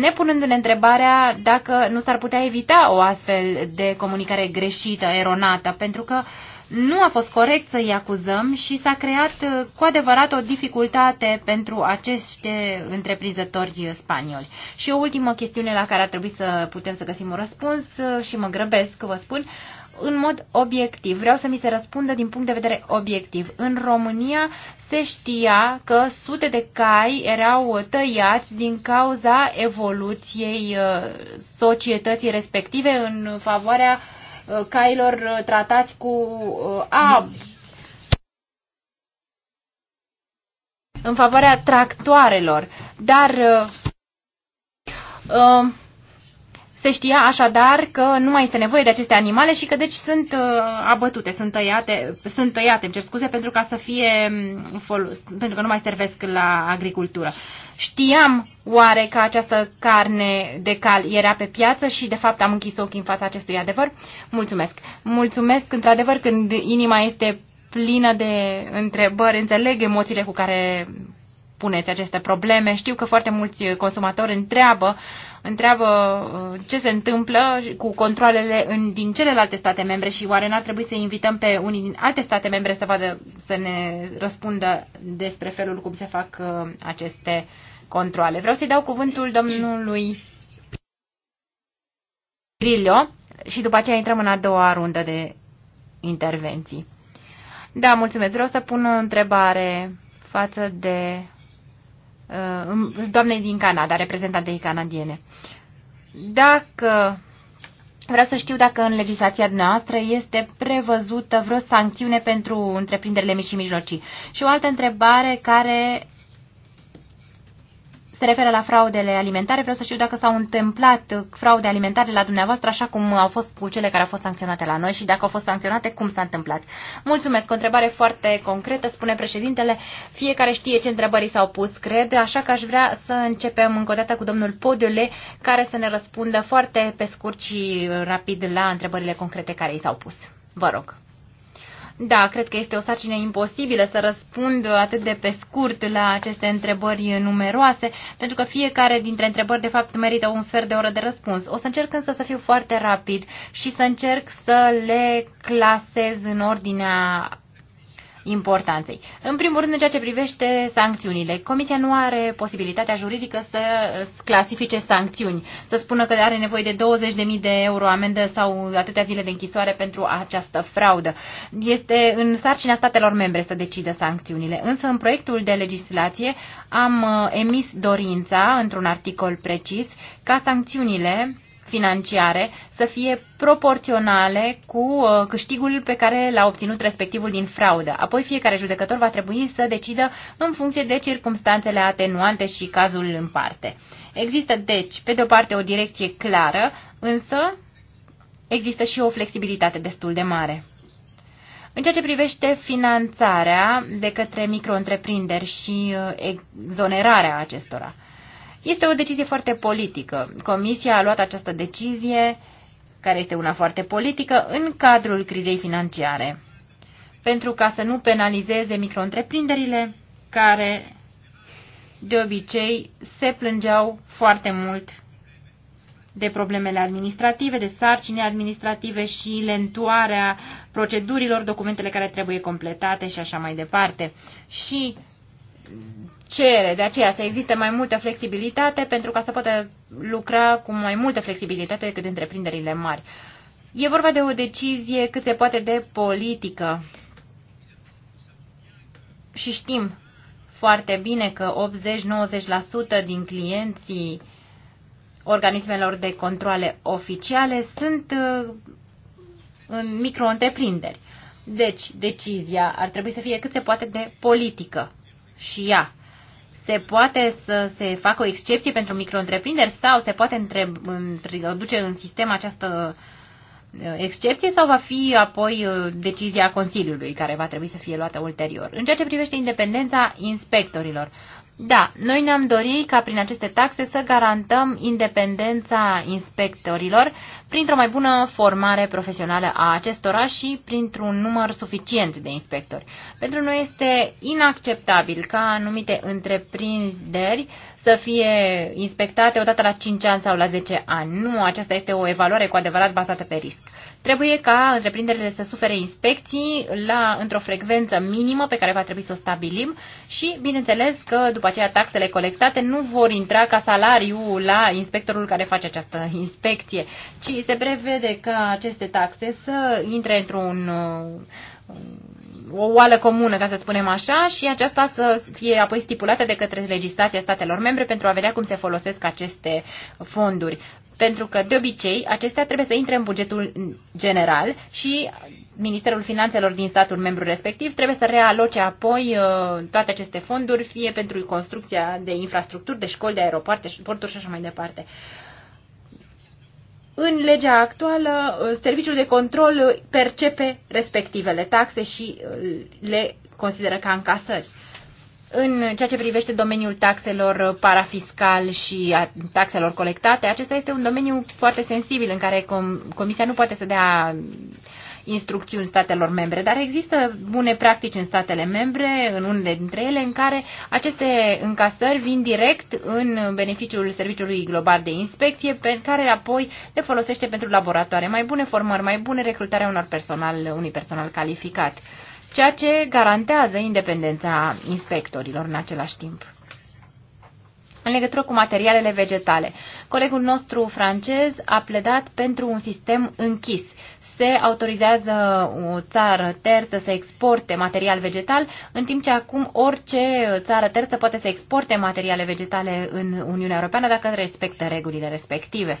nepunându-ne întrebarea dacă nu s-ar putea evita o astfel de comunicare greșită, eronată, pentru că uh, nu a fost corect să-i acuzăm și s-a creat uh, cu adevărat o dificultate pentru acești uh, întreprinzători spanioli. Și o ultimă chestiune la care ar trebui să putem să găsim un răspuns uh, și mă grăbesc, vă spun, în mod obiectiv. Vreau să mi se răspundă din punct de vedere obiectiv. În România se știa că sute de cai erau tăiați din cauza evoluției societății respective în favoarea uh, Uh, cailor uh, tratați cu uh, a în favoarea tractoarelor. Dar uh, se știa așadar că nu mai este nevoie de aceste animale și că deci sunt uh, abătute, sunt tăiate, sunt tăiate, îmi cer scuze, pentru ca să fie mm, folos, pentru că nu mai servesc la agricultură. Știam oare că această carne de cal era pe piață și de fapt am închis ochii în fața acestui adevăr? Mulțumesc! Mulțumesc într-adevăr când inima este plină de întrebări, înțeleg emoțiile cu care puneți aceste probleme. Știu că foarte mulți consumatori întreabă întreabă uh, ce se întâmplă cu controlele în, din celelalte state membre și oare n-ar trebui să invităm pe unii din alte state membre să, vadă, să ne răspundă despre felul cum se fac uh, aceste controle. Vreau să-i dau cuvântul domnului Grillo și după aceea intrăm în a doua rundă de intervenții. Da, mulțumesc. Vreau să pun o întrebare față de Uh, doamnei din Canada, reprezentantei canadiene. Dacă Vreau să știu dacă în legislația noastră este prevăzută vreo sancțiune pentru întreprinderile mici și mijlocii. Și o altă întrebare care se referă la fraudele alimentare. Vreau să știu dacă s-au întâmplat fraude alimentare la dumneavoastră, așa cum au fost cu cele care au fost sancționate la noi și dacă au fost sancționate, cum s-a întâmplat. Mulțumesc, o întrebare foarte concretă, spune președintele. Fiecare știe ce întrebări s-au pus, cred, așa că aș vrea să începem încă o dată cu domnul Podiule, care să ne răspundă foarte pe scurt și rapid la întrebările concrete care i s-au pus. Vă rog. Da, cred că este o sarcină imposibilă să răspund atât de pe scurt la aceste întrebări numeroase, pentru că fiecare dintre întrebări, de fapt, merită un sfert de oră de răspuns. O să încerc însă să fiu foarte rapid și să încerc să le clasez în ordinea importanței. În primul rând, în ceea ce privește sancțiunile, Comisia nu are posibilitatea juridică să clasifice sancțiuni, să spună că are nevoie de 20.000 de euro amendă sau atâtea zile de închisoare pentru această fraudă. Este în sarcina statelor membre să decidă sancțiunile, însă în proiectul de legislație am uh, emis dorința, într-un articol precis, ca sancțiunile financiare să fie proporționale cu uh, câștigul pe care l-a obținut respectivul din fraudă. Apoi fiecare judecător va trebui să decidă în funcție de circumstanțele atenuante și cazul în parte. Există, deci, pe de o parte o direcție clară, însă există și o flexibilitate destul de mare. În ceea ce privește finanțarea de către micro-întreprinderi și uh, exonerarea acestora, este o decizie foarte politică. Comisia a luat această decizie, care este una foarte politică, în cadrul crizei financiare, pentru ca să nu penalizeze micro-întreprinderile care de obicei se plângeau foarte mult de problemele administrative, de sarcine administrative și lentoarea procedurilor, documentele care trebuie completate și așa mai departe. Și cere de aceea să existe mai multă flexibilitate pentru ca să poată lucra cu mai multă flexibilitate decât întreprinderile mari. E vorba de o decizie cât se poate de politică. Și știm foarte bine că 80-90% din clienții organismelor de controle oficiale sunt uh, în micro-întreprinderi. Deci, decizia ar trebui să fie cât se poate de politică și ea. Se poate să se facă o excepție pentru micro-întreprinderi sau se poate introduce în sistem această uh, excepție sau va fi apoi uh, decizia Consiliului care va trebui să fie luată ulterior. În ceea ce privește independența inspectorilor, da, noi ne-am dorit ca prin aceste taxe să garantăm independența inspectorilor printr-o mai bună formare profesională a acestora și printr-un număr suficient de inspectori. Pentru noi este inacceptabil ca anumite întreprinderi să fie inspectate odată la 5 ani sau la 10 ani. Nu, aceasta este o evaluare cu adevărat bazată pe risc. Trebuie ca întreprinderile să sufere inspecții la, într-o frecvență minimă pe care va trebui să o stabilim și, bineînțeles, că după aceea taxele colectate nu vor intra ca salariu la inspectorul care face această inspecție, ci se prevede ca aceste taxe să intre într-un uh, o oală comună, ca să spunem așa, și aceasta să fie apoi stipulată de către legislația statelor membre pentru a vedea cum se folosesc aceste fonduri pentru că, de obicei, acestea trebuie să intre în bugetul general și Ministerul Finanțelor din statul membru respectiv trebuie să realoce apoi uh, toate aceste fonduri, fie pentru construcția de infrastructuri, de școli, de aeroporte, porturi și așa mai departe. În legea actuală, uh, serviciul de control uh, percepe respectivele taxe și le consideră ca încasări în ceea ce privește domeniul taxelor parafiscal și a taxelor colectate, acesta este un domeniu foarte sensibil în care com Comisia nu poate să dea instrucțiuni statelor membre, dar există bune practici în statele membre, în unele dintre ele, în care aceste încasări vin direct în beneficiul Serviciului Global de Inspecție, pe care apoi le folosește pentru laboratoare mai bune formări, mai bune recrutarea unor personal, unui personal calificat ceea ce garantează independența inspectorilor în același timp. În legătură cu materialele vegetale, colegul nostru francez a pledat pentru un sistem închis. Se autorizează o țară terță să exporte material vegetal, în timp ce acum orice țară terță poate să exporte materiale vegetale în Uniunea Europeană dacă respectă regulile respective.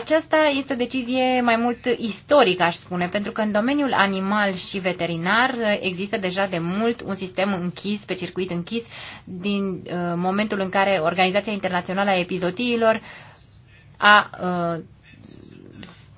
Aceasta este o decizie mai mult istorică, aș spune, pentru că în domeniul animal și veterinar există deja de mult un sistem închis, pe circuit închis, din uh, momentul în care Organizația Internațională a Epizotiilor a uh,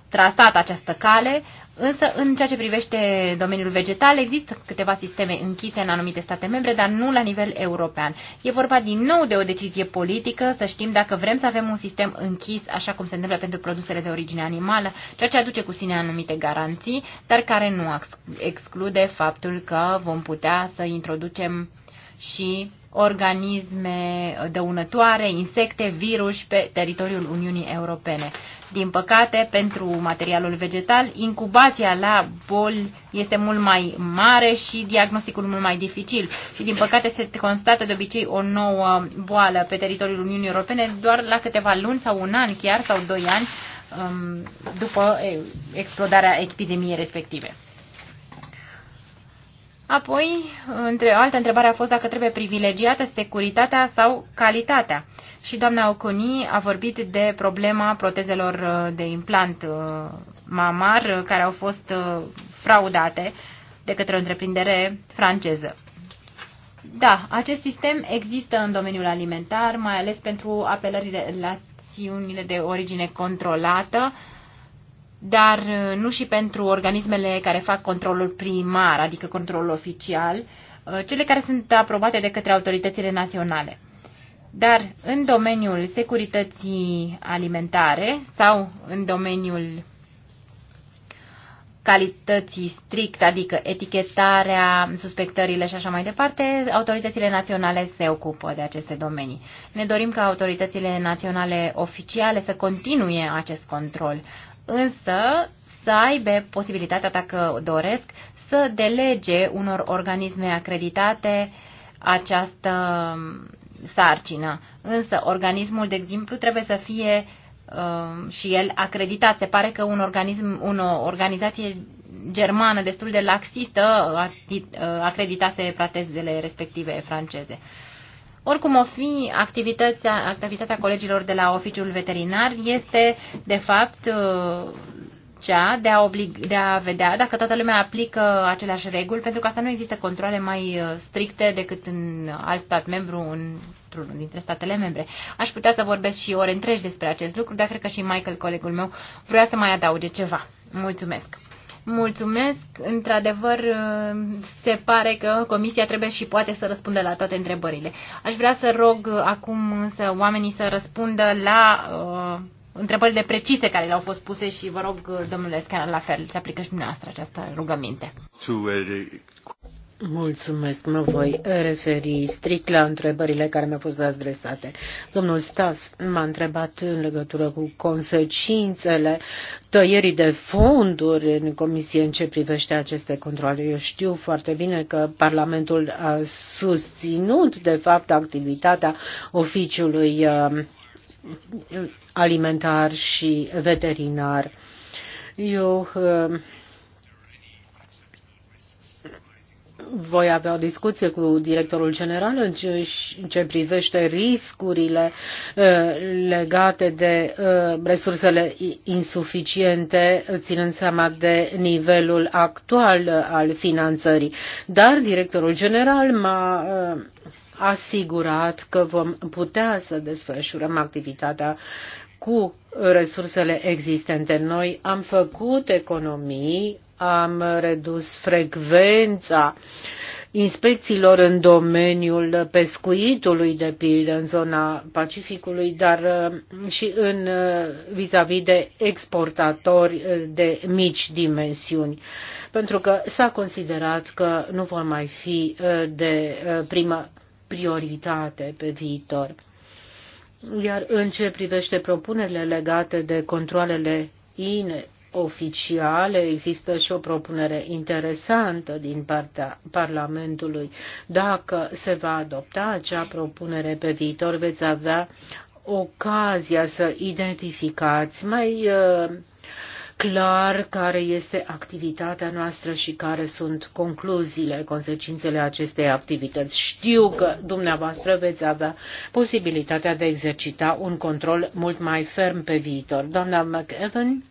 trasat această cale, Însă, în ceea ce privește domeniul vegetal, există câteva sisteme închise în anumite state membre, dar nu la nivel european. E vorba din nou de o decizie politică, să știm dacă vrem să avem un sistem închis, așa cum se întâmplă pentru produsele de origine animală, ceea ce aduce cu sine anumite garanții, dar care nu exclude faptul că vom putea să introducem și organisme dăunătoare, insecte, virus pe teritoriul Uniunii Europene. Din păcate, pentru materialul vegetal, incubația la boli este mult mai mare și diagnosticul mult mai dificil. Și, din păcate, se constată de obicei o nouă boală pe teritoriul Uniunii Europene doar la câteva luni sau un an chiar sau doi ani um, după eh, explodarea epidemiei respective. Apoi, între, altă întrebare a fost dacă trebuie privilegiată securitatea sau calitatea. Și doamna Oconi a vorbit de problema protezelor uh, de implant uh, mamar uh, care au fost fraudate de către o întreprindere franceză. Da, acest sistem există în domeniul alimentar, mai ales pentru apelările la de origine controlată, dar uh, nu și pentru organismele care fac controlul primar, adică controlul oficial, uh, cele care sunt aprobate de către autoritățile naționale. Dar în domeniul securității alimentare sau în domeniul calității strict, adică etichetarea, suspectările și așa mai departe, autoritățile naționale se ocupă de aceste domenii. Ne dorim ca autoritățile naționale oficiale să continue acest control însă să aibă posibilitatea, dacă doresc, să delege unor organisme acreditate această sarcină. Însă organismul, de exemplu, trebuie să fie uh, și el acreditat. Se pare că un organism, un, o organizație germană destul de laxistă uh, acreditase pratezele respective franceze. Oricum o fi, activitatea, activitatea colegilor de la oficiul veterinar este, de fapt, uh, cea de a, oblig, de a vedea dacă toată lumea aplică aceleași reguli, pentru că asta nu există controle mai uh, stricte decât în alt stat membru, în unul dintre statele membre. Aș putea să vorbesc și ore întregi despre acest lucru, dar cred că și Michael, colegul meu, vrea să mai adauge ceva. Mulțumesc! Mulțumesc. Într-adevăr, se pare că Comisia trebuie și poate să răspundă la toate întrebările. Aș vrea să rog acum însă oamenii să răspundă la uh, întrebările precise care le-au fost puse și vă rog, domnule Scanner, la fel, să aplică și dumneavoastră această rugăminte. Uh, Mulțumesc. Mă voi referi strict la întrebările care mi-au fost adresate. Domnul Stas m-a întrebat în legătură cu consecințele tăierii de fonduri în comisie în ce privește aceste controle. Eu știu foarte bine că Parlamentul a susținut, de fapt, activitatea oficiului uh, alimentar și veterinar. Eu uh, voi avea o discuție cu directorul general în ce, în ce privește riscurile uh, legate de uh, resursele insuficiente, ținând seama de nivelul actual uh, al finanțării. Dar directorul general m-a asigurat că vom putea să desfășurăm activitatea cu resursele existente. Noi am făcut economii am redus frecvența inspecțiilor în domeniul pescuitului, de pildă, în zona Pacificului, dar uh, și în uh, vis-a-vis -vis de exportatori uh, de mici dimensiuni, pentru că s-a considerat că nu vor mai fi de primă prioritate pe viitor. Iar în ce privește propunerile legate de controlele INE, oficiale, există și o propunere interesantă din partea Parlamentului. Dacă se va adopta acea propunere pe viitor, veți avea ocazia să identificați mai uh, clar care este activitatea noastră și care sunt concluziile, consecințele acestei activități. Știu că dumneavoastră veți avea posibilitatea de a exercita un control mult mai ferm pe viitor. Doamna McEvan?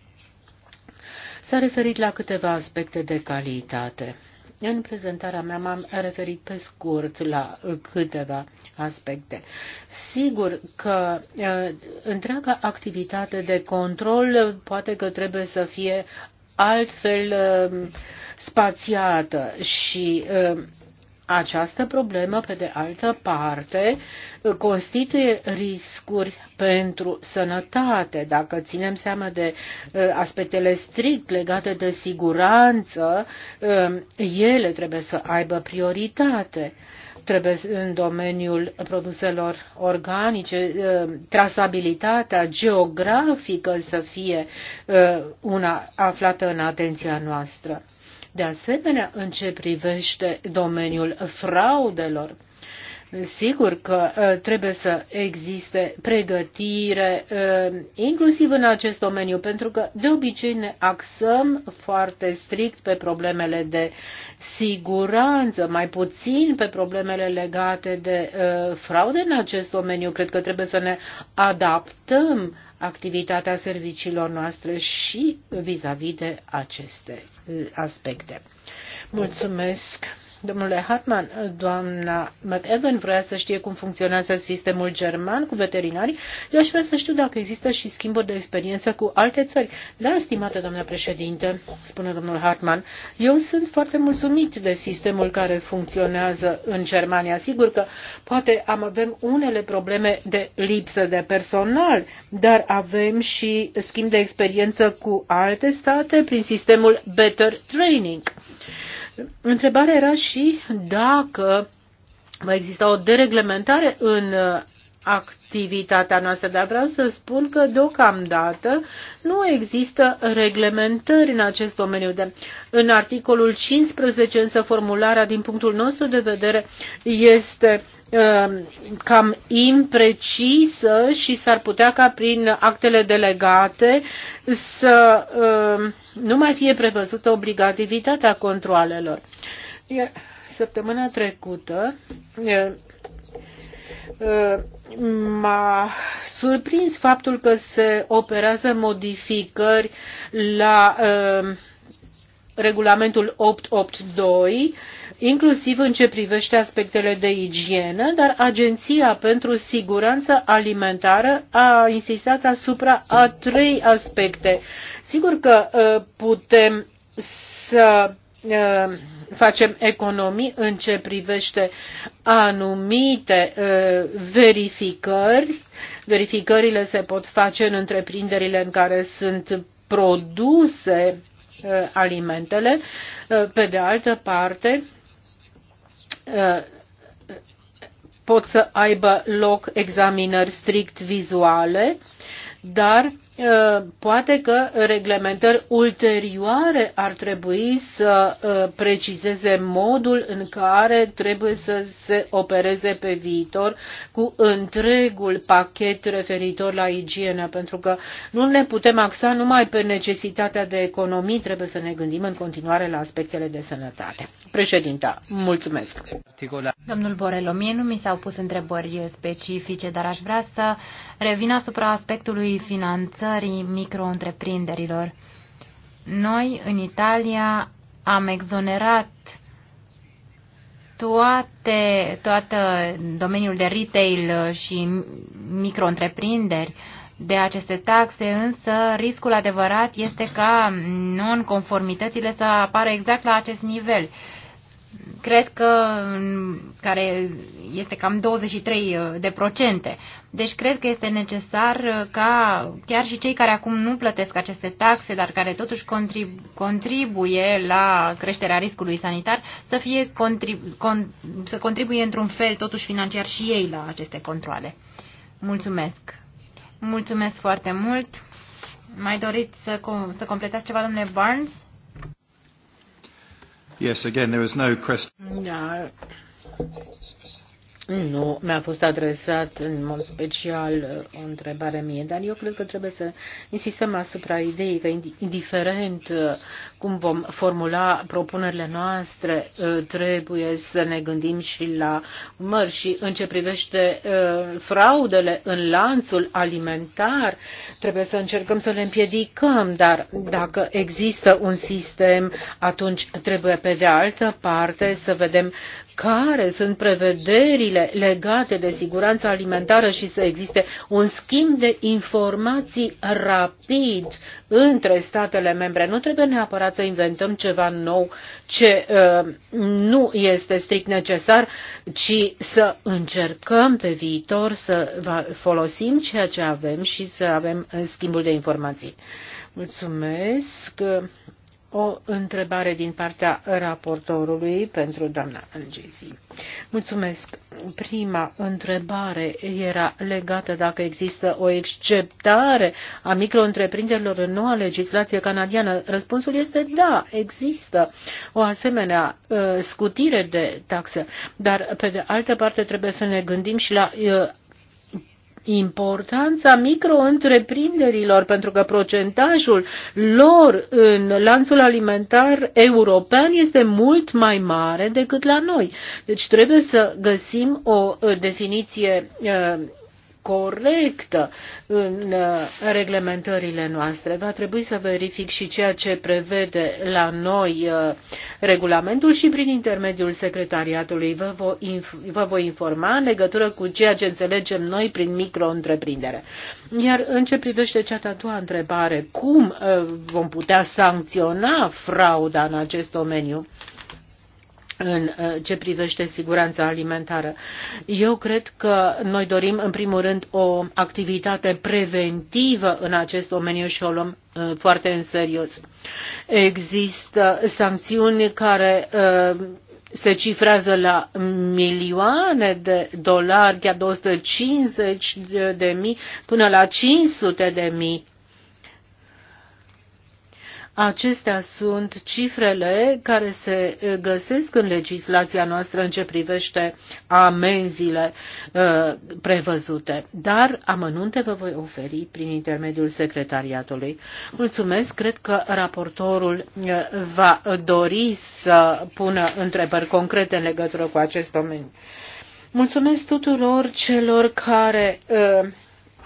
S-a referit la câteva aspecte de calitate. În prezentarea mea m-am referit pe scurt la uh, câteva aspecte. Sigur că uh, întreaga activitate de control uh, poate că trebuie să fie altfel spațiată și această problemă, pe de altă parte, constituie riscuri pentru sănătate. Dacă ținem seama de uh, aspectele strict legate de siguranță, um, ele trebuie să aibă prioritate. Trebuie în domeniul produselor organice, uh, trasabilitatea geografică să fie uh, una aflată în atenția noastră de asemenea, în ce privește domeniul fraudelor, Sigur că uh, trebuie să existe pregătire, uh, inclusiv în acest domeniu, pentru că de obicei ne axăm foarte strict pe problemele de siguranță, mai puțin pe problemele legate de uh, fraude în acest domeniu. Cred că trebuie să ne adaptăm activitatea serviciilor noastre și vis-a-vis -vis de aceste uh, aspecte. Mulțumesc! Domnule Hartmann, doamna McEwen vrea să știe cum funcționează sistemul german cu veterinarii. Eu aș vrea să știu dacă există și schimburi de experiență cu alte țări. Da, stimată doamna președinte, spune domnul Hartmann, eu sunt foarte mulțumit de sistemul care funcționează în Germania. Sigur că poate am avem unele probleme de lipsă de personal, dar avem și schimb de experiență cu alte state prin sistemul Better Training. Întrebarea era și dacă va exista o dereglementare în uh, act activitatea noastră, dar vreau să spun că deocamdată nu există reglementări în acest domeniu. De, în articolul 15, însă, formularea din punctul nostru de vedere este uh, cam imprecisă și s-ar putea ca prin actele delegate să uh, nu mai fie prevăzută obligativitatea controalelor. Săptămâna trecută uh, m-a surprins faptul că se operează modificări la uh, regulamentul 882, inclusiv în ce privește aspectele de igienă, dar Agenția pentru Siguranță Alimentară a insistat asupra a trei aspecte. Sigur că uh, putem să Eh, facem economii în ce privește anumite eh, verificări. Verificările se pot face în întreprinderile în care sunt produse eh, alimentele. Pe de altă parte, pot să aibă loc examinări strict vizuale, dar Uh, poate că reglementări ulterioare ar trebui să uh, precizeze modul în care trebuie să se opereze pe viitor cu întregul pachet referitor la igienă, pentru că nu ne putem axa numai pe necesitatea de economii, trebuie să ne gândim în continuare la aspectele de sănătate. Președinta, mulțumesc. Domnul Borelo, mie nu mi s-au pus întrebări specifice, dar aș vrea să revin asupra aspectului finanțării finanțării micro-întreprinderilor. Noi, în Italia, am exonerat toate, toată domeniul de retail și micro de aceste taxe, însă riscul adevărat este ca non-conformitățile să apară exact la acest nivel cred că care este cam 23 uh, de procente. Deci cred că este necesar uh, ca chiar și cei care acum nu plătesc aceste taxe, dar care totuși contribuie la creșterea riscului sanitar, să, fie contribu- con- să contribuie într-un fel totuși financiar și ei la aceste controle. Mulțumesc! Mulțumesc foarte mult! Mai doriți să, com- să completați ceva, domnule Barnes? Yes, again, there was no question. Da. Nu, mi-a fost adresat în mod special uh, o întrebare mie, dar eu cred că trebuie să insistăm asupra ideii că indiferent uh, cum vom formula propunerile noastre, ă, trebuie să ne gândim și la mări și în ce privește ă, fraudele în lanțul alimentar, trebuie să încercăm să le împiedicăm, dar dacă există un sistem, atunci trebuie pe de altă parte să vedem care sunt prevederile legate de siguranța alimentară și să existe un schimb de informații rapid între statele membre. Nu trebuie neapărat să inventăm ceva nou ce uh, nu este strict necesar, ci să încercăm pe viitor să folosim ceea ce avem și să avem schimbul de informații. Mulțumesc o întrebare din partea raportorului pentru doamna Angezi. Mulțumesc. Prima întrebare era legată dacă există o exceptare a micro-întreprinderilor în noua legislație canadiană. Răspunsul este da, există o asemenea uh, scutire de taxă, dar pe de altă parte trebuie să ne gândim și la uh, importanța micro-întreprinderilor, pentru că procentajul lor în lanțul alimentar european este mult mai mare decât la noi. Deci trebuie să găsim o uh, definiție uh, corectă în uh, reglementările noastre. Va trebui să verific și ceea ce prevede la noi uh, regulamentul și prin intermediul secretariatului vă voi, vă voi informa în legătură cu ceea ce înțelegem noi prin micro-întreprindere. Iar în ce privește cea de-a doua întrebare, cum uh, vom putea sancționa frauda în acest domeniu? în uh, ce privește siguranța alimentară. Eu cred că noi dorim, în primul rând, o activitate preventivă în acest domeniu și o luăm uh, foarte în serios. Există sancțiuni care uh, se cifrează la milioane de dolari, chiar 250 de mii până la 500 de mii Acestea sunt cifrele care se eh, găsesc în legislația noastră în ce privește amenziile uh, prevăzute, dar amănunte vă voi oferi prin intermediul secretariatului. Mulțumesc, cred că raportorul eh, va dori să pună întrebări concrete în legătură cu acest domeniu. Mulțumesc tuturor celor care uh,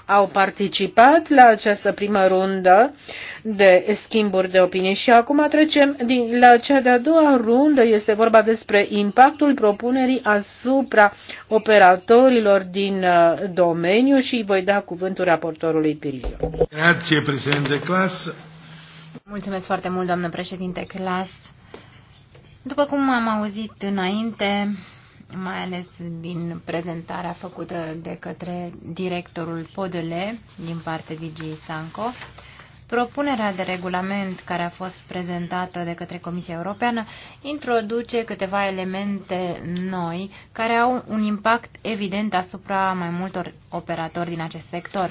au participat la această primă rundă de schimburi de opinie Și acum trecem din, la cea de-a doua rundă. Este vorba despre impactul propunerii asupra operatorilor din uh, domeniu și voi da cuvântul raportorului Pirillo. Grație, președinte Clas. Mulțumesc foarte mult, doamnă președinte Clas. După cum am auzit înainte, mai ales din prezentarea făcută de către directorul Podele din partea DG Sanco. Propunerea de regulament care a fost prezentată de către Comisia Europeană introduce câteva elemente noi care au un impact evident asupra mai multor operatori din acest sector.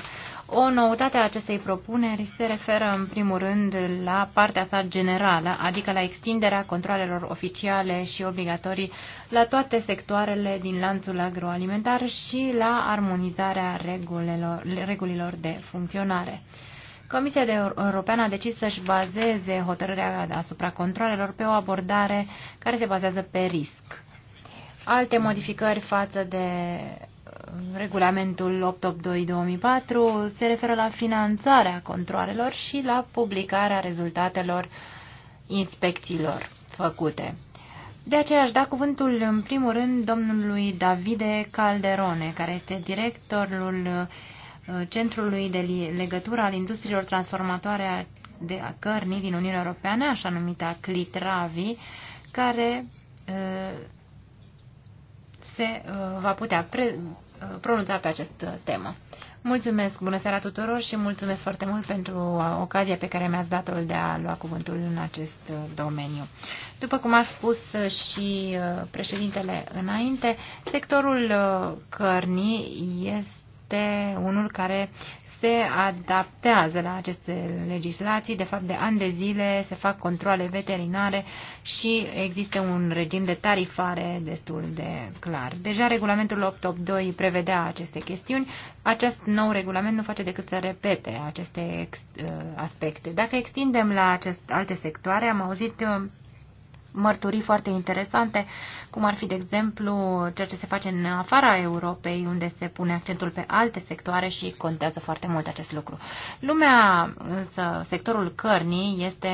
O noutate a acestei propuneri se referă în primul rând la partea sa generală, adică la extinderea controlelor oficiale și obligatorii la toate sectoarele din lanțul agroalimentar și la armonizarea regulilor, regulilor de funcționare. Comisia de Europeană a decis să-și bazeze hotărârea asupra controlelor pe o abordare care se bazează pe risc. Alte modificări față de regulamentul 882-2004 se referă la finanțarea controlelor și la publicarea rezultatelor inspecțiilor făcute. De aceea aș da cuvântul în primul rând domnului Davide Calderone, care este directorul uh, Centrului de Legătură al Industriilor Transformatoare de Cărnii din Uniunea Europeană, așa numită CLITRAVI, care uh, se uh, va putea pre Uh, pronunța pe această temă. Mulțumesc, bună seara tuturor și mulțumesc foarte mult pentru uh, ocazia pe care mi-ați dat-o de a lua cuvântul în acest uh, domeniu. După cum a spus și președintele înainte, sectorul cărnii este unul care se adaptează la aceste legislații. De fapt, de ani de zile se fac controle veterinare și există un regim de tarifare destul de clar. Deja regulamentul 882 prevedea aceste chestiuni. Acest nou regulament nu face decât să repete aceste uh, aspecte. Dacă extindem la acest, alte sectoare, am auzit uh, mărturii foarte interesante cum ar fi, de exemplu, ceea ce se face în afara Europei, unde se pune accentul pe alte sectoare și contează foarte mult acest lucru. Lumea, însă, sectorul cărnii este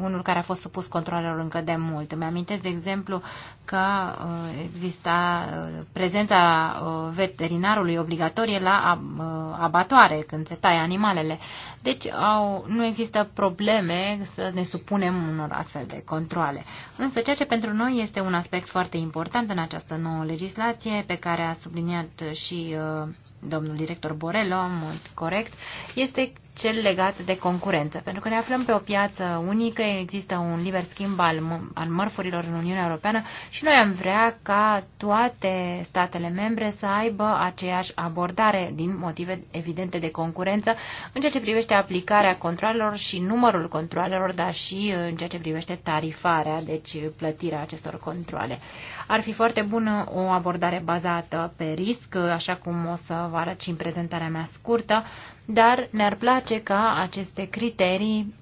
unul care a fost supus controlelor încă de mult. Îmi amintesc, de exemplu, că uh, exista uh, prezența uh, veterinarului obligatorie la abatoare, când se taie animalele. Deci au, nu există probleme să ne supunem unor astfel de controle. Însă ceea ce pentru noi este un aspect aspect foarte important în această nouă legislație, pe care a subliniat și uh, domnul director Borello, mult corect, este cel legat de concurență. Pentru că ne aflăm pe o piață unică, există un liber schimb al, al mărfurilor în Uniunea Europeană și noi am vrea ca toate statele membre să aibă aceeași abordare din motive evidente de concurență în ceea ce privește aplicarea controlelor și numărul controlelor, dar și uh, în ceea ce privește tarifarea, deci uh, plătirea acestor controle. Ar fi foarte bună o abordare bazată pe risc, uh, așa cum o să vă arăt și în prezentarea mea scurtă, dar ne-ar place ca aceste criterii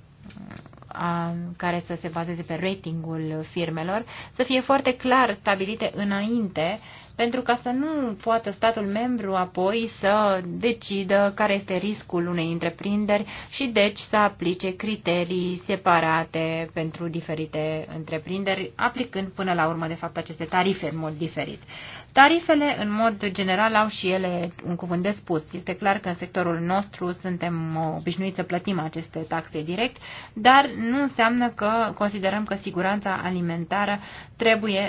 a, care să se bazeze pe ratingul firmelor, să fie foarte clar stabilite înainte pentru ca să nu poată statul membru apoi să decidă care este riscul unei întreprinderi și deci să aplice criterii separate pentru diferite întreprinderi, aplicând până la urmă de fapt aceste tarife în mod diferit. Tarifele, în mod general, au și ele un cuvânt de spus. Este clar că în sectorul nostru suntem obișnuiți să plătim aceste taxe direct, dar nu înseamnă că considerăm că siguranța alimentară trebuie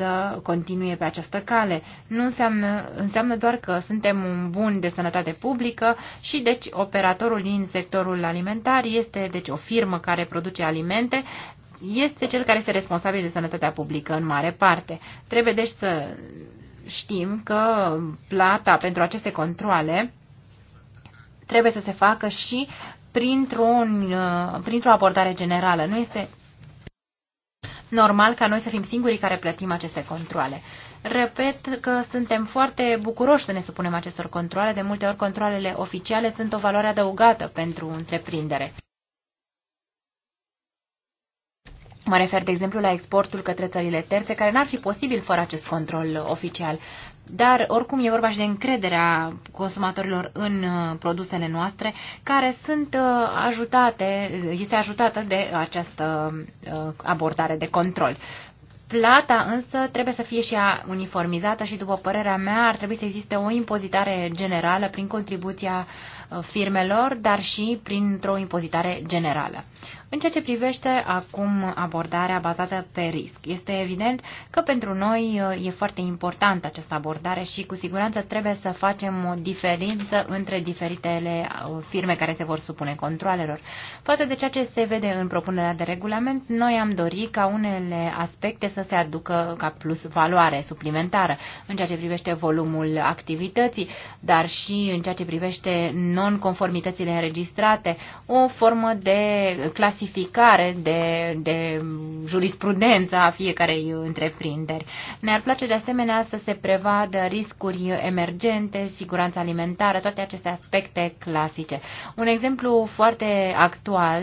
să continue pe această cale. Nu înseamnă, înseamnă doar că suntem un bun de sănătate publică și deci operatorul din sectorul alimentar este deci o firmă care produce alimente, este cel care este responsabil de sănătatea publică în mare parte. Trebuie deci să știm că plata pentru aceste controle trebuie să se facă și printr-o printr, abordare generală. Nu este normal ca noi să fim singurii care plătim aceste controle. Repet că suntem foarte bucuroși să ne supunem acestor controle. De multe ori controlele oficiale sunt o valoare adăugată pentru întreprindere. Mă refer, de exemplu, la exportul către țările terțe, care n-ar fi posibil fără acest control oficial dar oricum e vorba și de încrederea consumatorilor în uh, produsele noastre, care sunt uh, ajutate, este ajutată de această uh, abordare de control. Plata însă trebuie să fie și ea uniformizată și, după părerea mea, ar trebui să existe o impozitare generală prin contribuția firmelor, dar și printr-o impozitare generală. În ceea ce privește acum abordarea bazată pe risc, este evident că pentru noi uh, e foarte importantă această abordare și cu siguranță trebuie să facem o diferență între diferitele uh, firme care se vor supune controlelor. Față de ceea ce se vede în propunerea de regulament, noi am dorit ca unele aspecte să se aducă ca plus valoare suplimentară în ceea ce privește volumul activității, dar și în ceea ce privește non-conformitățile înregistrate, o formă de clasificare clasificare de, de jurisprudență a fiecarei întreprinderi. Ne-ar place de asemenea să se prevadă riscuri emergente, siguranța alimentară, toate aceste aspecte clasice. Un exemplu foarte actual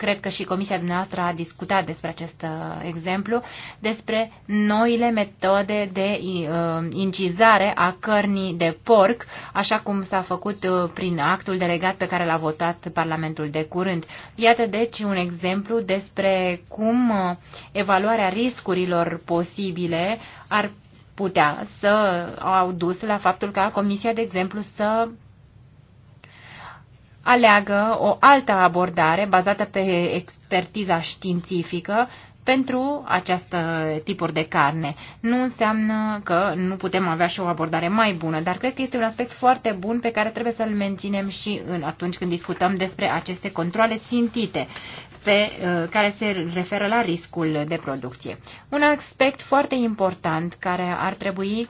cred că și comisia dumneavoastră a discutat despre acest uh, exemplu, despre noile metode de uh, incizare a cărnii de porc, așa cum s-a făcut uh, prin actul delegat pe care l-a votat Parlamentul de curând. Iată deci un exemplu despre cum evaluarea riscurilor posibile ar putea să au dus la faptul ca Comisia, de exemplu, să aleagă o altă abordare bazată pe expertiza științifică pentru această tipuri de carne. Nu înseamnă că nu putem avea și o abordare mai bună, dar cred că este un aspect foarte bun pe care trebuie să-l menținem și în atunci când discutăm despre aceste controle țintite pe, uh, care se referă la riscul de producție. Un aspect foarte important care ar trebui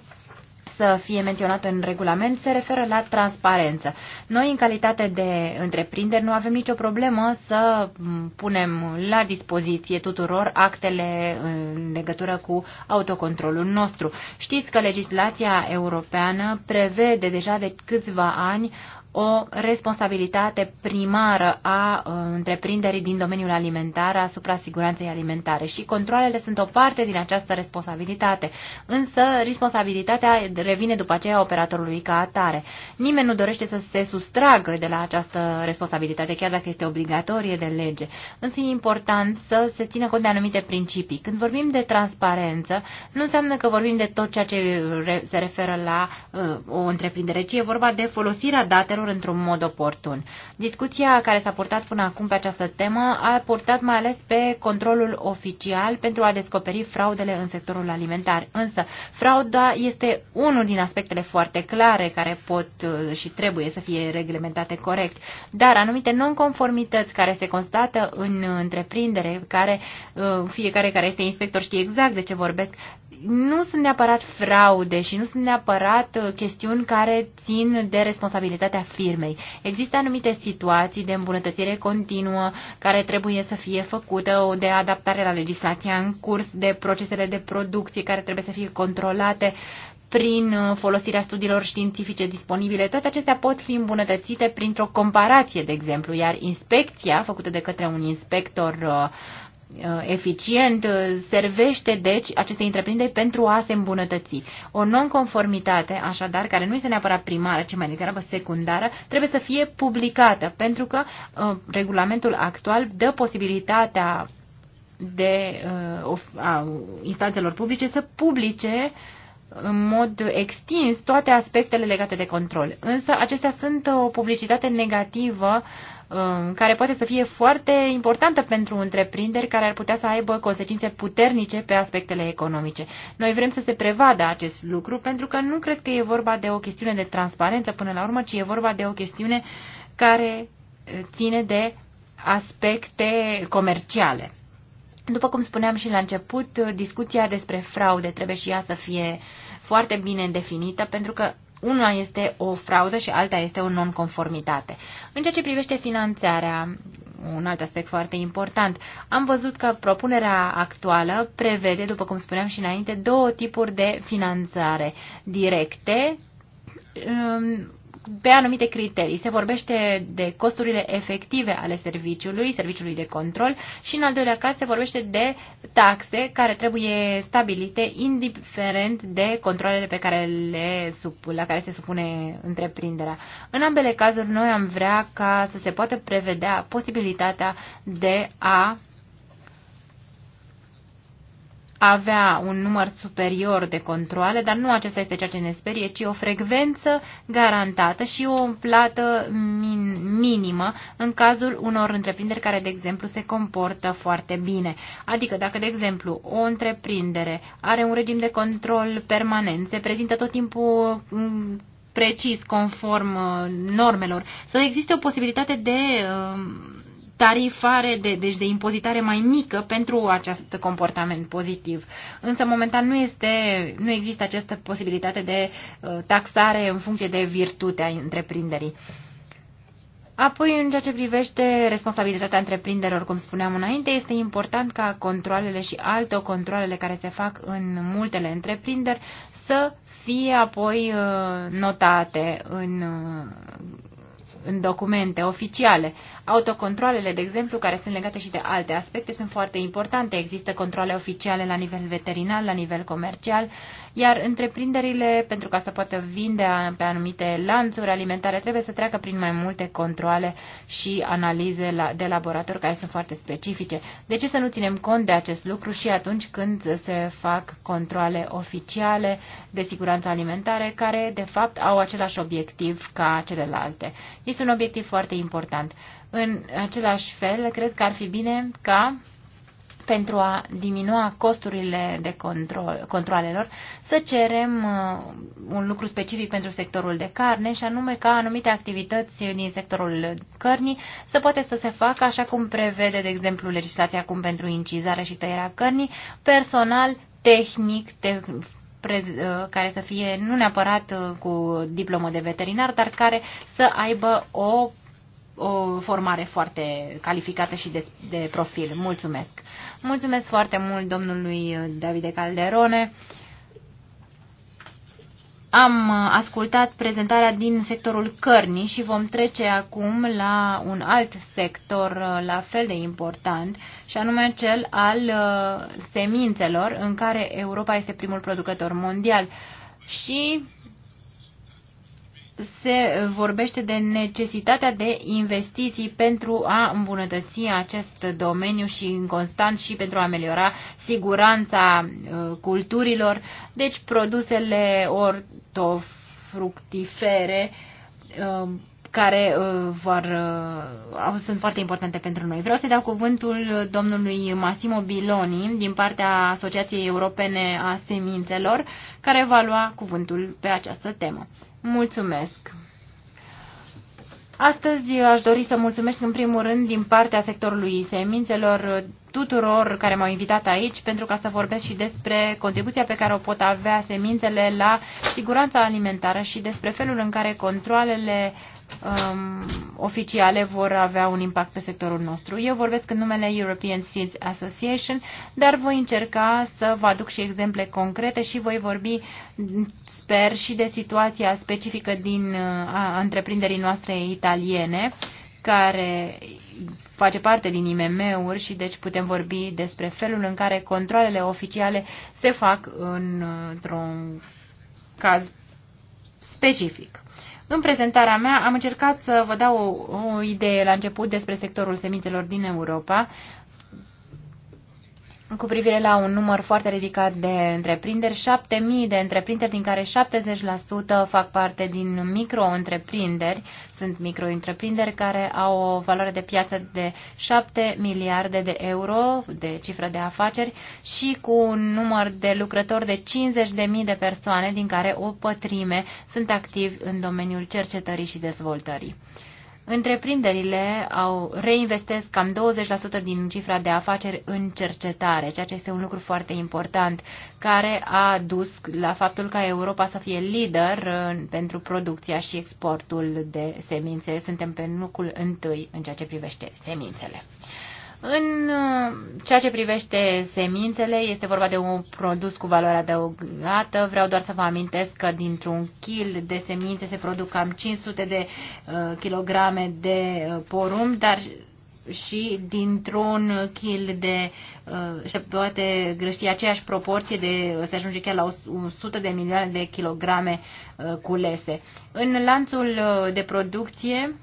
să fie menționat în regulament se referă la transparență. Noi, în calitate de întreprinderi, nu avem nicio problemă să punem la dispoziție tuturor actele în legătură cu autocontrolul nostru. Știți că legislația europeană prevede deja de câțiva ani o responsabilitate primară a uh, întreprinderii din domeniul alimentar asupra siguranței alimentare și controlele sunt o parte din această responsabilitate, însă responsabilitatea revine după aceea operatorului ca atare. Nimeni nu dorește să se sustragă de la această responsabilitate, chiar dacă este obligatorie de lege, însă e important să se țină cont de anumite principii. Când vorbim de transparență, nu înseamnă că vorbim de tot ceea ce se referă la uh, o întreprindere, ci e vorba de folosirea datelor viitorul într-un mod oportun. Discuția care s-a purtat până acum pe această temă a purtat mai ales pe controlul oficial pentru a descoperi fraudele în sectorul alimentar. Însă, frauda este unul din aspectele foarte clare care pot uh, și trebuie să fie reglementate corect, dar anumite nonconformități care se constată în întreprindere, care uh, fiecare care este inspector știe exact de ce vorbesc, nu sunt neapărat fraude și nu sunt neapărat uh, chestiuni care țin de responsabilitatea firmei. Există anumite situații de îmbunătățire continuă care trebuie să fie făcută, de adaptare la legislația în curs, de procesele de producție care trebuie să fie controlate prin uh, folosirea studiilor științifice disponibile. Toate acestea pot fi îmbunătățite printr-o comparație, de exemplu, iar inspecția făcută de către un inspector uh, Uh, eficient, uh, servește deci aceste întreprinderi pentru a se îmbunătăți. O nonconformitate, așadar, care nu este neapărat primară, ci mai degrabă secundară, trebuie să fie publicată, pentru că uh, regulamentul actual dă posibilitatea de uh, a instanțelor publice să publice în mod extins toate aspectele legate de control. Însă acestea sunt o publicitate negativă uh, Um, care poate să fie foarte importantă pentru întreprinderi care ar putea să aibă consecințe puternice pe aspectele economice. Noi vrem să se prevadă acest lucru pentru că nu cred că e vorba de o chestiune de transparență până la urmă, ci e vorba de o chestiune care uh, ține de aspecte comerciale. După cum spuneam și la început, uh, discuția despre fraude trebuie și ea să fie foarte bine definită, pentru că una este o fraudă și alta este o nonconformitate. În ceea ce privește finanțarea, un alt aspect foarte important, am văzut că propunerea actuală prevede, după cum spuneam și înainte, două tipuri de finanțare directe um, pe anumite criterii. Se vorbește de costurile efective ale serviciului, serviciului de control și, în al doilea caz, se vorbește de taxe care trebuie stabilite indiferent de controlele pe care le la care se supune întreprinderea. În ambele cazuri, noi am vrea ca să se poată prevedea posibilitatea de a avea un număr superior de controle, dar nu acesta este ceea ce ne sperie, ci o frecvență garantată și o plată min, minimă în cazul unor întreprinderi care, de exemplu, se comportă foarte bine. Adică dacă, de exemplu, o întreprindere are un regim de control permanent, se prezintă tot timpul mm, precis, conform uh, normelor, să existe o posibilitate de uh, tarifare, de, deci de impozitare mai mică pentru acest comportament pozitiv. Însă, momentan, nu, este, nu există această posibilitate de uh, taxare în funcție de virtutea întreprinderii. Apoi, în ceea ce privește responsabilitatea întreprinderilor, cum spuneam înainte, este important ca controlele și alte controlele care se fac în multele întreprinderi să fie apoi uh, notate în, uh, în documente oficiale. Autocontrolele, de exemplu, care sunt legate și de alte aspecte, sunt foarte importante. Există controle oficiale la nivel veterinar, la nivel comercial, iar întreprinderile, pentru ca să poată vinde pe anumite lanțuri alimentare, trebuie să treacă prin mai multe controle și analize de laborator care sunt foarte specifice. De ce să nu ținem cont de acest lucru și atunci când se fac controle oficiale de siguranță alimentare, care, de fapt, au același obiectiv ca celelalte? Este un obiectiv foarte important. În același fel, cred că ar fi bine ca pentru a diminua costurile de control, controlelor, să cerem uh, un lucru specific pentru sectorul de carne și anume ca anumite activități din sectorul cărnii să poate să se facă așa cum prevede, de exemplu, legislația acum pentru incizarea și tăierea cărnii, personal, tehnic, te uh, care să fie nu neapărat uh, cu diplomă de veterinar, dar care să aibă o o formare foarte calificată și de, de profil. Mulțumesc! Mulțumesc foarte mult domnului Davide Calderone. Am ascultat prezentarea din sectorul cărnii și vom trece acum la un alt sector uh, la fel de important, și anume cel al uh, semințelor, în care Europa este primul producător mondial. Și se vorbește de necesitatea de investiții pentru a îmbunătăți acest domeniu și în constant și pentru a ameliora siguranța uh, culturilor, deci produsele ortofructifere uh, care uh, vor, uh, sunt foarte importante pentru noi. Vreau să dau cuvântul domnului Massimo Biloni din partea Asociației Europene a Semințelor, care va lua cuvântul pe această temă. Mulțumesc! Astăzi aș dori să mulțumesc în primul rând din partea sectorului semințelor tuturor care m-au invitat aici pentru ca să vorbesc și despre contribuția pe care o pot avea semințele la siguranța alimentară și despre felul în care controlele um, oficiale vor avea un impact pe sectorul nostru. Eu vorbesc în numele European Seeds Association, dar voi încerca să vă aduc și exemple concrete și voi vorbi, sper, și de situația specifică din uh, a întreprinderii noastre italiene, care face parte din IMM-uri și deci putem vorbi despre felul în care controlele oficiale se fac într-un caz specific. În prezentarea mea am încercat să vă dau o, o idee la început despre sectorul semințelor din Europa, cu privire la un număr foarte ridicat de întreprinderi, 7.000 de întreprinderi, din care 70% fac parte din micro-întreprinderi. Sunt micro-întreprinderi care au o valoare de piață de 7 miliarde de euro de cifră de afaceri și cu un număr de lucrători de 50.000 de persoane, din care o pătrime sunt activi în domeniul cercetării și dezvoltării. Întreprinderile au reinvestesc cam 20% din cifra de afaceri în cercetare, ceea ce este un lucru foarte important, care a dus la faptul ca Europa să fie lider pentru producția și exportul de semințe. Suntem pe locul întâi în ceea ce privește semințele. În uh, ceea ce privește semințele, este vorba de un produs cu valoare adăugată. Vreau doar să vă amintesc că dintr-un kil de semințe se produc cam 500 de uh, kilograme de uh, porumb, dar și dintr-un kil de se poate grăși aceeași proporție de se ajunge chiar la 100 de milioane de kilograme culese. În lanțul de producție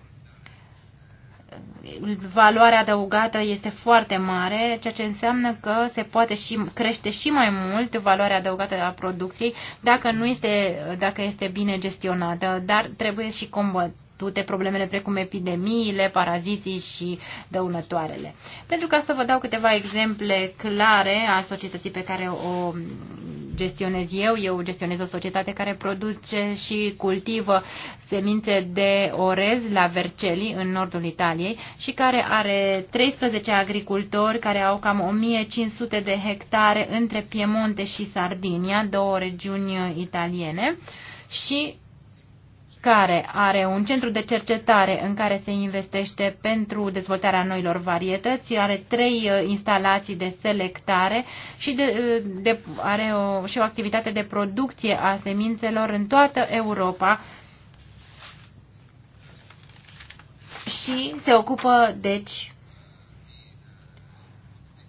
valoarea adăugată este foarte mare, ceea ce înseamnă că se poate și crește și mai mult valoarea adăugată a producției dacă nu este, dacă este bine gestionată, dar trebuie și combătută dezbătute problemele precum epidemiile, paraziții și dăunătoarele. Pentru ca să vă dau câteva exemple clare a societății pe care o gestionez eu. Eu gestionez o societate care produce și cultivă semințe de orez la Vercelli, în nordul Italiei, și care are 13 agricultori care au cam 1500 de hectare între Piemonte și Sardinia, două regiuni italiene, și care are un centru de cercetare în care se investește pentru dezvoltarea noilor varietăți, are trei uh, instalații de selectare și de, uh, de, are o, și o activitate de producție a semințelor în toată Europa și se ocupă, deci,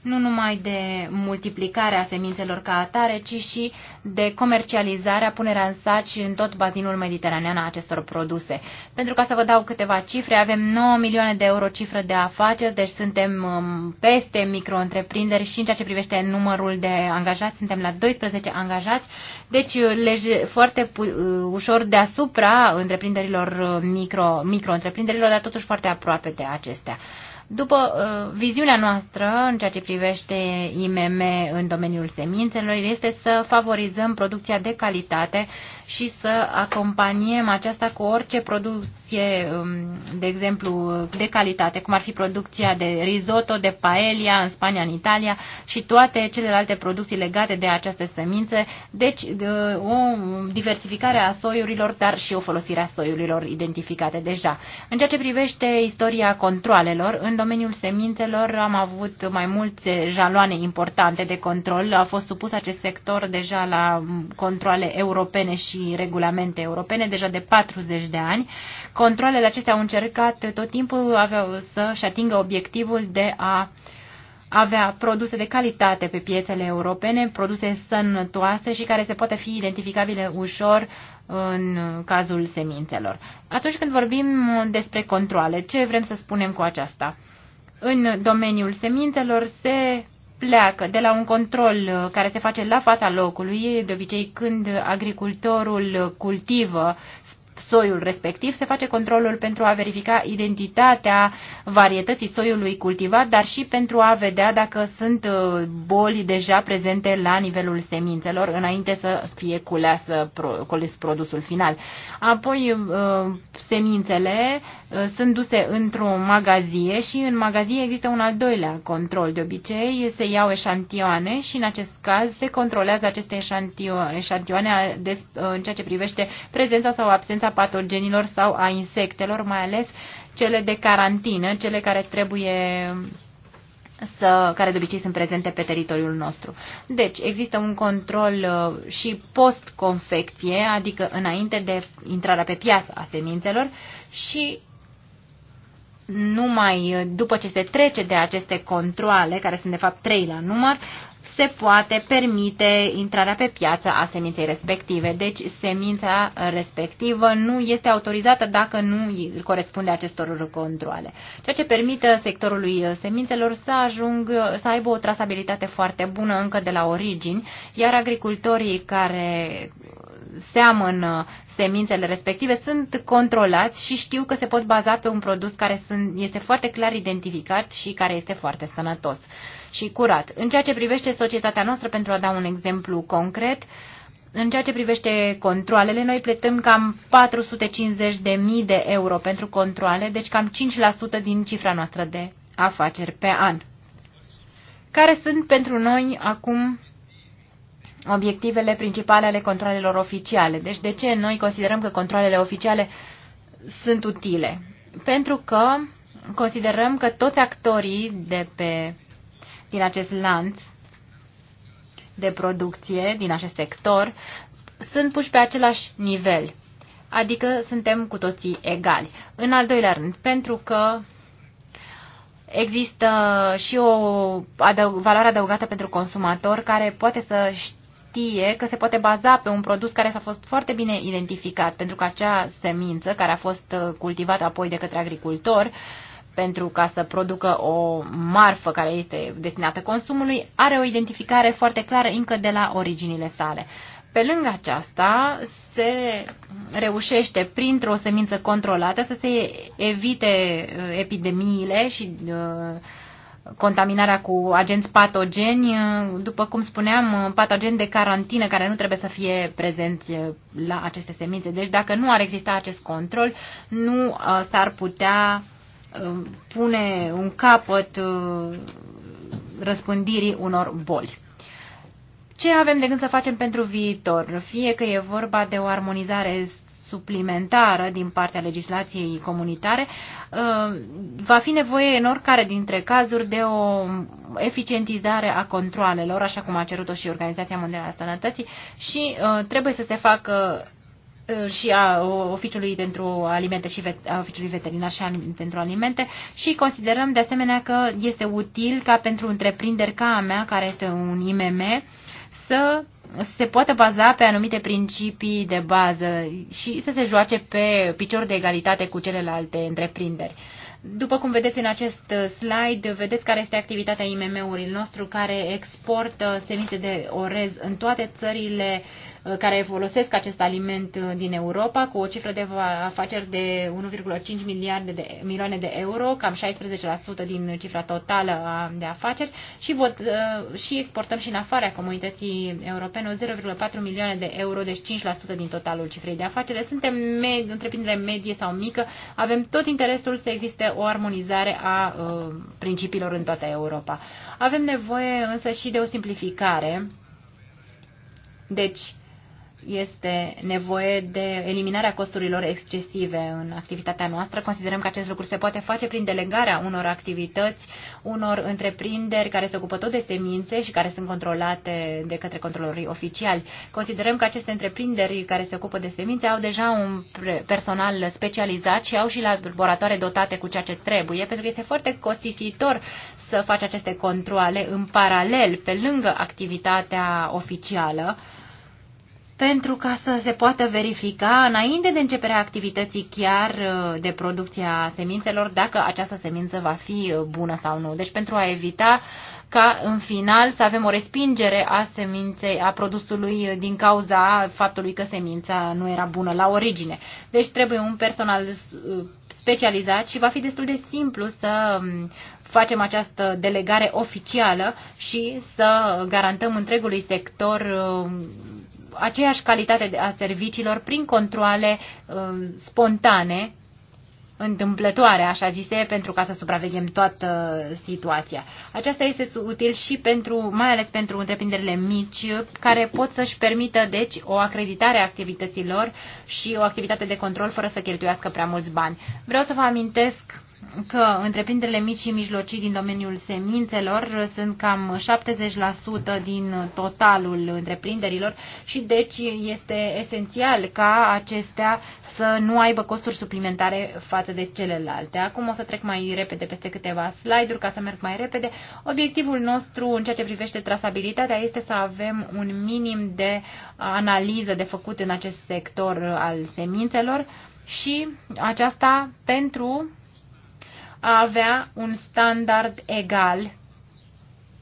nu numai de multiplicarea semințelor ca atare, ci și de comercializarea, punerea în saci în tot bazinul mediteranean a acestor produse. Pentru ca să vă dau câteva cifre, avem 9 milioane de euro cifră de afaceri, deci suntem um, peste micro-întreprinderi și în ceea ce privește numărul de angajați, suntem la 12 angajați, deci uh, lege, foarte uh, ușor deasupra întreprinderilor uh, micro, micro-întreprinderilor, dar totuși foarte aproape de acestea. După uh, viziunea noastră în ceea ce privește IMM în domeniul semințelor, este să favorizăm producția de calitate și să acompaniem aceasta cu orice producție, um, de exemplu, de calitate, cum ar fi producția de risotto, de paelia în Spania, în Italia și toate celelalte producții legate de aceste semințe. Deci, uh, o diversificare a soiurilor, dar și o folosire a soiurilor identificate deja. În ceea ce privește istoria controalelor, în domeniul semințelor am avut mai multe jaloane importante de control. A fost supus acest sector deja la controle europene și și regulamente europene deja de 40 de ani. Controlele acestea au încercat tot timpul să-și atingă obiectivul de a avea produse de calitate pe piețele europene, produse sănătoase și care se poate fi identificabile ușor în cazul semințelor. Atunci când vorbim despre controle, ce vrem să spunem cu aceasta? În domeniul semințelor se pleacă de la un control uh, care se face la fața locului, de obicei când agricultorul cultivă soiul respectiv, se face controlul pentru a verifica identitatea varietății soiului cultivat, dar și pentru a vedea dacă sunt uh, boli deja prezente la nivelul semințelor înainte să fie culeasă, cules produsul final. Apoi uh, semințele uh, sunt duse într-o magazie și în magazie există un al doilea control. De obicei se iau eșantioane și în acest caz se controlează aceste eșantioane în ceea ce privește prezența sau absența a patogenilor sau a insectelor, mai ales cele de carantină, cele care trebuie să, care de obicei sunt prezente pe teritoriul nostru. Deci, există un control uh, și post-confecție, adică înainte de intrarea pe piață a semințelor și numai după ce se trece de aceste controle, care sunt de fapt trei la număr, se poate permite intrarea pe piață a seminței respective. Deci semința respectivă nu este autorizată dacă nu corespunde acestor controle. Ceea ce permite sectorului semințelor să ajungă, să aibă o trasabilitate foarte bună încă de la origini, iar agricultorii care seamănă semințele respective sunt controlați și știu că se pot baza pe un produs care sunt, este foarte clar identificat și care este foarte sănătos și curat. În ceea ce privește societatea noastră, pentru a da un exemplu concret, în ceea ce privește controlele, noi plătim cam 450.000 de euro pentru controle, deci cam 5% din cifra noastră de afaceri pe an. Care sunt pentru noi acum obiectivele principale ale controlelor oficiale? Deci de ce noi considerăm că controlele oficiale sunt utile? Pentru că considerăm că toți actorii de pe din acest lanț de producție, din acest sector, sunt puși pe același nivel. Adică suntem cu toții egali. În al doilea rând, pentru că există și o adăug valoare adăugată pentru consumator care poate să știe că se poate baza pe un produs care s-a fost foarte bine identificat, pentru că acea semință care a fost uh, cultivată apoi de către agricultor uh, pentru ca să producă o marfă care este destinată consumului, are o identificare foarte clară încă de la originile sale. Pe lângă aceasta, se reușește printr-o semință controlată să se evite uh, epidemiile și uh, contaminarea cu agenți patogeni, uh, după cum spuneam, patogeni de carantină care nu trebuie să fie prezenți la aceste semințe. Deci dacă nu ar exista acest control, nu s-ar putea Uh, pune un capăt uh, răspândirii unor boli. Ce avem de gând să facem pentru viitor? Fie că e vorba de o armonizare suplimentară din partea legislației comunitare, uh, va fi nevoie în oricare dintre cazuri de o eficientizare a controalelor, așa cum a cerut-o și Organizația Mondială a Sănătății, și trebuie să se facă Uh, și a Oficiului pentru Alimente și a Oficiului Veterinar și pentru Alimente și considerăm de asemenea că este util ca pentru întreprinderi ca a mea, care este un IMM, să se poată baza pe anumite principii de bază și să se joace pe picior de egalitate cu celelalte întreprinderi. După cum vedeți în acest uh, slide, vedeți care este activitatea IMM-ului nostru care exportă semințe de orez în toate țările uh, Uh, care folosesc acest aliment uh, din Europa, cu o cifră de afaceri de 1,5 miliarde de milioane de euro, cam 16% din cifra totală de afaceri, și, vot, uh, și exportăm și în afara comunității europene 0,4 milioane de euro, deci 5% din totalul cifrei de afaceri. Suntem med, întreprindere medie sau mică, avem tot interesul să existe o armonizare a principiilor în toată Europa. Avem nevoie însă și de o simplificare. Deci, este nevoie de eliminarea costurilor excesive în activitatea noastră. Considerăm că acest lucru se poate face prin delegarea unor activități, unor întreprinderi care se ocupă tot de semințe și care sunt controlate de către controlorii oficiali. Considerăm că aceste întreprinderi care se ocupă de semințe au deja un personal specializat și au și laboratoare dotate cu ceea ce trebuie, pentru că este foarte costisitor să faci aceste controle în paralel, pe lângă activitatea oficială pentru ca să se poată verifica înainte de începerea activității chiar uh, de producția semințelor dacă această semință va fi uh, bună sau nu. Deci pentru a evita ca în final să avem o respingere a seminței, a produsului uh, din cauza faptului că semința nu era bună la origine. Deci trebuie un personal specializat și va fi destul de simplu să um, facem această delegare oficială și să garantăm întregului sector aceeași calitate a serviciilor prin controle um, spontane, întâmplătoare, așa zise, pentru ca să supraveghem toată situația. Aceasta este util și pentru, mai ales pentru întreprinderile mici, care pot să-și permită, deci, o acreditare a activităților și o activitate de control fără să cheltuiască prea mulți bani. Vreau să vă amintesc că întreprinderile mici și mijlocii din domeniul semințelor sunt cam 70% din totalul întreprinderilor și deci este esențial ca acestea să nu aibă costuri suplimentare față de celelalte. Acum o să trec mai repede peste câteva slide-uri ca să merg mai repede. Obiectivul nostru în ceea ce privește trasabilitatea este să avem un minim de analiză de făcut în acest sector al semințelor și aceasta pentru a avea un standard egal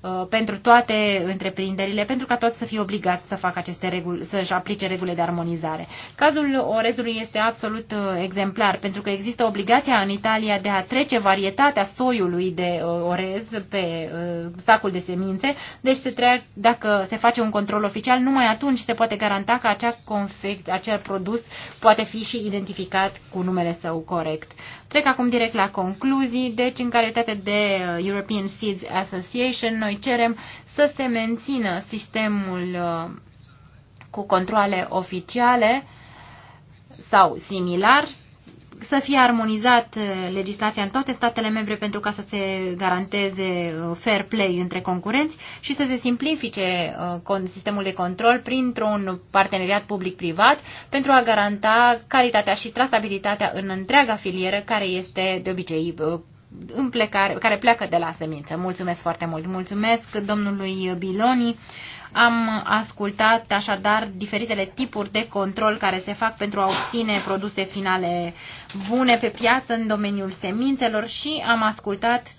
uh, pentru toate întreprinderile, pentru ca toți să fie obligați să facă aceste reguli, să-și aplice regulile de armonizare. Cazul orezului este absolut uh, exemplar, pentru că există obligația în Italia de a trece varietatea soiului de uh, orez pe sacul de semințe, deci se trea, dacă se face un control oficial, numai atunci se poate garanta că acea confect, acel produs poate fi și identificat cu numele său corect. Trec acum direct la concluzii, deci în calitate de uh, European Seeds Association noi cerem să se mențină sistemul uh, cu controle oficiale sau similar să fie armonizat eh, legislația în toate statele membre pentru ca să se garanteze eh, fair play între concurenți și să se simplifice eh, sistemul de control printr-un parteneriat public-privat pentru a garanta calitatea și trasabilitatea în întreaga filieră care este de obicei în plecare, care pleacă de la semință. Mulțumesc foarte mult. Mulțumesc domnului Biloni am ascultat așadar diferitele tipuri de control care se fac pentru a obține produse finale bune pe piață în domeniul semințelor și am ascultat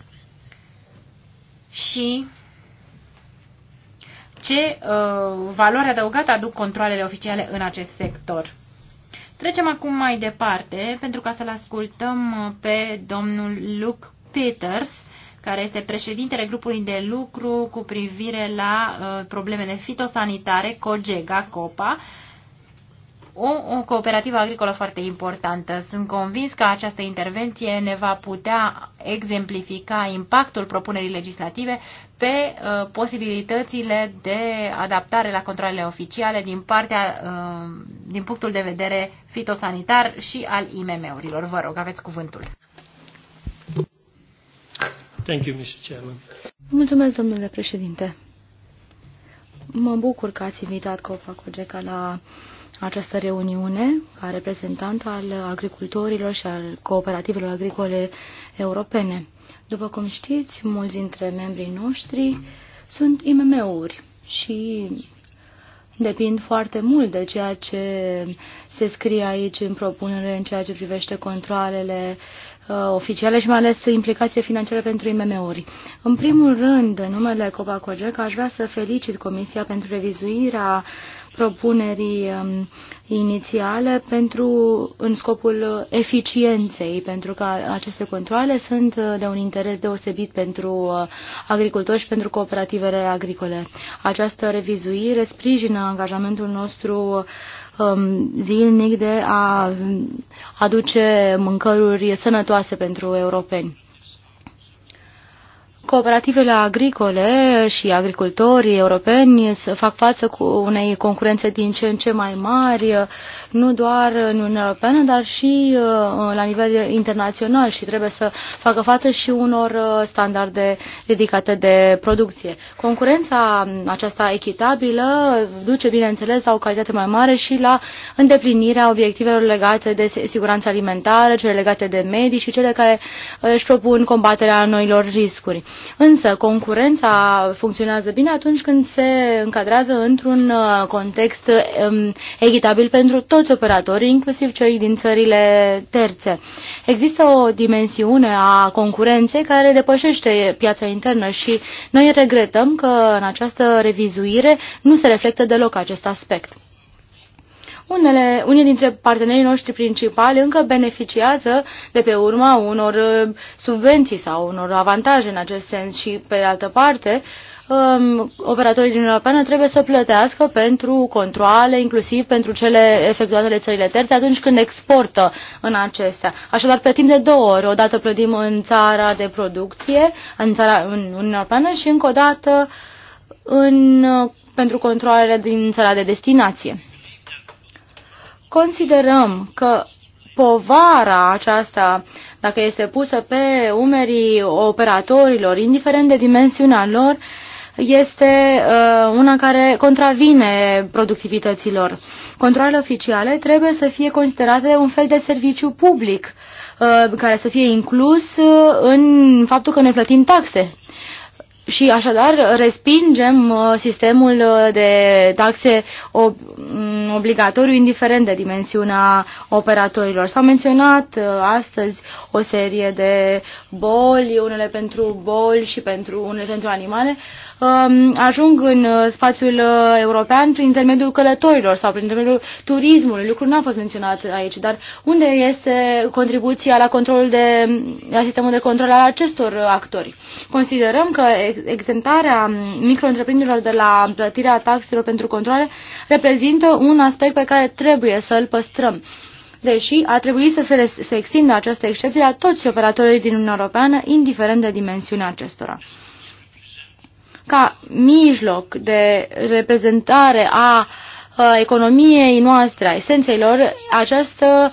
și ce uh, valoare adăugată aduc controlele oficiale în acest sector. Trecem acum mai departe pentru ca să-l ascultăm pe domnul Luke Peters, care este președintele grupului de lucru cu privire la uh, problemele fitosanitare, COGEGA, COPA, o, o cooperativă agricolă foarte importantă. Sunt convins că această intervenție ne va putea exemplifica impactul propunerii legislative pe uh, posibilitățile de adaptare la controlele oficiale din, partea, uh, din punctul de vedere fitosanitar și al IMM-urilor. Vă rog, aveți cuvântul. Thank you, Mr. Chairman. Mulțumesc, domnule președinte. Mă bucur că ați invitat Copa Cogeca la această reuniune ca reprezentant al agricultorilor și al cooperativelor agricole europene. După cum știți, mulți dintre membrii noștri sunt IMM-uri și depind foarte mult de ceea ce se scrie aici în propunere în ceea ce privește controlele uh, Uh, oficiale și mai ales implicații financiare pentru IMM-uri. În primul rând, în numele Copacogec, aș vrea să felicit Comisia pentru revizuirea propunerii um, inițiale pentru, în scopul eficienței, pentru că aceste controle sunt uh, de un interes deosebit pentru uh, agricultori și pentru cooperativele agricole. Această revizuire sprijină angajamentul nostru Um, zilnic de a um, aduce mâncăruri sănătoase pentru europeni. Cooperativele agricole și agricultorii europeni fac față cu unei concurențe din ce în ce mai mari, nu doar în Uniunea Europeană, dar și uh, la nivel internațional și trebuie să facă față și unor uh, standarde ridicate de producție. Concurența um, aceasta echitabilă duce, bineînțeles, la o calitate mai mare și la îndeplinirea obiectivelor legate de siguranță alimentară, cele legate de medii și cele care uh, își propun combaterea noilor riscuri. Însă concurența funcționează bine atunci când se încadrează într-un uh, context um, echitabil pentru toți operatorii, inclusiv cei din țările terțe. Există o dimensiune a concurenței care depășește piața internă și noi regretăm că în această revizuire nu se reflectă deloc acest aspect. Unele, unii dintre partenerii noștri principali încă beneficiază de pe urma unor uh, subvenții sau unor avantaje în acest sens și, pe de altă parte, um, operatorii din Europeană trebuie să plătească pentru controle, inclusiv pentru cele efectuate de țările terțe atunci când exportă în acestea. Așadar, plătim de două ori. Odată plătim în țara de producție, în țara în Uniunea Europeană și încă o dată în, uh, pentru controlele din țara de destinație. Considerăm că povara aceasta, dacă este pusă pe umerii operatorilor, indiferent de dimensiunea lor, este uh, una care contravine productivităților. Controlele oficiale trebuie să fie considerate un fel de serviciu public uh, care să fie inclus uh, în faptul că ne plătim taxe și așadar respingem uh, sistemul uh, de taxe mm, obligatoriu, indiferent de dimensiunea operatorilor. S-au menționat uh, astăzi o serie de boli, unele pentru boli și pentru unele pentru animale. Uh, Um, ajung în uh, spațiul uh, european prin intermediul călătorilor sau prin intermediul turismului. Lucrul nu a fost menționat aici, dar unde este contribuția la controlul de la sistemul de control al acestor uh, actori? Considerăm că exemptarea um, micro de la plătirea taxelor pentru controle reprezintă un aspect pe care trebuie să-l păstrăm deși ar trebui să se, se extindă această excepție la toți operatorii din Uniunea Europeană, indiferent de dimensiunea acestora ca mijloc de reprezentare a economiei noastre, a esenței lor, această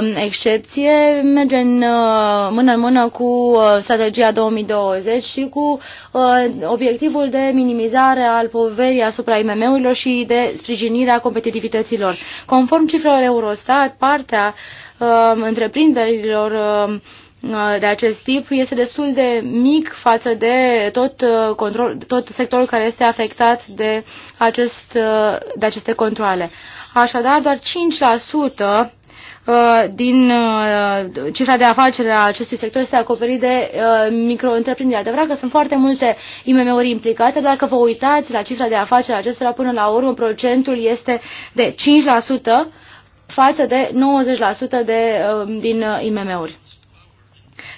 um, excepție merge în, uh, mână în mână cu uh, strategia 2020 și cu uh, obiectivul de minimizare al poverii asupra IMM-urilor și de sprijinirea competitivității lor. Conform cifrelor Eurostat, partea întreprinderilor Uh, de acest tip este destul de mic față de tot, uh, control, tot sectorul care este afectat de, acest, uh, de aceste controle. Așadar, doar 5% din cifra de afacere a acestui sector este acoperit de micro-întreprinderi. Adevărat că sunt foarte multe IMM-uri implicate. Dacă vă uitați la cifra de afacere a acestora, până la urmă procentul este de 5% față de 90% de, din IMM-uri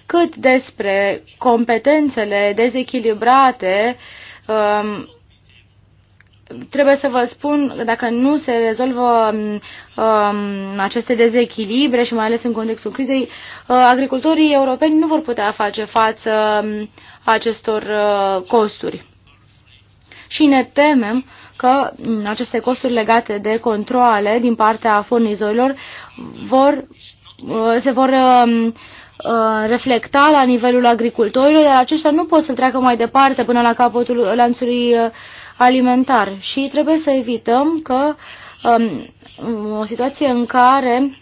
cât despre competențele dezechilibrate, um, trebuie să vă spun, dacă nu se rezolvă um, aceste dezechilibre și mai ales în contextul crizei, uh, agricultorii europeni nu vor putea face față um, acestor uh, costuri. Și ne temem că mm, aceste costuri legate de controle din partea furnizorilor vor, uh, se vor uh, Uh, reflecta la nivelul agricultorilor, iar aceștia nu pot să treacă mai departe până la capătul lanțului uh, alimentar. Și trebuie să evităm că um, o situație în care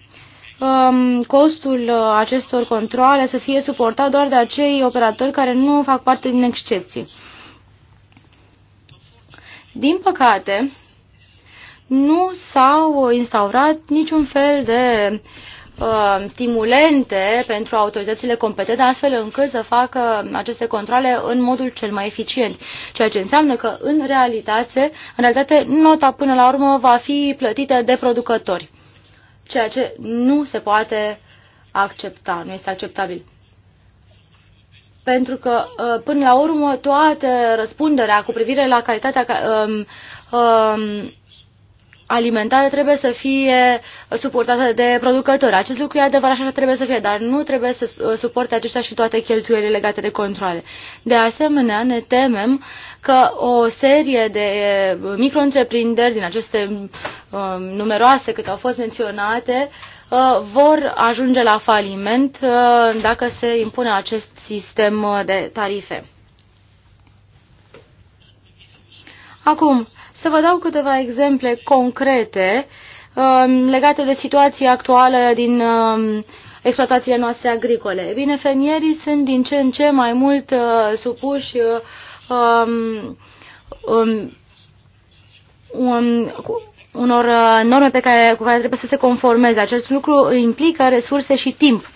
um, costul uh, acestor controle să fie suportat doar de acei operatori care nu fac parte din excepții. Din păcate, nu s-au instaurat niciun fel de uh, Uh, stimulente pentru autoritățile competente, astfel încât să facă aceste controle în modul cel mai eficient. Ceea ce înseamnă că, în realitate, în realitate nota până la urmă va fi plătită de producători, ceea ce nu se poate accepta, nu este acceptabil. Pentru că, uh, până la urmă, toată răspunderea cu privire la calitatea um, um, alimentare trebuie să fie suportată de producători. Acest lucru e adevărat așa trebuie să fie, dar nu trebuie să suporte aceștia și toate cheltuielile legate de controle. De asemenea, ne temem că o serie de micro din aceste um, numeroase cât au fost menționate uh, vor ajunge la faliment uh, dacă se impune acest sistem de tarife. Acum, să vă dau câteva exemple concrete um, legate de situația actuală din um, exploatațiile noastre agricole. Bine, fermierii sunt din ce în ce mai mult uh, supuși um, unor uh, norme pe care, cu care trebuie să se conformeze. Acest lucru implică resurse și timp.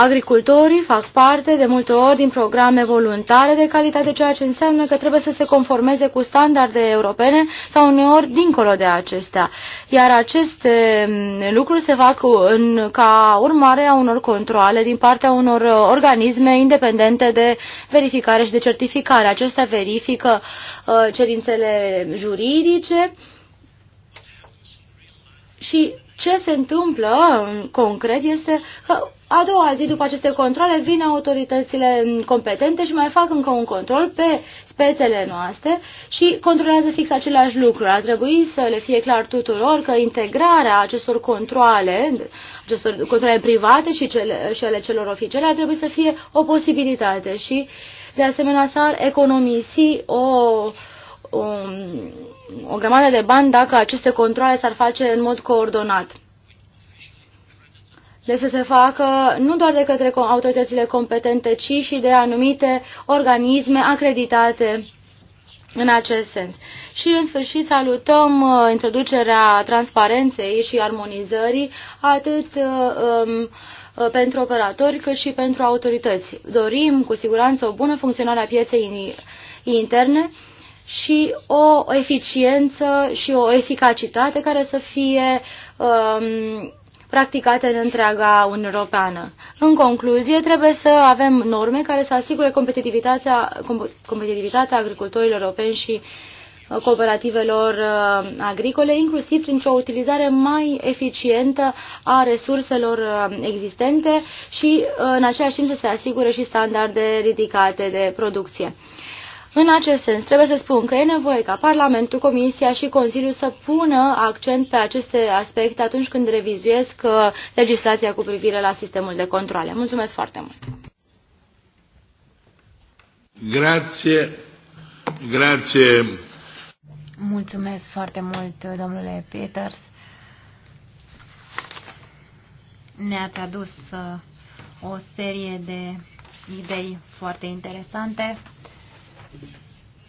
Agricultorii fac parte de multe ori din programe voluntare de calitate, ceea ce înseamnă că trebuie să se conformeze cu standarde europene sau uneori dincolo de acestea. Iar aceste mm, lucruri se fac în, ca urmare a unor controle din partea unor uh, organisme independente de verificare și de certificare. Acestea verifică uh, cerințele juridice și ce se întâmplă mm, concret este că a doua zi după aceste controle vin autoritățile competente și mai fac încă un control pe spețele noastre și controlează fix aceleași lucruri. Ar trebui să le fie clar tuturor că integrarea acestor controle, acestor controle private și, cele, și ale celor oficiale ar trebui să fie o posibilitate și de asemenea s-ar economisi o, o, um, o grămadă de bani dacă aceste controle s-ar face în mod coordonat de să se facă nu doar de către autoritățile competente, ci și de anumite organisme acreditate în acest sens. Și, în sfârșit, salutăm uh, introducerea transparenței și armonizării atât uh, um, uh, pentru operatori cât și pentru autorități. Dorim, cu siguranță, o bună funcționare a pieței interne și o eficiență și o eficacitate care să fie um, practicate în întreaga Uniune Europeană. În concluzie, trebuie să avem norme care să asigure competitivitatea, competitivitatea agricultorilor europeni și uh, cooperativelor uh, agricole, inclusiv printr-o utilizare mai eficientă a resurselor uh, existente și în același timp să se asigure și standarde ridicate de producție. În acest sens, trebuie să spun că e nevoie ca Parlamentul, Comisia și Consiliul să pună accent pe aceste aspecte atunci când revizuiesc uh, legislația cu privire la sistemul de controle. Mulțumesc foarte mult! Grație, grație! Mulțumesc foarte mult, domnule Peters. Ne-ați adus uh, o serie de idei foarte interesante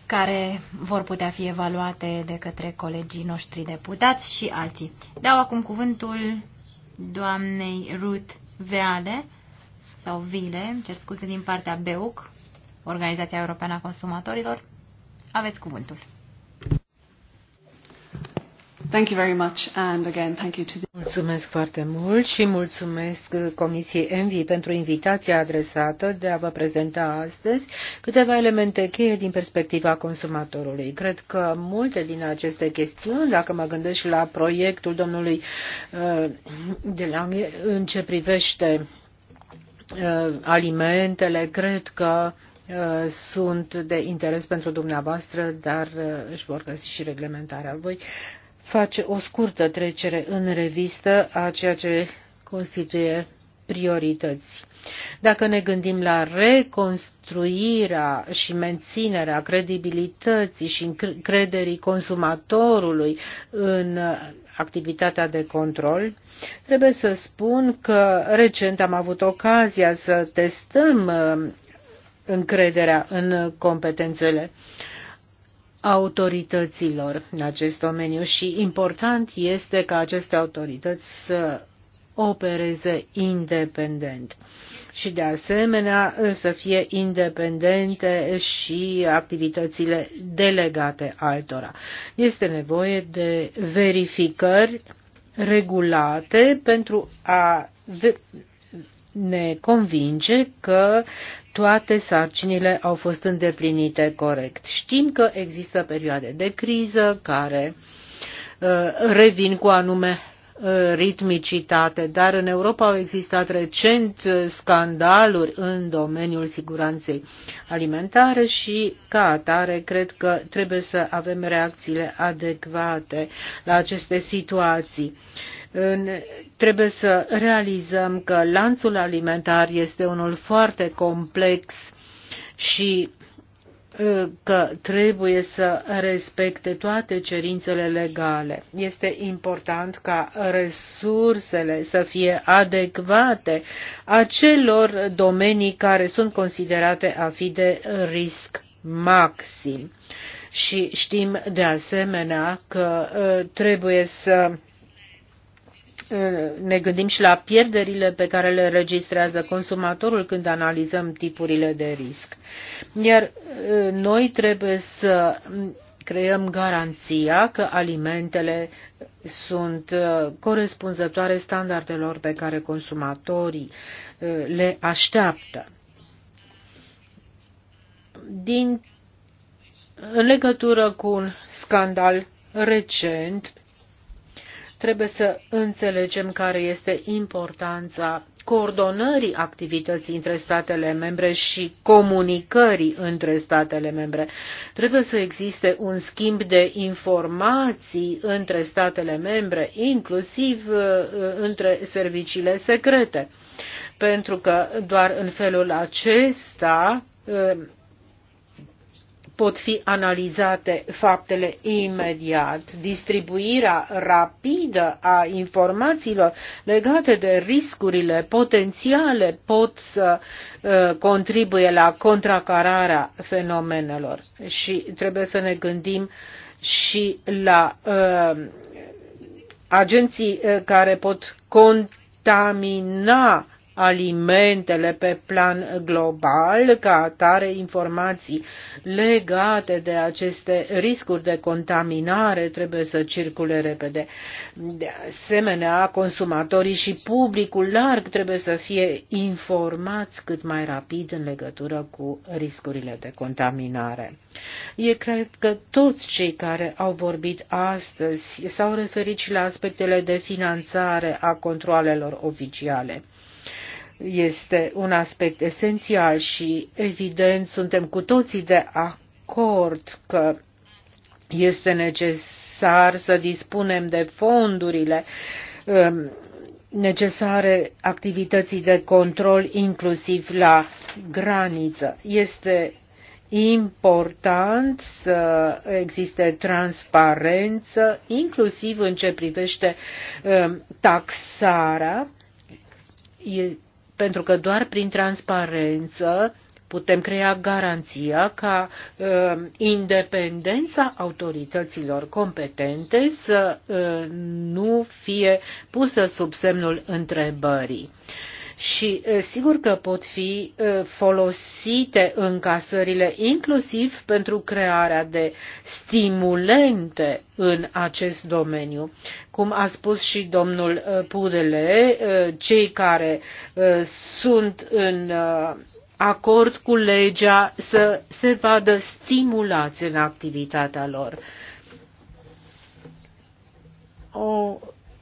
care vor putea fi evaluate de către colegii noștri deputați și alții. Dau acum cuvântul doamnei Ruth Veale, sau Vile, cer scuze din partea BEUC, Organizația Europeană a Consumatorilor. Aveți cuvântul. Thank you very much and again thank you to the... Mulțumesc foarte mult și mulțumesc Comisiei Envi pentru invitația adresată de a vă prezenta astăzi câteva elemente cheie din perspectiva consumatorului. Cred că multe din aceste chestiuni, dacă mă gândesc și la proiectul domnului uh, de la, în ce privește uh, alimentele, cred că uh, sunt de interes pentru dumneavoastră, dar își vor găsi și reglementarea. Voi face o scurtă trecere în revistă a ceea ce constituie priorități. Dacă ne gândim la reconstruirea și menținerea credibilității și încrederii consumatorului în activitatea de control, trebuie să spun că recent am avut ocazia să testăm uh, încrederea în competențele uh, autorităților în acest domeniu și important este ca aceste autorități să opereze independent și de asemenea să fie independente și activitățile delegate altora. Este nevoie de verificări regulate pentru a ne convinge că toate sarcinile au fost îndeplinite corect. Știm că există perioade de criză care uh, revin cu anume uh, ritmicitate, dar în Europa au existat recent uh, scandaluri în domeniul siguranței alimentare și ca atare cred că trebuie să avem reacțiile adecvate la aceste situații. Uh, Trebuie să realizăm că lanțul alimentar este unul foarte complex și ă, că trebuie să respecte toate cerințele legale. Este important ca resursele să fie adecvate acelor domenii care sunt considerate a fi de risc maxim. Și știm de asemenea că ă, trebuie să Ă, ne gândim și la pierderile pe care le registrează consumatorul când analizăm tipurile de risc. Iar ă, noi trebuie să creăm garanția că alimentele sunt ă, corespunzătoare standardelor pe care consumatorii le așteaptă. Din, în legătură cu un scandal recent Trebuie să înțelegem care este importanța coordonării activității între statele membre și comunicării între statele membre. Trebuie să existe un schimb de informații între statele membre, inclusiv uh, între serviciile secrete, pentru că doar în felul acesta uh, pot fi analizate faptele imediat. Distribuirea rapidă a informațiilor legate de riscurile potențiale pot să uh, contribuie la contracararea fenomenelor și trebuie să ne gândim și la uh, agenții uh, care pot contamina alimentele pe plan global, ca atare informații legate de aceste riscuri de contaminare trebuie să circule repede. De asemenea, consumatorii și publicul larg trebuie să fie informați cât mai rapid în legătură cu riscurile de contaminare. E cred că toți cei care au vorbit astăzi s-au referit și la aspectele de finanțare a controalelor oficiale este un aspect esențial și, evident, suntem cu toții de acord că este necesar să dispunem de fondurile um, necesare activității de control, inclusiv la graniță. Este important să existe transparență, inclusiv în ce privește um, taxarea pentru că doar prin transparență putem crea garanția ca uh, independența autorităților competente să uh, nu fie pusă sub semnul întrebării. Uh, și sigur că pot fi folosite încasările inclusiv pentru crearea de stimulente în acest domeniu. Cum a spus și domnul Pudele, cei care sunt în acord cu legea să se vadă stimulați în activitatea lor. O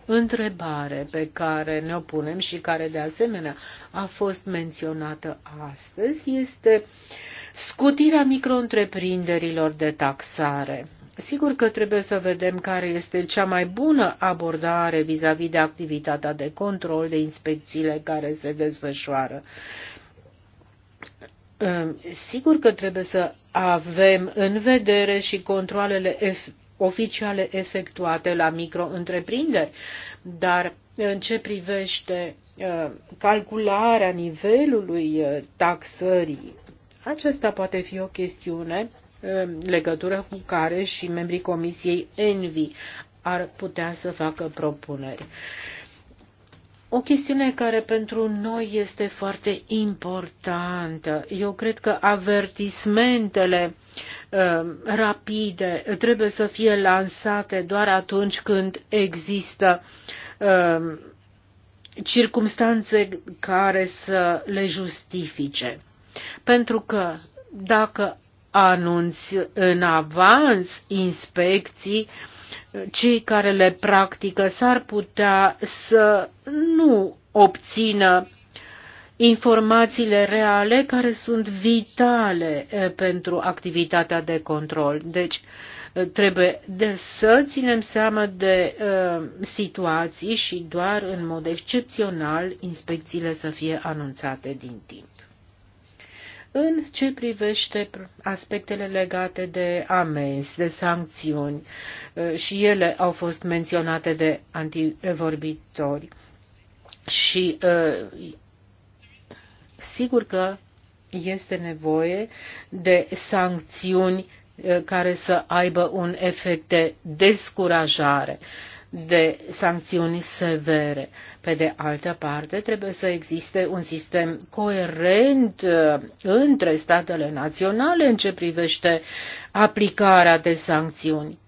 întrebare pe care ne-o punem și care de asemenea a fost menționată astăzi este scutirea micro-întreprinderilor de taxare. Sigur că trebuie să vedem care este cea mai bună abordare vis-a-vis -vis de activitatea de control, de inspecțiile care se desfășoară. Sigur că trebuie să avem în vedere și controlele oficiale efectuate la micro-întreprinderi, dar în ce privește uh, calcularea nivelului uh, taxării, aceasta poate fi o chestiune uh, legătură cu care și membrii Comisiei Envi ar putea să facă propuneri. O chestiune care pentru noi este foarte importantă. Eu cred că avertismentele uh, rapide trebuie să fie lansate doar atunci când există uh, circumstanțe care să le justifice. Pentru că dacă anunți în avans inspecții, uh, cei care le practică s-ar putea să nu obțină informațiile reale care sunt vitale pentru activitatea de control. Deci trebuie de să ținem seama de uh, situații și doar în mod excepțional inspecțiile să fie anunțate din timp. În ce privește aspectele legate de amenzi, de sancțiuni, uh, și ele au fost menționate de antivorbitori. Și uh, sigur că este nevoie de sancțiuni uh, care să aibă un efect de descurajare, de sancțiuni severe. Pe de altă parte, trebuie să existe un sistem coerent uh, între statele naționale în ce privește aplicarea de sancțiuni.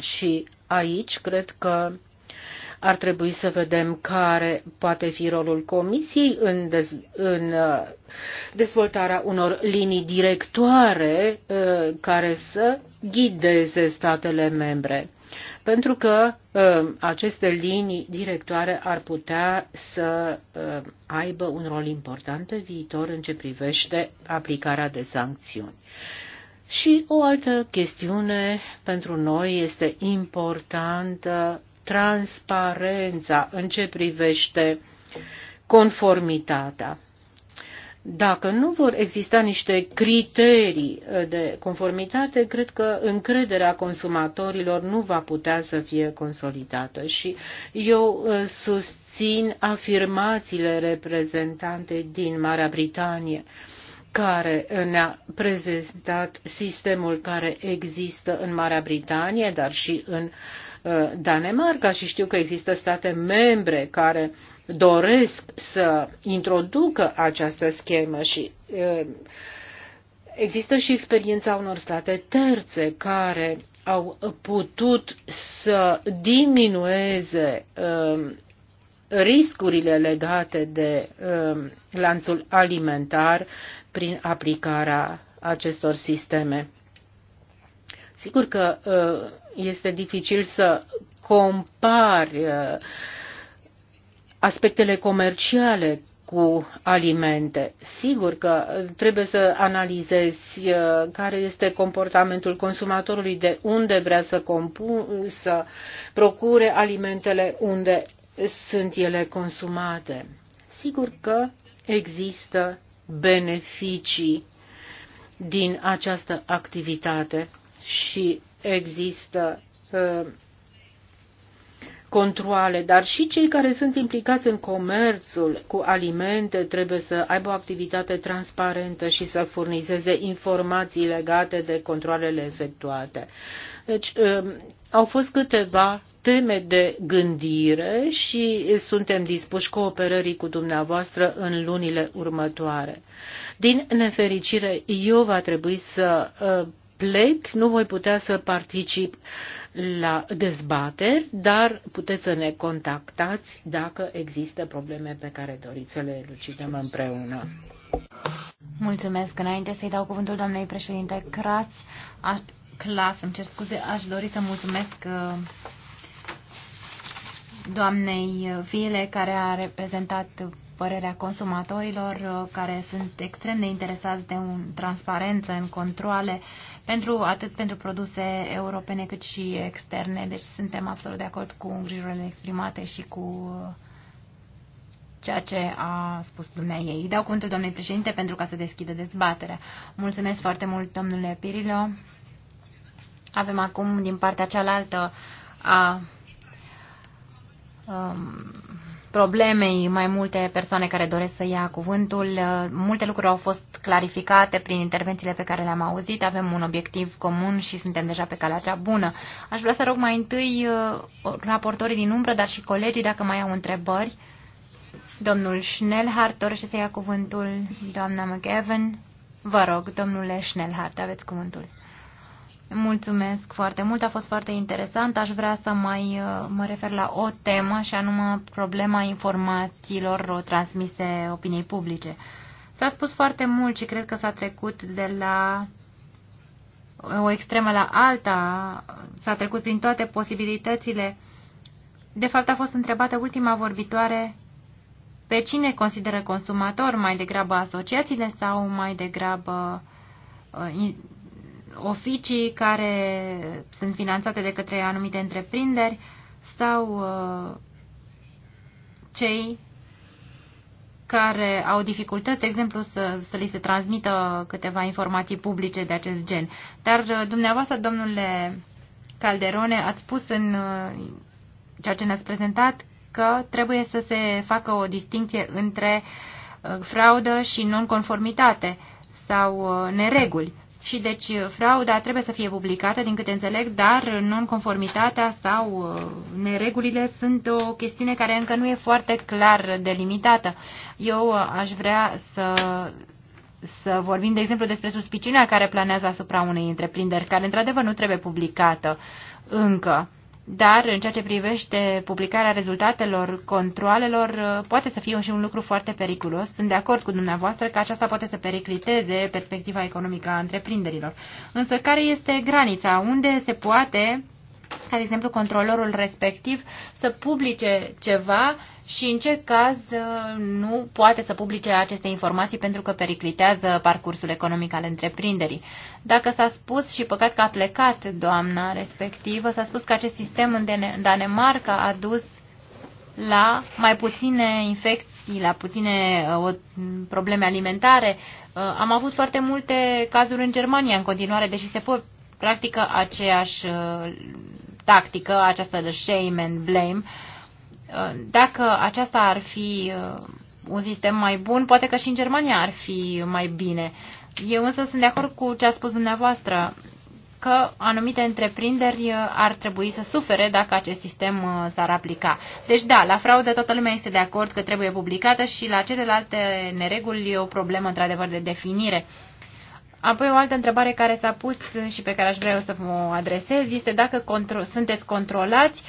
Și aici cred că ar trebui să vedem care poate fi rolul Comisiei în, dez, în uh, dezvoltarea unor linii directoare uh, care să ghideze statele membre pentru că ă, aceste linii directoare ar putea să ă, aibă un rol important pe viitor în ce privește aplicarea de sancțiuni. Și o altă chestiune pentru noi este importantă transparența în ce privește conformitatea. Dacă nu vor exista niște criterii uh, de conformitate, cred că încrederea consumatorilor nu va putea să fie consolidată. Și eu uh, susțin afirmațiile reprezentante din Marea Britanie care uh, ne-a prezentat sistemul care există în Marea Britanie, dar și în Danemarca și știu că există state membre care uh, doresc să introducă această schemă și există și experiența unor state terțe care au putut să diminueze riscurile legate de lanțul alimentar prin aplicarea acestor sisteme. Sigur că este dificil să compari aspectele comerciale cu alimente. Sigur că trebuie să analizezi uh, care este comportamentul consumatorului, de unde vrea să, compu- să procure alimentele, unde sunt ele consumate. Sigur că există beneficii din această activitate și există uh, controle, dar și cei care sunt implicați în comerțul cu alimente trebuie să aibă o activitate transparentă și să furnizeze informații legate de controlele efectuate. Deci, um, au fost câteva teme de gândire și suntem dispuși cooperării cu dumneavoastră în lunile următoare. Din nefericire, eu va trebui să uh, plec, nu voi putea să particip la dezbateri, dar puteți să ne contactați dacă există probleme pe care doriți să le elucidăm împreună. Mulțumesc. Înainte să-i dau cuvântul doamnei președinte Cras, a, Clas, îmi cer scuze, aș dori să mulțumesc uh, doamnei Vile, care a reprezentat părerea consumatorilor, uh, care sunt extrem de interesați de un, transparență în controle pentru, atât pentru produse europene cât și externe. Deci suntem absolut de acord cu îngrijorările exprimate și cu uh, ceea ce a spus dumnea ei. Îi dau cuvântul domnului președinte pentru ca să deschidă dezbaterea. Mulțumesc foarte mult, domnule Pirilo. Avem acum din partea cealaltă a um, problemei mai multe persoane care doresc să ia cuvântul. Uh, multe lucruri au fost clarificate prin intervențiile pe care le-am auzit. Avem un obiectiv comun și suntem deja pe calea cea bună. Aș vrea să rog mai întâi uh, raportorii din umbră, dar și colegii, dacă mai au întrebări. Domnul Schnellhardt dorește să ia cuvântul, doamna McEvan. Vă rog, domnule Schnellhardt, aveți cuvântul. Mulțumesc foarte mult, a fost foarte interesant. Aș vrea să mai uh, mă refer la o temă și anume problema informațiilor transmise opiniei publice. S-a spus foarte mult și cred că s-a trecut de la o extremă la alta, s-a trecut prin toate posibilitățile. De fapt, a fost întrebată ultima vorbitoare pe cine consideră consumator, mai degrabă asociațiile sau mai degrabă uh, oficii care sunt finanțate de către anumite întreprinderi sau uh, cei care au dificultăți, de exemplu, să, să li se transmită câteva informații publice de acest gen. Dar uh, dumneavoastră, domnule Calderone, ați spus în uh, ceea ce ne-ați prezentat că trebuie să se facă o distinție între fraudă și nonconformitate sau nereguli și deci uh, frauda trebuie să fie publicată, din câte înțeleg, dar nonconformitatea sau uh, neregulile sunt o chestiune care încă nu e foarte clar delimitată. Eu uh, aș vrea să să vorbim, de exemplu, despre suspiciunea care planează asupra unei întreprinderi, care, într-adevăr, nu trebuie publicată încă dar în ceea ce privește publicarea rezultatelor controalelor, poate să fie și un lucru foarte periculos. Sunt de acord cu dumneavoastră că aceasta poate să pericliteze perspectiva economică a întreprinderilor. Însă care este granița? Unde se poate de exemplu, controlorul respectiv să publice ceva și în ce caz nu poate să publice aceste informații pentru că periclitează parcursul economic al întreprinderii. Dacă s-a spus și păcat că a plecat doamna respectivă, s-a spus că acest sistem în Danemarca a dus la mai puține infecții, la puține uh, probleme alimentare. Uh, am avut foarte multe cazuri în Germania în continuare, deși se pot practică aceeași uh, tactică, aceasta de shame and blame, uh, dacă aceasta ar fi uh, un sistem mai bun, poate că și în Germania ar fi mai bine. Eu însă sunt de acord cu ce a spus dumneavoastră, că anumite întreprinderi uh, ar trebui să sufere dacă acest sistem s-ar aplica. Deci da, la fraudă toată lumea este de acord că trebuie publicată și la celelalte nereguli e o problemă într-adevăr de definire. Apoi o altă întrebare care s-a pus și pe care aș vrea eu să vă o adresez este dacă contro sunteți controlați,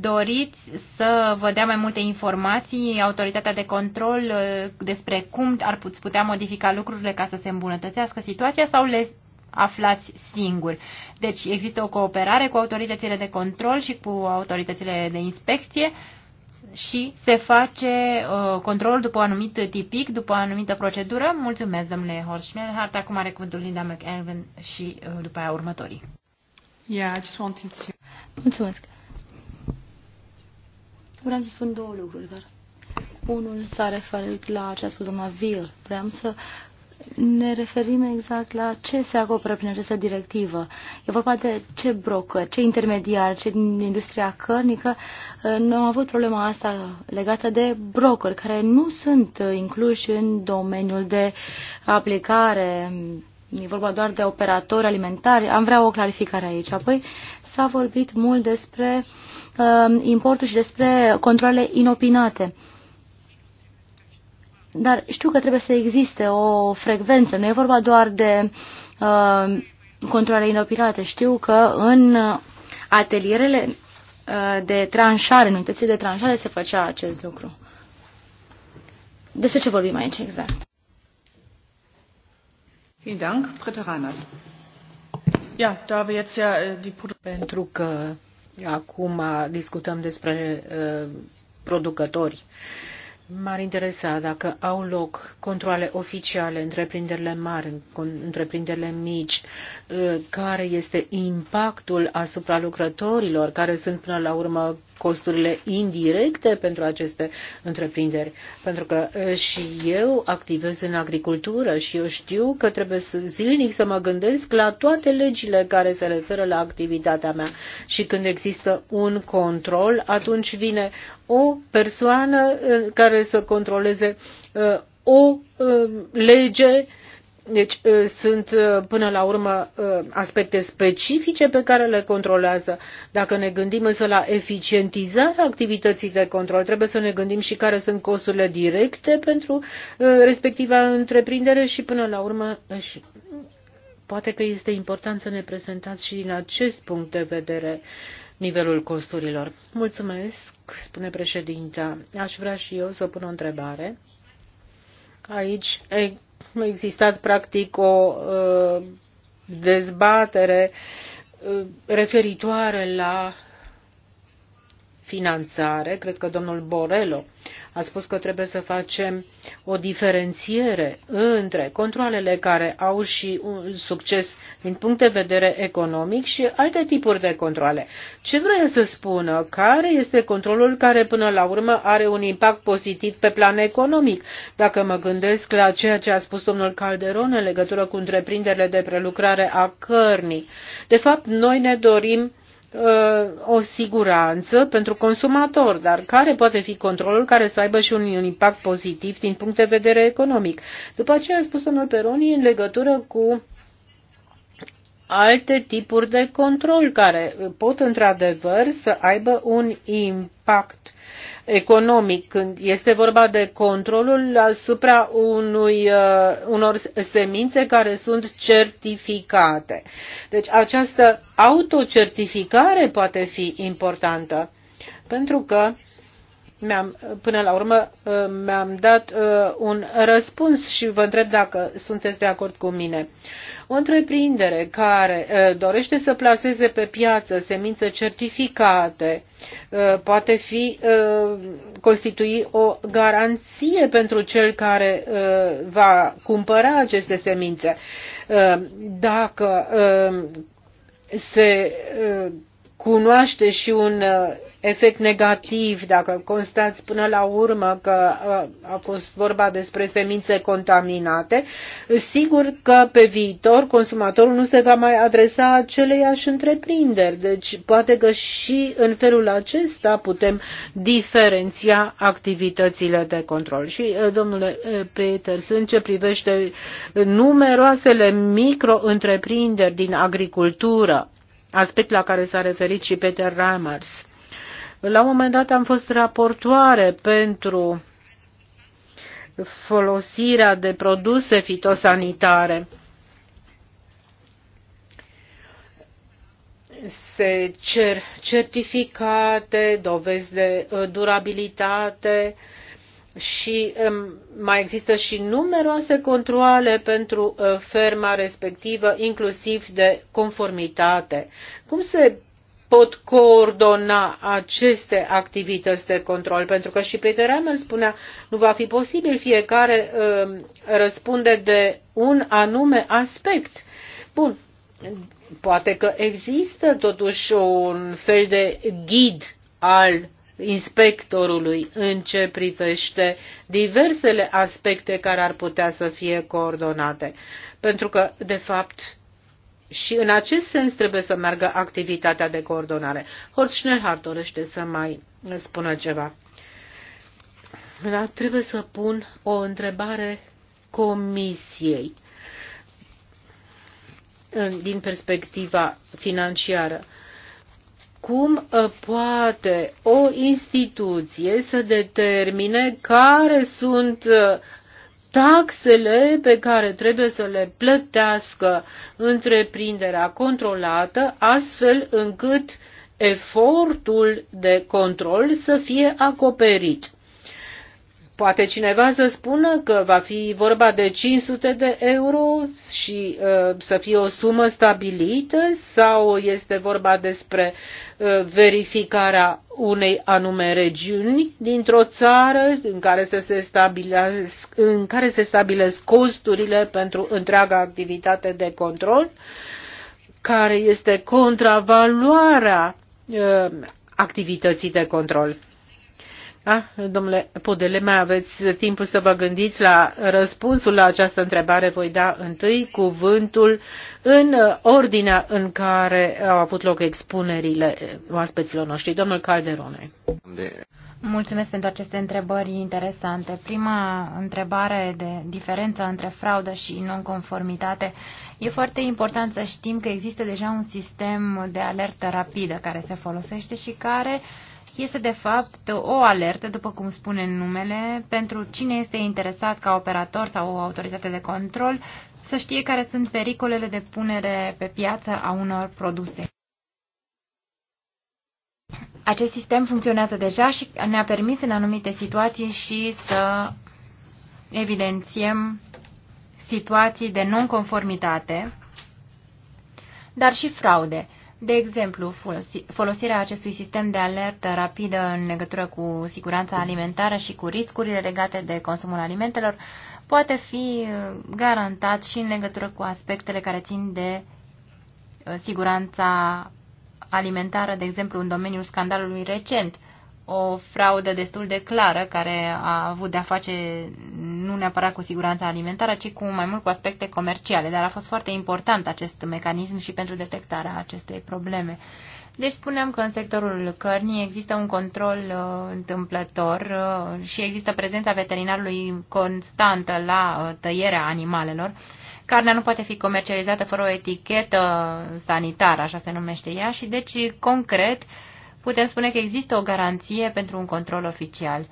doriți să vă dea mai multe informații autoritatea de control uh, despre cum ar putea modifica lucrurile ca să se îmbunătățească situația sau le aflați singuri. Deci există o cooperare cu autoritățile de control și cu autoritățile de inspecție. Uh, și se face uh, control după anumit tipic, după o anumită procedură. Mulțumesc, domnule Horschnell. Harta acum are cuvântul Linda McElvin și uh, după aia următorii. Yeah, I just wanted to... Mulțumesc. Vreau să spun două lucruri, dar unul s-a referit la ce a spus doamna Vil. Vreau să ne referim exact la ce se acoperă prin această directivă. E vorba de ce broker, ce intermediar, ce din industria cărnică. Uh, Noi am avut problema asta legată de broker, care nu sunt incluși în domeniul de aplicare. E vorba doar de operatori alimentari. Am vrea o clarificare aici. Apoi s-a vorbit mult despre uh, importul și despre controle inopinate. Uh, dar știu că trebuie să existe o frecvență, nu e vorba doar de uh, controle inopilate. Știu că în atelierele uh, de tranșare, în unitățile de tranșare, se făcea acest lucru. Despre ce vorbim aici exact? Vielen Ja, da wir jetzt ja äh, die Pentru că acum discutăm despre uh, producători. Uh, M-ar interesa dacă au loc controle oficiale, întreprinderile mari, întreprinderile mici, uh, care este impactul asupra lucrătorilor, care sunt până la urmă costurile indirecte pentru aceste întreprinderi. Pentru că și eu activez în agricultură și eu știu că trebuie să zilnic să mă gândesc la toate legile care se referă la activitatea mea. Și când există un control, atunci vine o persoană care să controleze o lege deci uh, sunt uh, până la urmă uh, aspecte specifice pe care le controlează. Dacă ne gândim însă la eficientizarea activității de control, trebuie să ne gândim și care sunt costurile directe pentru respectiva întreprindere și până la urmă și poate că este important să ne prezentați și din acest punct de vedere nivelul costurilor. Mulțumesc, spune președinta. Aș vrea și eu să pun o întrebare. Aici a existat practic o ă, dezbatere ă, referitoare la finanțare, cred că domnul Borello a spus că trebuie să facem o diferențiere între controlele care au și un succes din punct de vedere economic și alte tipuri de controle. Ce vrea să spună? Care este controlul care până la urmă are un impact pozitiv pe plan economic? Dacă mă gândesc la ceea ce a spus domnul Calderon în legătură cu întreprinderile de prelucrare a cărnii, de fapt noi ne dorim Uh, o siguranță pentru consumator, dar care poate fi controlul care să aibă și un impact pozitiv din punct de vedere economic. După aceea a spus domnul Peroni în legătură cu alte tipuri de control care pot într-adevăr să aibă un impact economic, când este vorba de controlul asupra unui, uh, unor semințe care sunt certificate. Deci această autocertificare poate fi importantă, pentru că mi-am, până la urmă uh, mi-am dat uh, un răspuns și vă întreb dacă sunteți de acord cu mine. O întreprindere care uh, dorește să plaseze pe piață semințe certificate poate fi constitui o garanție pentru cel care va cumpăra aceste semințe. Dacă se cunoaște și un efect negativ dacă constați până la urmă că uh, a fost vorba despre semințe contaminate, sigur că pe viitor consumatorul nu se va mai adresa aceleiași întreprinderi. Deci poate că și în felul acesta putem diferenția activitățile de control. Și, uh, domnule uh, Peters, în ce privește numeroasele micro-întreprinderi din agricultură, aspect la care s-a referit și Peter Ramers. La un moment dat am fost raportoare pentru folosirea de produse fitosanitare. Se cer certificate, dovezi de uh, durabilitate și um, mai există și numeroase controle pentru uh, ferma respectivă, inclusiv de conformitate. Cum se pot coordona aceste activități de control, pentru că și Peter Hamel spunea, nu va fi posibil, fiecare uh, răspunde de un anume aspect. Bun, poate că există totuși un fel de ghid al inspectorului în ce privește diversele aspecte care ar putea să fie coordonate. Pentru că, de fapt, și în acest sens trebuie să meargă activitatea de coordonare. Horst Schnellhardt dorește să mai spună ceva. Dar trebuie să pun o întrebare comisiei din perspectiva financiară. Cum ă, poate o instituție să determine care sunt ă, taxele pe care trebuie să le plătească întreprinderea controlată, astfel încât efortul de control să fie acoperit. Poate cineva să spună că va fi vorba de 500 de euro și uh, să fie o sumă stabilită sau este vorba despre uh, verificarea unei anume regiuni dintr-o țară în care, să se stabilesc, în care se stabilesc costurile pentru întreaga activitate de control, care este contravaloarea uh, activității de control. Ah, domnule Pudele, mai aveți timpul să vă gândiți la răspunsul la această întrebare. Voi da întâi cuvântul în ordinea în care au avut loc expunerile oaspeților noștri. Domnul Calderone. Mulțumesc pentru aceste întrebări interesante. Prima întrebare de diferența între fraudă și nonconformitate. E foarte important să știm că există deja un sistem de alertă rapidă care se folosește și care uh, este de fapt o alertă, după cum spune numele, pentru cine este interesat ca operator sau o autoritate de control să știe care sunt pericolele de punere pe piață a unor produse. Acest sistem funcționează deja și ne-a permis în anumite situații și să evidențiem situații de nonconformitate, dar și fraude. De exemplu, folosirea acestui sistem de alertă rapidă în legătură cu siguranța alimentară și cu riscurile legate de consumul alimentelor poate fi uh, garantat și în legătură cu aspectele care țin de uh, siguranța alimentară, de exemplu, în domeniul scandalului recent – o fraudă destul de clară care a avut de-a face nu neapărat cu siguranța alimentară, ci cu mai mult cu aspecte comerciale, dar a fost foarte important acest mecanism și pentru detectarea acestei probleme. Deci spuneam că în sectorul cărnii există un control uh, întâmplător uh, și există prezența veterinarului constantă la uh, tăierea animalelor. Carnea nu poate fi comercializată fără o etichetă sanitară, așa se numește ea, și deci, concret, uh, putem spune că există o garanție pentru un control oficial.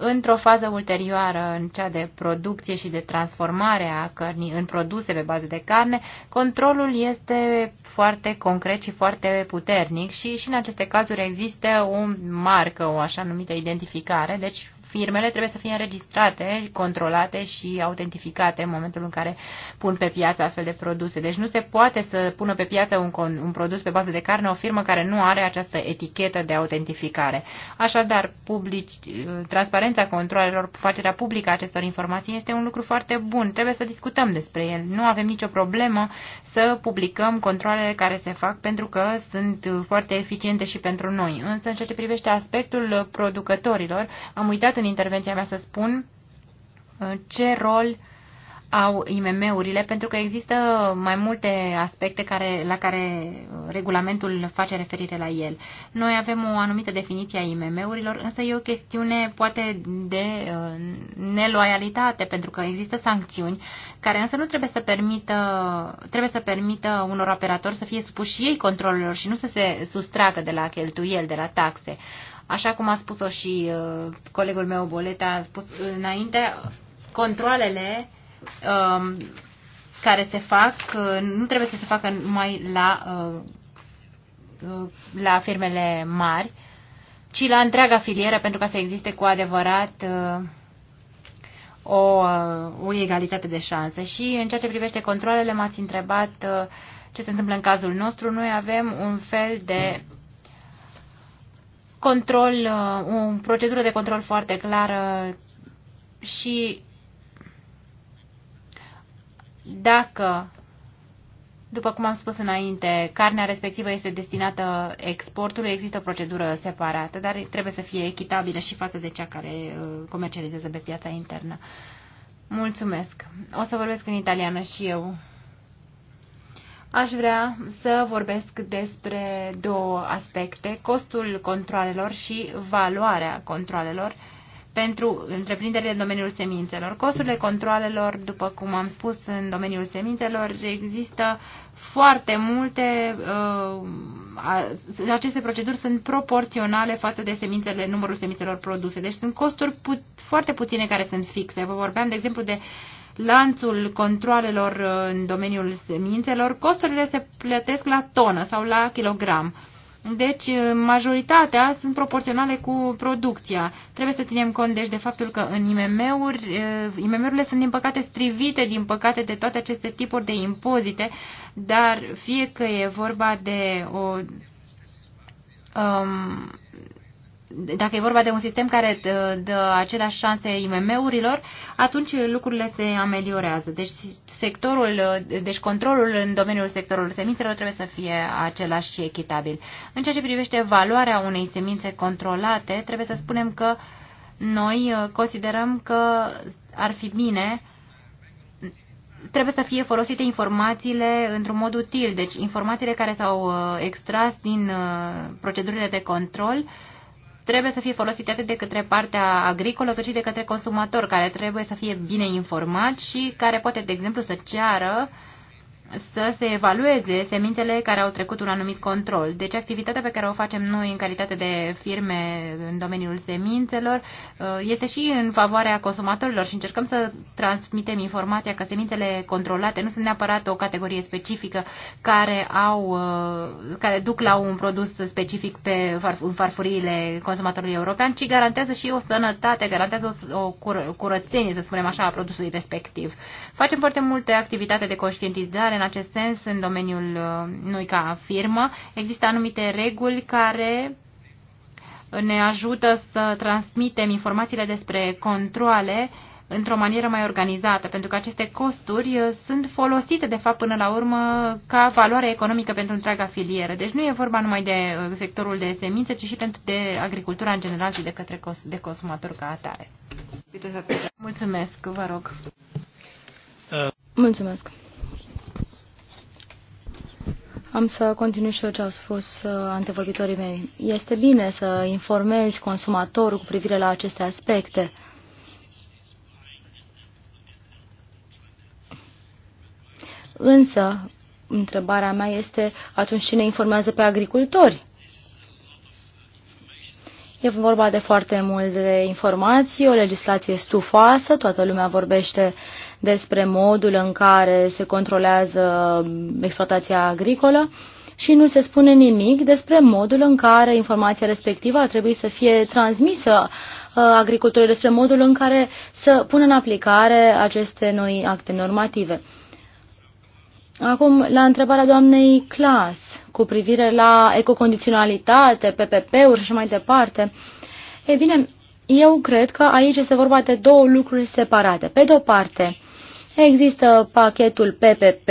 Într-o fază ulterioară, în cea de producție și de transformare a cărnii în produse pe bază de carne, controlul este foarte concret și foarte puternic și, și în aceste cazuri există o marcă, o așa numită identificare, deci firmele trebuie să fie înregistrate, controlate și autentificate în momentul în care pun pe piață astfel de produse. Deci nu se poate să pună pe piață un, un produs pe bază de carne o firmă care nu are această etichetă de autentificare. Așadar, public transparența controlelor, facerea publică a acestor informații este un lucru foarte bun. Trebuie să discutăm despre el. Nu avem nicio problemă să publicăm controlele care se fac pentru că sunt foarte eficiente și pentru noi. Însă, în ceea ce privește aspectul producătorilor, am uitat în intervenția mea să spun uh, ce rol au IMM-urile, pentru că există mai multe aspecte care, la care uh, regulamentul face referire la el. Noi avem o anumită definiție a IMM-urilor, însă e o chestiune poate de uh, neloialitate, pentru că există sancțiuni care însă nu trebuie să permită, trebuie să permită unor operatori să fie supuși ei controlelor și nu să se sustragă de la cheltuieli, de la taxe. Uh, Așa cum a spus-o și uh, colegul meu Boleta a spus înainte, controlele um, care se fac uh, nu trebuie să se facă numai la, uh, uh la firmele mari, ci la întreaga filieră pentru ca să existe cu adevărat uh, o, uh, o egalitate de șanse. Și în ceea ce privește controlele, m-ați întrebat uh, ce se întâmplă în cazul nostru. Noi avem un fel de control, uh, o procedură de control foarte clară și dacă, după cum am spus înainte, carnea respectivă este destinată exportului, există o procedură separată, dar trebuie să fie echitabilă și față de cea care uh, comercializează pe piața internă. Mulțumesc. O să vorbesc în italiană și eu. Aș vrea să vorbesc despre două aspecte, costul controlelor și valoarea controlelor pentru întreprinderile în domeniul semințelor. Costurile controlelor, după cum am spus, în domeniul semințelor există foarte multe, uh, aceste proceduri sunt proporționale față de semințele, numărul semințelor produse. Deci sunt costuri put, foarte puține care sunt fixe. Vă vorbeam, de exemplu, de uh, lanțul controlelor în domeniul semințelor, costurile se plătesc la tonă sau la kilogram. Deci, majoritatea sunt proporționale cu producția. Trebuie să ținem cont, deci, de faptul că în IMM-uri, eh, IMM-urile sunt, din păcate, strivite, din păcate, de toate aceste tipuri de impozite, dar fie că e vorba de o um, dacă e vorba de un sistem care dă, uh, dă aceleași șanse IMM-urilor, atunci lucrurile se ameliorează. Deci sectorul, uh, deci controlul în domeniul sectorului semințelor trebuie să fie același și echitabil. În ceea ce privește valoarea unei semințe controlate, trebuie să spunem că noi uh, considerăm că ar fi bine trebuie să fie folosite informațiile într-un mod util. Deci informațiile care s-au extras din procedurile de control uh, trebuie să fie folosite atât de către partea agricolă, cât și de către consumator, care trebuie să fie bine informat și care poate, de exemplu, să ceară uh, să se evalueze semintele care au trecut un anumit control. Deci activitatea pe care o facem noi în calitate de firme în domeniul semințelor uh, este și în favoarea consumatorilor și încercăm să transmitem informația că semințele controlate nu sunt neapărat o categorie specifică care, au, uh, care duc la un produs specific pe farfuriile consumatorului european, ci garantează și o sănătate, garantează o curățenie, să spunem așa, a produsului respectiv. Facem foarte multe activitate de conștientizare în acest sens în domeniul uh, noi ca firmă. Există anumite reguli care ne ajută să transmitem informațiile despre controle într-o manieră mai organizată, pentru că aceste costuri uh, sunt folosite, de fapt, până la urmă, ca valoare economică pentru întreaga filieră. Deci nu e vorba numai de uh, sectorul de semințe, ci și pentru de agricultura în general și de către de consumator ca atare. Mulțumesc, vă rog. Mulțumesc. Am să continui și eu ce au spus uh, antevorbitorii mei. Este bine să informezi consumatorul cu privire la aceste aspecte. Însă, întrebarea mea este atunci cine informează pe agricultori? E vorba de foarte multe informații, o legislație stufoasă, toată lumea vorbește uh, despre modul în care se controlează exploatația agricolă și nu se spune nimic despre modul în care informația respectivă ar trebui să fie transmisă uh, agricultorii despre modul în care să pună în aplicare aceste noi acte normative. Acum, la întrebarea doamnei Clas cu privire la ecocondiționalitate, PPP-uri și mai departe, e bine, eu cred că aici este vorba de două lucruri separate. Pe de o parte, Există pachetul PPP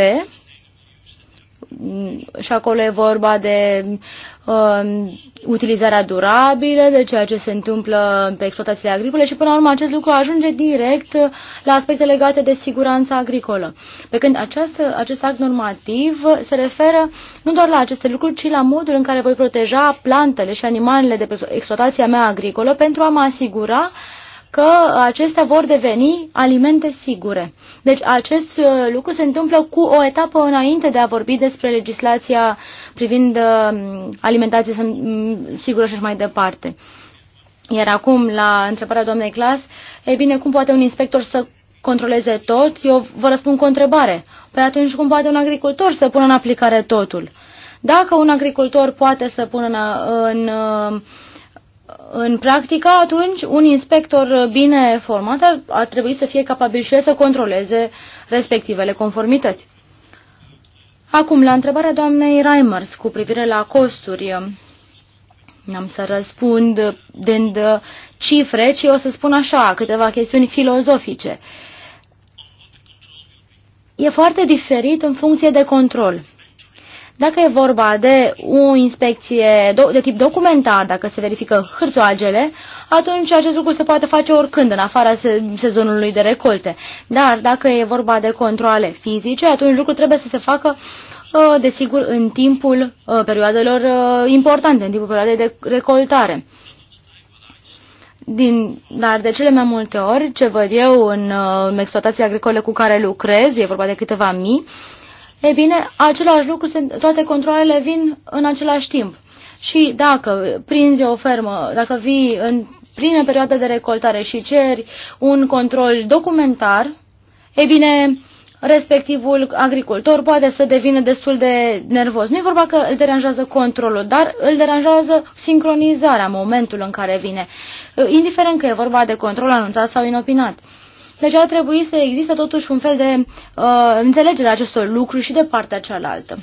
și acolo e vorba de uh, utilizarea durabilă, de ceea ce se întâmplă pe exploatațiile agricole și până la urmă acest lucru ajunge direct la aspecte legate de siguranța agricolă. Pe când această, acest act normativ se referă nu doar la aceste lucruri, ci la modul în care voi proteja plantele și animalele de pe exploatația mea agricolă pentru a mă asigura uh, că acestea vor deveni alimente sigure. Deci acest uh, lucru se întâmplă cu o etapă înainte de a vorbi despre legislația privind uh, alimentație mm, sigură și așa mai departe. Iar acum, la întrebarea doamnei Clas, e bine, cum poate un inspector să controleze tot? Eu vă răspund cu o întrebare. Păi atunci cum poate un agricultor să pună în aplicare totul? Dacă un agricultor poate să pună în, în uh, în practică, atunci, un inspector bine format ar, ar trebui să fie capabil și să controleze respectivele conformități. Acum, la întrebarea doamnei Reimers cu privire la costuri, n-am să răspund dând cifre, ci o să spun așa, câteva chestiuni filozofice. E foarte diferit în funcție de control. Dacă e vorba de o inspecție de tip documentar, dacă se verifică hârțoagele, atunci acest lucru se poate face oricând, în afara sezonului de recolte. Dar dacă e vorba de controle fizice, atunci lucrul trebuie să se facă ă, desigur, în timpul ă, perioadelor ă, importante, în timpul perioadei de recoltare. Din, dar de cele mai multe ori, ce văd eu în în exploatații agricole cu care lucrez, e vorba de câteva mii, E bine, același lucru, toate controlele vin în același timp. Și dacă prinzi o fermă, dacă vii în plină perioadă de recoltare și ceri un control documentar, e bine, respectivul agricultor poate să devină destul de nervos. Nu e vorba că îl deranjează controlul, dar îl deranjează sincronizarea, momentul în care vine, indiferent că e vorba de control anunțat sau inopinat. Deci ar trebui să existe totuși un fel de uh, înțelegere a acestor lucruri și de partea cealaltă.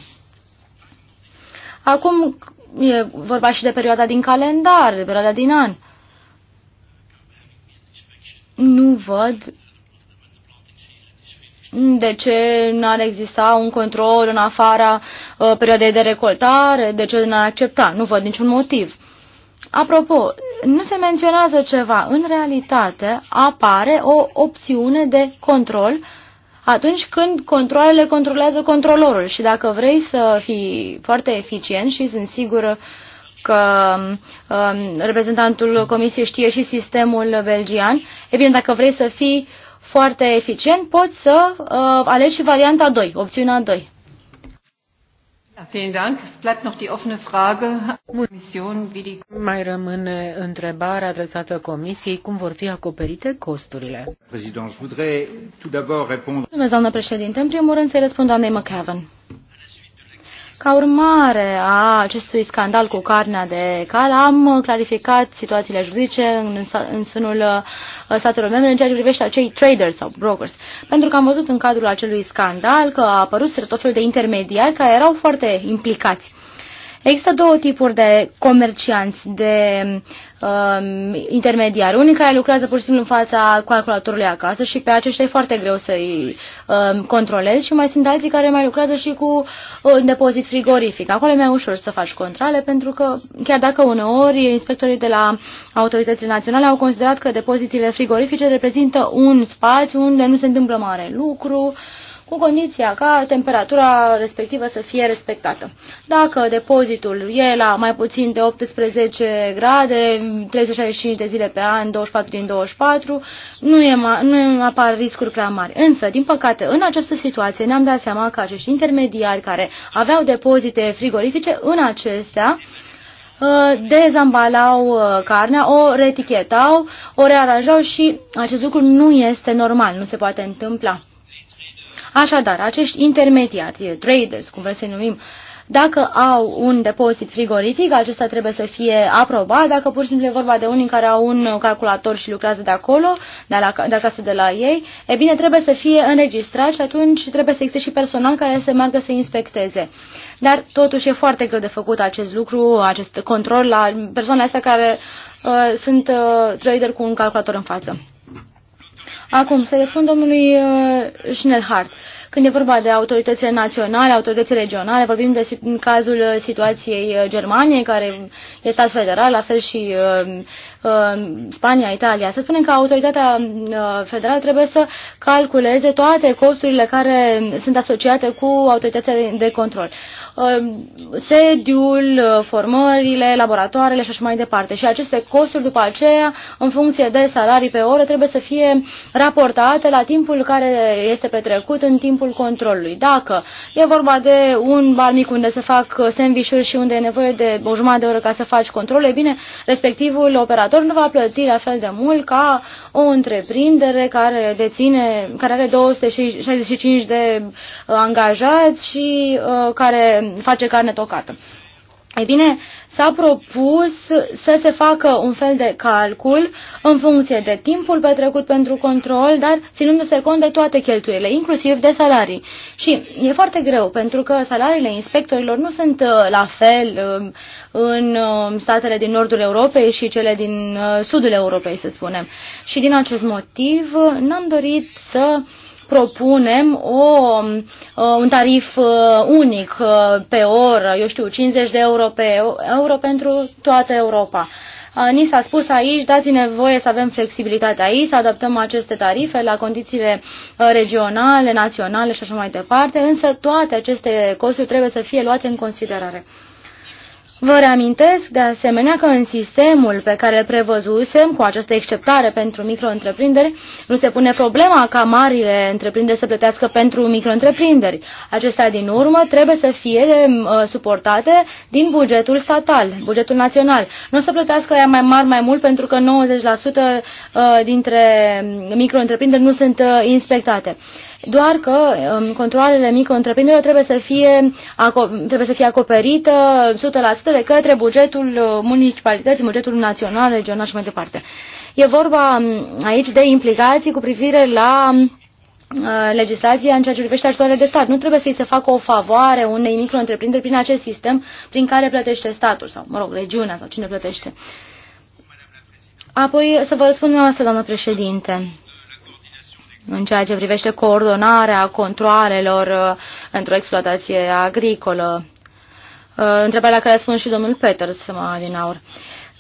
Acum e vorba și de perioada din calendar, de perioada din an. Nu văd de ce n-ar exista un control în afara uh, perioadei de recoltare, de ce n-ar accepta. Nu văd niciun motiv. Apropo, nu se menționează ceva. În realitate apare o opțiune de control atunci când controlele controlează controlorul și dacă vrei să fii foarte eficient și sunt sigură că um, reprezentantul comisiei știe și sistemul belgian, e bine, dacă vrei să fii foarte eficient, poți să uh, alegi și varianta 2, opțiunea 2. Mai rămâne întrebarea adresată Comisiei, cum vor fi acoperite costurile? Domnule președinte. În primul rând să-i răspund doamnei McCavan. Ca urmare a acestui scandal cu carnea de cal, am clarificat situațiile juridice în, în sânul uh, statelor membre în ceea ce privește acei traders sau brokers. Pentru că am văzut în cadrul acelui scandal că a apărut tot felul de intermediari care erau foarte implicați. Există două tipuri de comercianți, de Um, intermediari, unii care lucrează pur și simplu în fața calculatorului acasă și pe aceștia e foarte greu să-i um, controlezi și mai sunt alții care mai lucrează și cu uh, un depozit frigorific. Acolo e mai ușor să faci controle pentru că chiar dacă uneori inspectorii de la autoritățile naționale au considerat că depozitile frigorifice reprezintă un spațiu unde nu se întâmplă mare lucru, cu condiția ca temperatura respectivă să fie respectată. Dacă depozitul e la mai puțin de 18 grade, 365 de zile pe an, 24 din 24, nu, e, nu apar riscuri prea mari. Însă, din păcate, în această situație ne-am dat seama că acești intermediari care aveau depozite frigorifice, în acestea, uh, dezambalau uh, carnea, o retichetau, o rearanjau și acest lucru nu este normal, nu se poate întâmpla. Așadar, acești intermediari, traders, cum vreți să-i numim, dacă au un depozit frigorific, acesta trebuie să fie aprobat. Dacă pur și simplu e vorba de unii care au un calculator și lucrează de acolo, de, la, de acasă de la ei, e bine, trebuie să fie înregistrat și atunci trebuie să existe și personal care să meargă să inspecteze. Dar totuși e foarte greu de făcut acest lucru, acest control la persoanele astea care uh, sunt uh, trader cu un calculator în față. Acum, să răspund domnului uh, Schnellhardt. Când e vorba de autoritățile naționale, autoritățile regionale, vorbim de în cazul uh, situației uh, Germaniei, care e stat federal, la fel și uh, uh, Spania, Italia. Să spunem că autoritatea federală trebuie să calculeze toate costurile care sunt asociate cu autoritatea de control. Um, sediul, uh, formările, laboratoarele și așa mai departe. Și aceste costuri după aceea, în funcție de salarii pe oră, trebuie să fie raportate la timpul care este petrecut în timpul controlului. Dacă e vorba de un bar mic unde se fac sandvișuri și unde e nevoie de o jumătate de oră ca să faci control, e bine, respectivul operator nu va plăti la fel de mult ca o întreprindere care deține, care are 265 de uh, angajați și uh, care face carne tocată. Ei bine, s-a propus să se facă un fel de calcul în funcție de timpul petrecut pentru control, dar ținându-se cont de toate cheltuielile, inclusiv de salarii. Și e foarte greu, pentru că salariile inspectorilor nu sunt uh, la fel um, în um, statele din nordul Europei și cele din uh, sudul Europei, să spunem. Și din acest motiv uh, n-am dorit să propunem o, uh, un tarif uh, unic uh, pe oră, eu știu, 50 de euro pe euro pentru toată Europa. Ni s-a spus aici, dați-ne voie să avem flexibilitate aici, să adaptăm aceste tarife la condițiile regionale, naționale și așa mai departe, însă toate aceste costuri trebuie să fie luate în considerare. Vă reamintesc de asemenea că în sistemul pe care îl prevăzusem, cu această exceptare pentru micro-întreprinderi, nu se pune problema ca marile întreprinderi să plătească pentru micro-întreprinderi. Acestea, din urmă, trebuie să fie uh, suportate din bugetul statal, bugetul național. Nu o să plătească ea mai mari mai mult pentru că 90% eh, dintre micro-întreprinderi nu sunt eh, inspectate. Uh, doar că um, controlele mică trebuie să fie, trebuie să fie acoperită 100% de către bugetul uh, municipalității, bugetul național, regional și mai departe. E vorba um, aici de implicații cu privire la uh, legislația în ceea ce privește ajutoarele de stat. Nu trebuie să-i se facă o favoare unei micro prin acest sistem prin care plătește statul sau, mă rog, regiunea sau cine plătește. Apoi să vă răspund asta, doamnă președinte în ceea ce privește coordonarea controalelor uh, într-o exploatație agricolă. Uh, întrebarea la care a spus și domnul Peters din aur.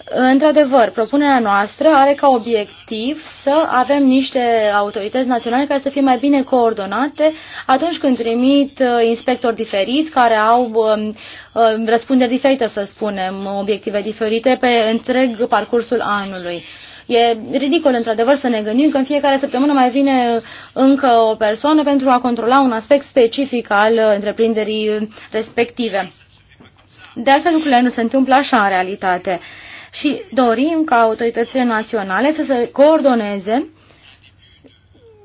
Într-adevăr, propunerea noastră are ca obiectiv să avem niște autorități naționale care să fie mai bine coordonate atunci când trimit uh, inspectori diferiți care au um, răspunderi diferite, să spunem, obiective diferite pe întreg parcursul anului. E ridicol, într-adevăr, să ne gândim că în fiecare săptămână mai vine uh, încă o persoană pentru a controla un aspect specific al uh, întreprinderii uh, respective. De altfel, lucrurile nu se întâmplă așa în realitate. Și dorim ca autoritățile naționale să se coordoneze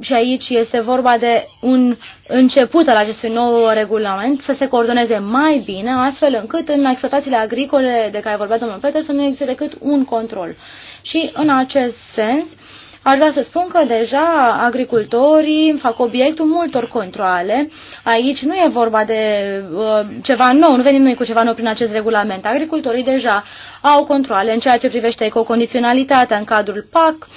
și aici este vorba de un început al acestui nou regulament, să se coordoneze mai bine, astfel încât în exploatațiile agricole de care vorbea domnul Peter să nu existe decât un control. Și în acest sens, aș vrea să spun că deja agricultorii fac obiectul multor controle. Aici nu e vorba de uh, ceva nou, nu venim noi cu ceva nou prin acest regulament. Agricultorii deja au controle în ceea ce privește ecocondiționalitatea în cadrul PAC, uh,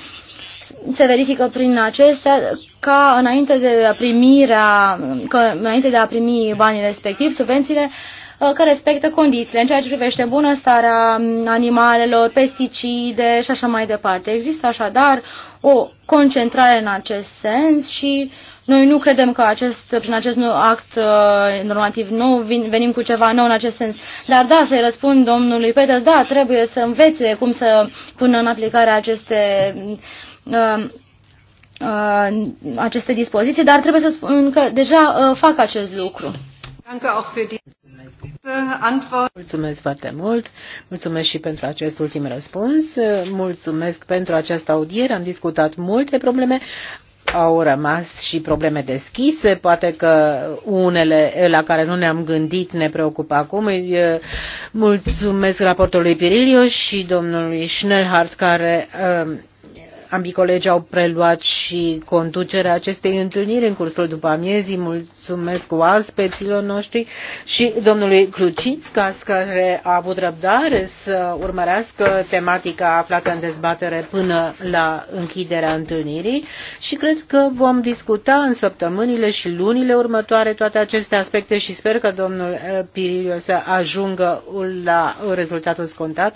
se verifică prin acestea ca înainte de, primirea, că înainte de a primi banii respectiv, subvențiile, uh, că respectă condițiile în ceea ce privește bunăstarea animalelor, pesticide și așa mai departe. Există așadar o concentrare în acest sens și noi nu credem că acest, prin acest act uh, normativ nou vin, venim cu ceva nou în acest sens. Dar da, să-i răspund domnului Peter, da, trebuie să învețe cum să pună în aplicare aceste uh, Uh, uh, aceste dispoziții, dar trebuie să spun că deja uh, fac acest lucru. Mulțumesc foarte mult. Mulțumesc și pentru acest ultim răspuns. Mulțumesc pentru această audiere. Am discutat multe probleme. Au rămas și probleme deschise, poate că unele la care nu ne-am gândit ne preocupă acum. Mulțumesc raportului Pirilio și domnului Schnellhardt care um, Ambii colegi au preluat și conducerea acestei întâlniri în cursul după amiezii. Mulțumesc cu alți noștri și domnului Clucițcas, care a avut răbdare să urmărească tematica aflată în dezbatere până la închiderea întâlnirii și cred că vom discuta în săptămânile și lunile următoare toate aceste aspecte și sper că domnul eh, Pirilio să ajungă la rezultatul scontat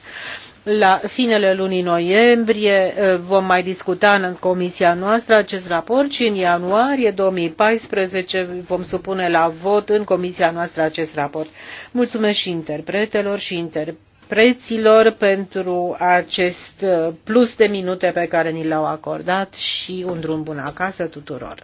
la finele lunii noiembrie eh, vom mai discuta în comisia noastră acest raport și în ianuarie 2014 vom supune la vot în comisia noastră acest raport. Mulțumesc și interpretelor și interpreților pentru acest eh, plus de minute pe care ni l-au acordat și un drum bun acasă tuturor.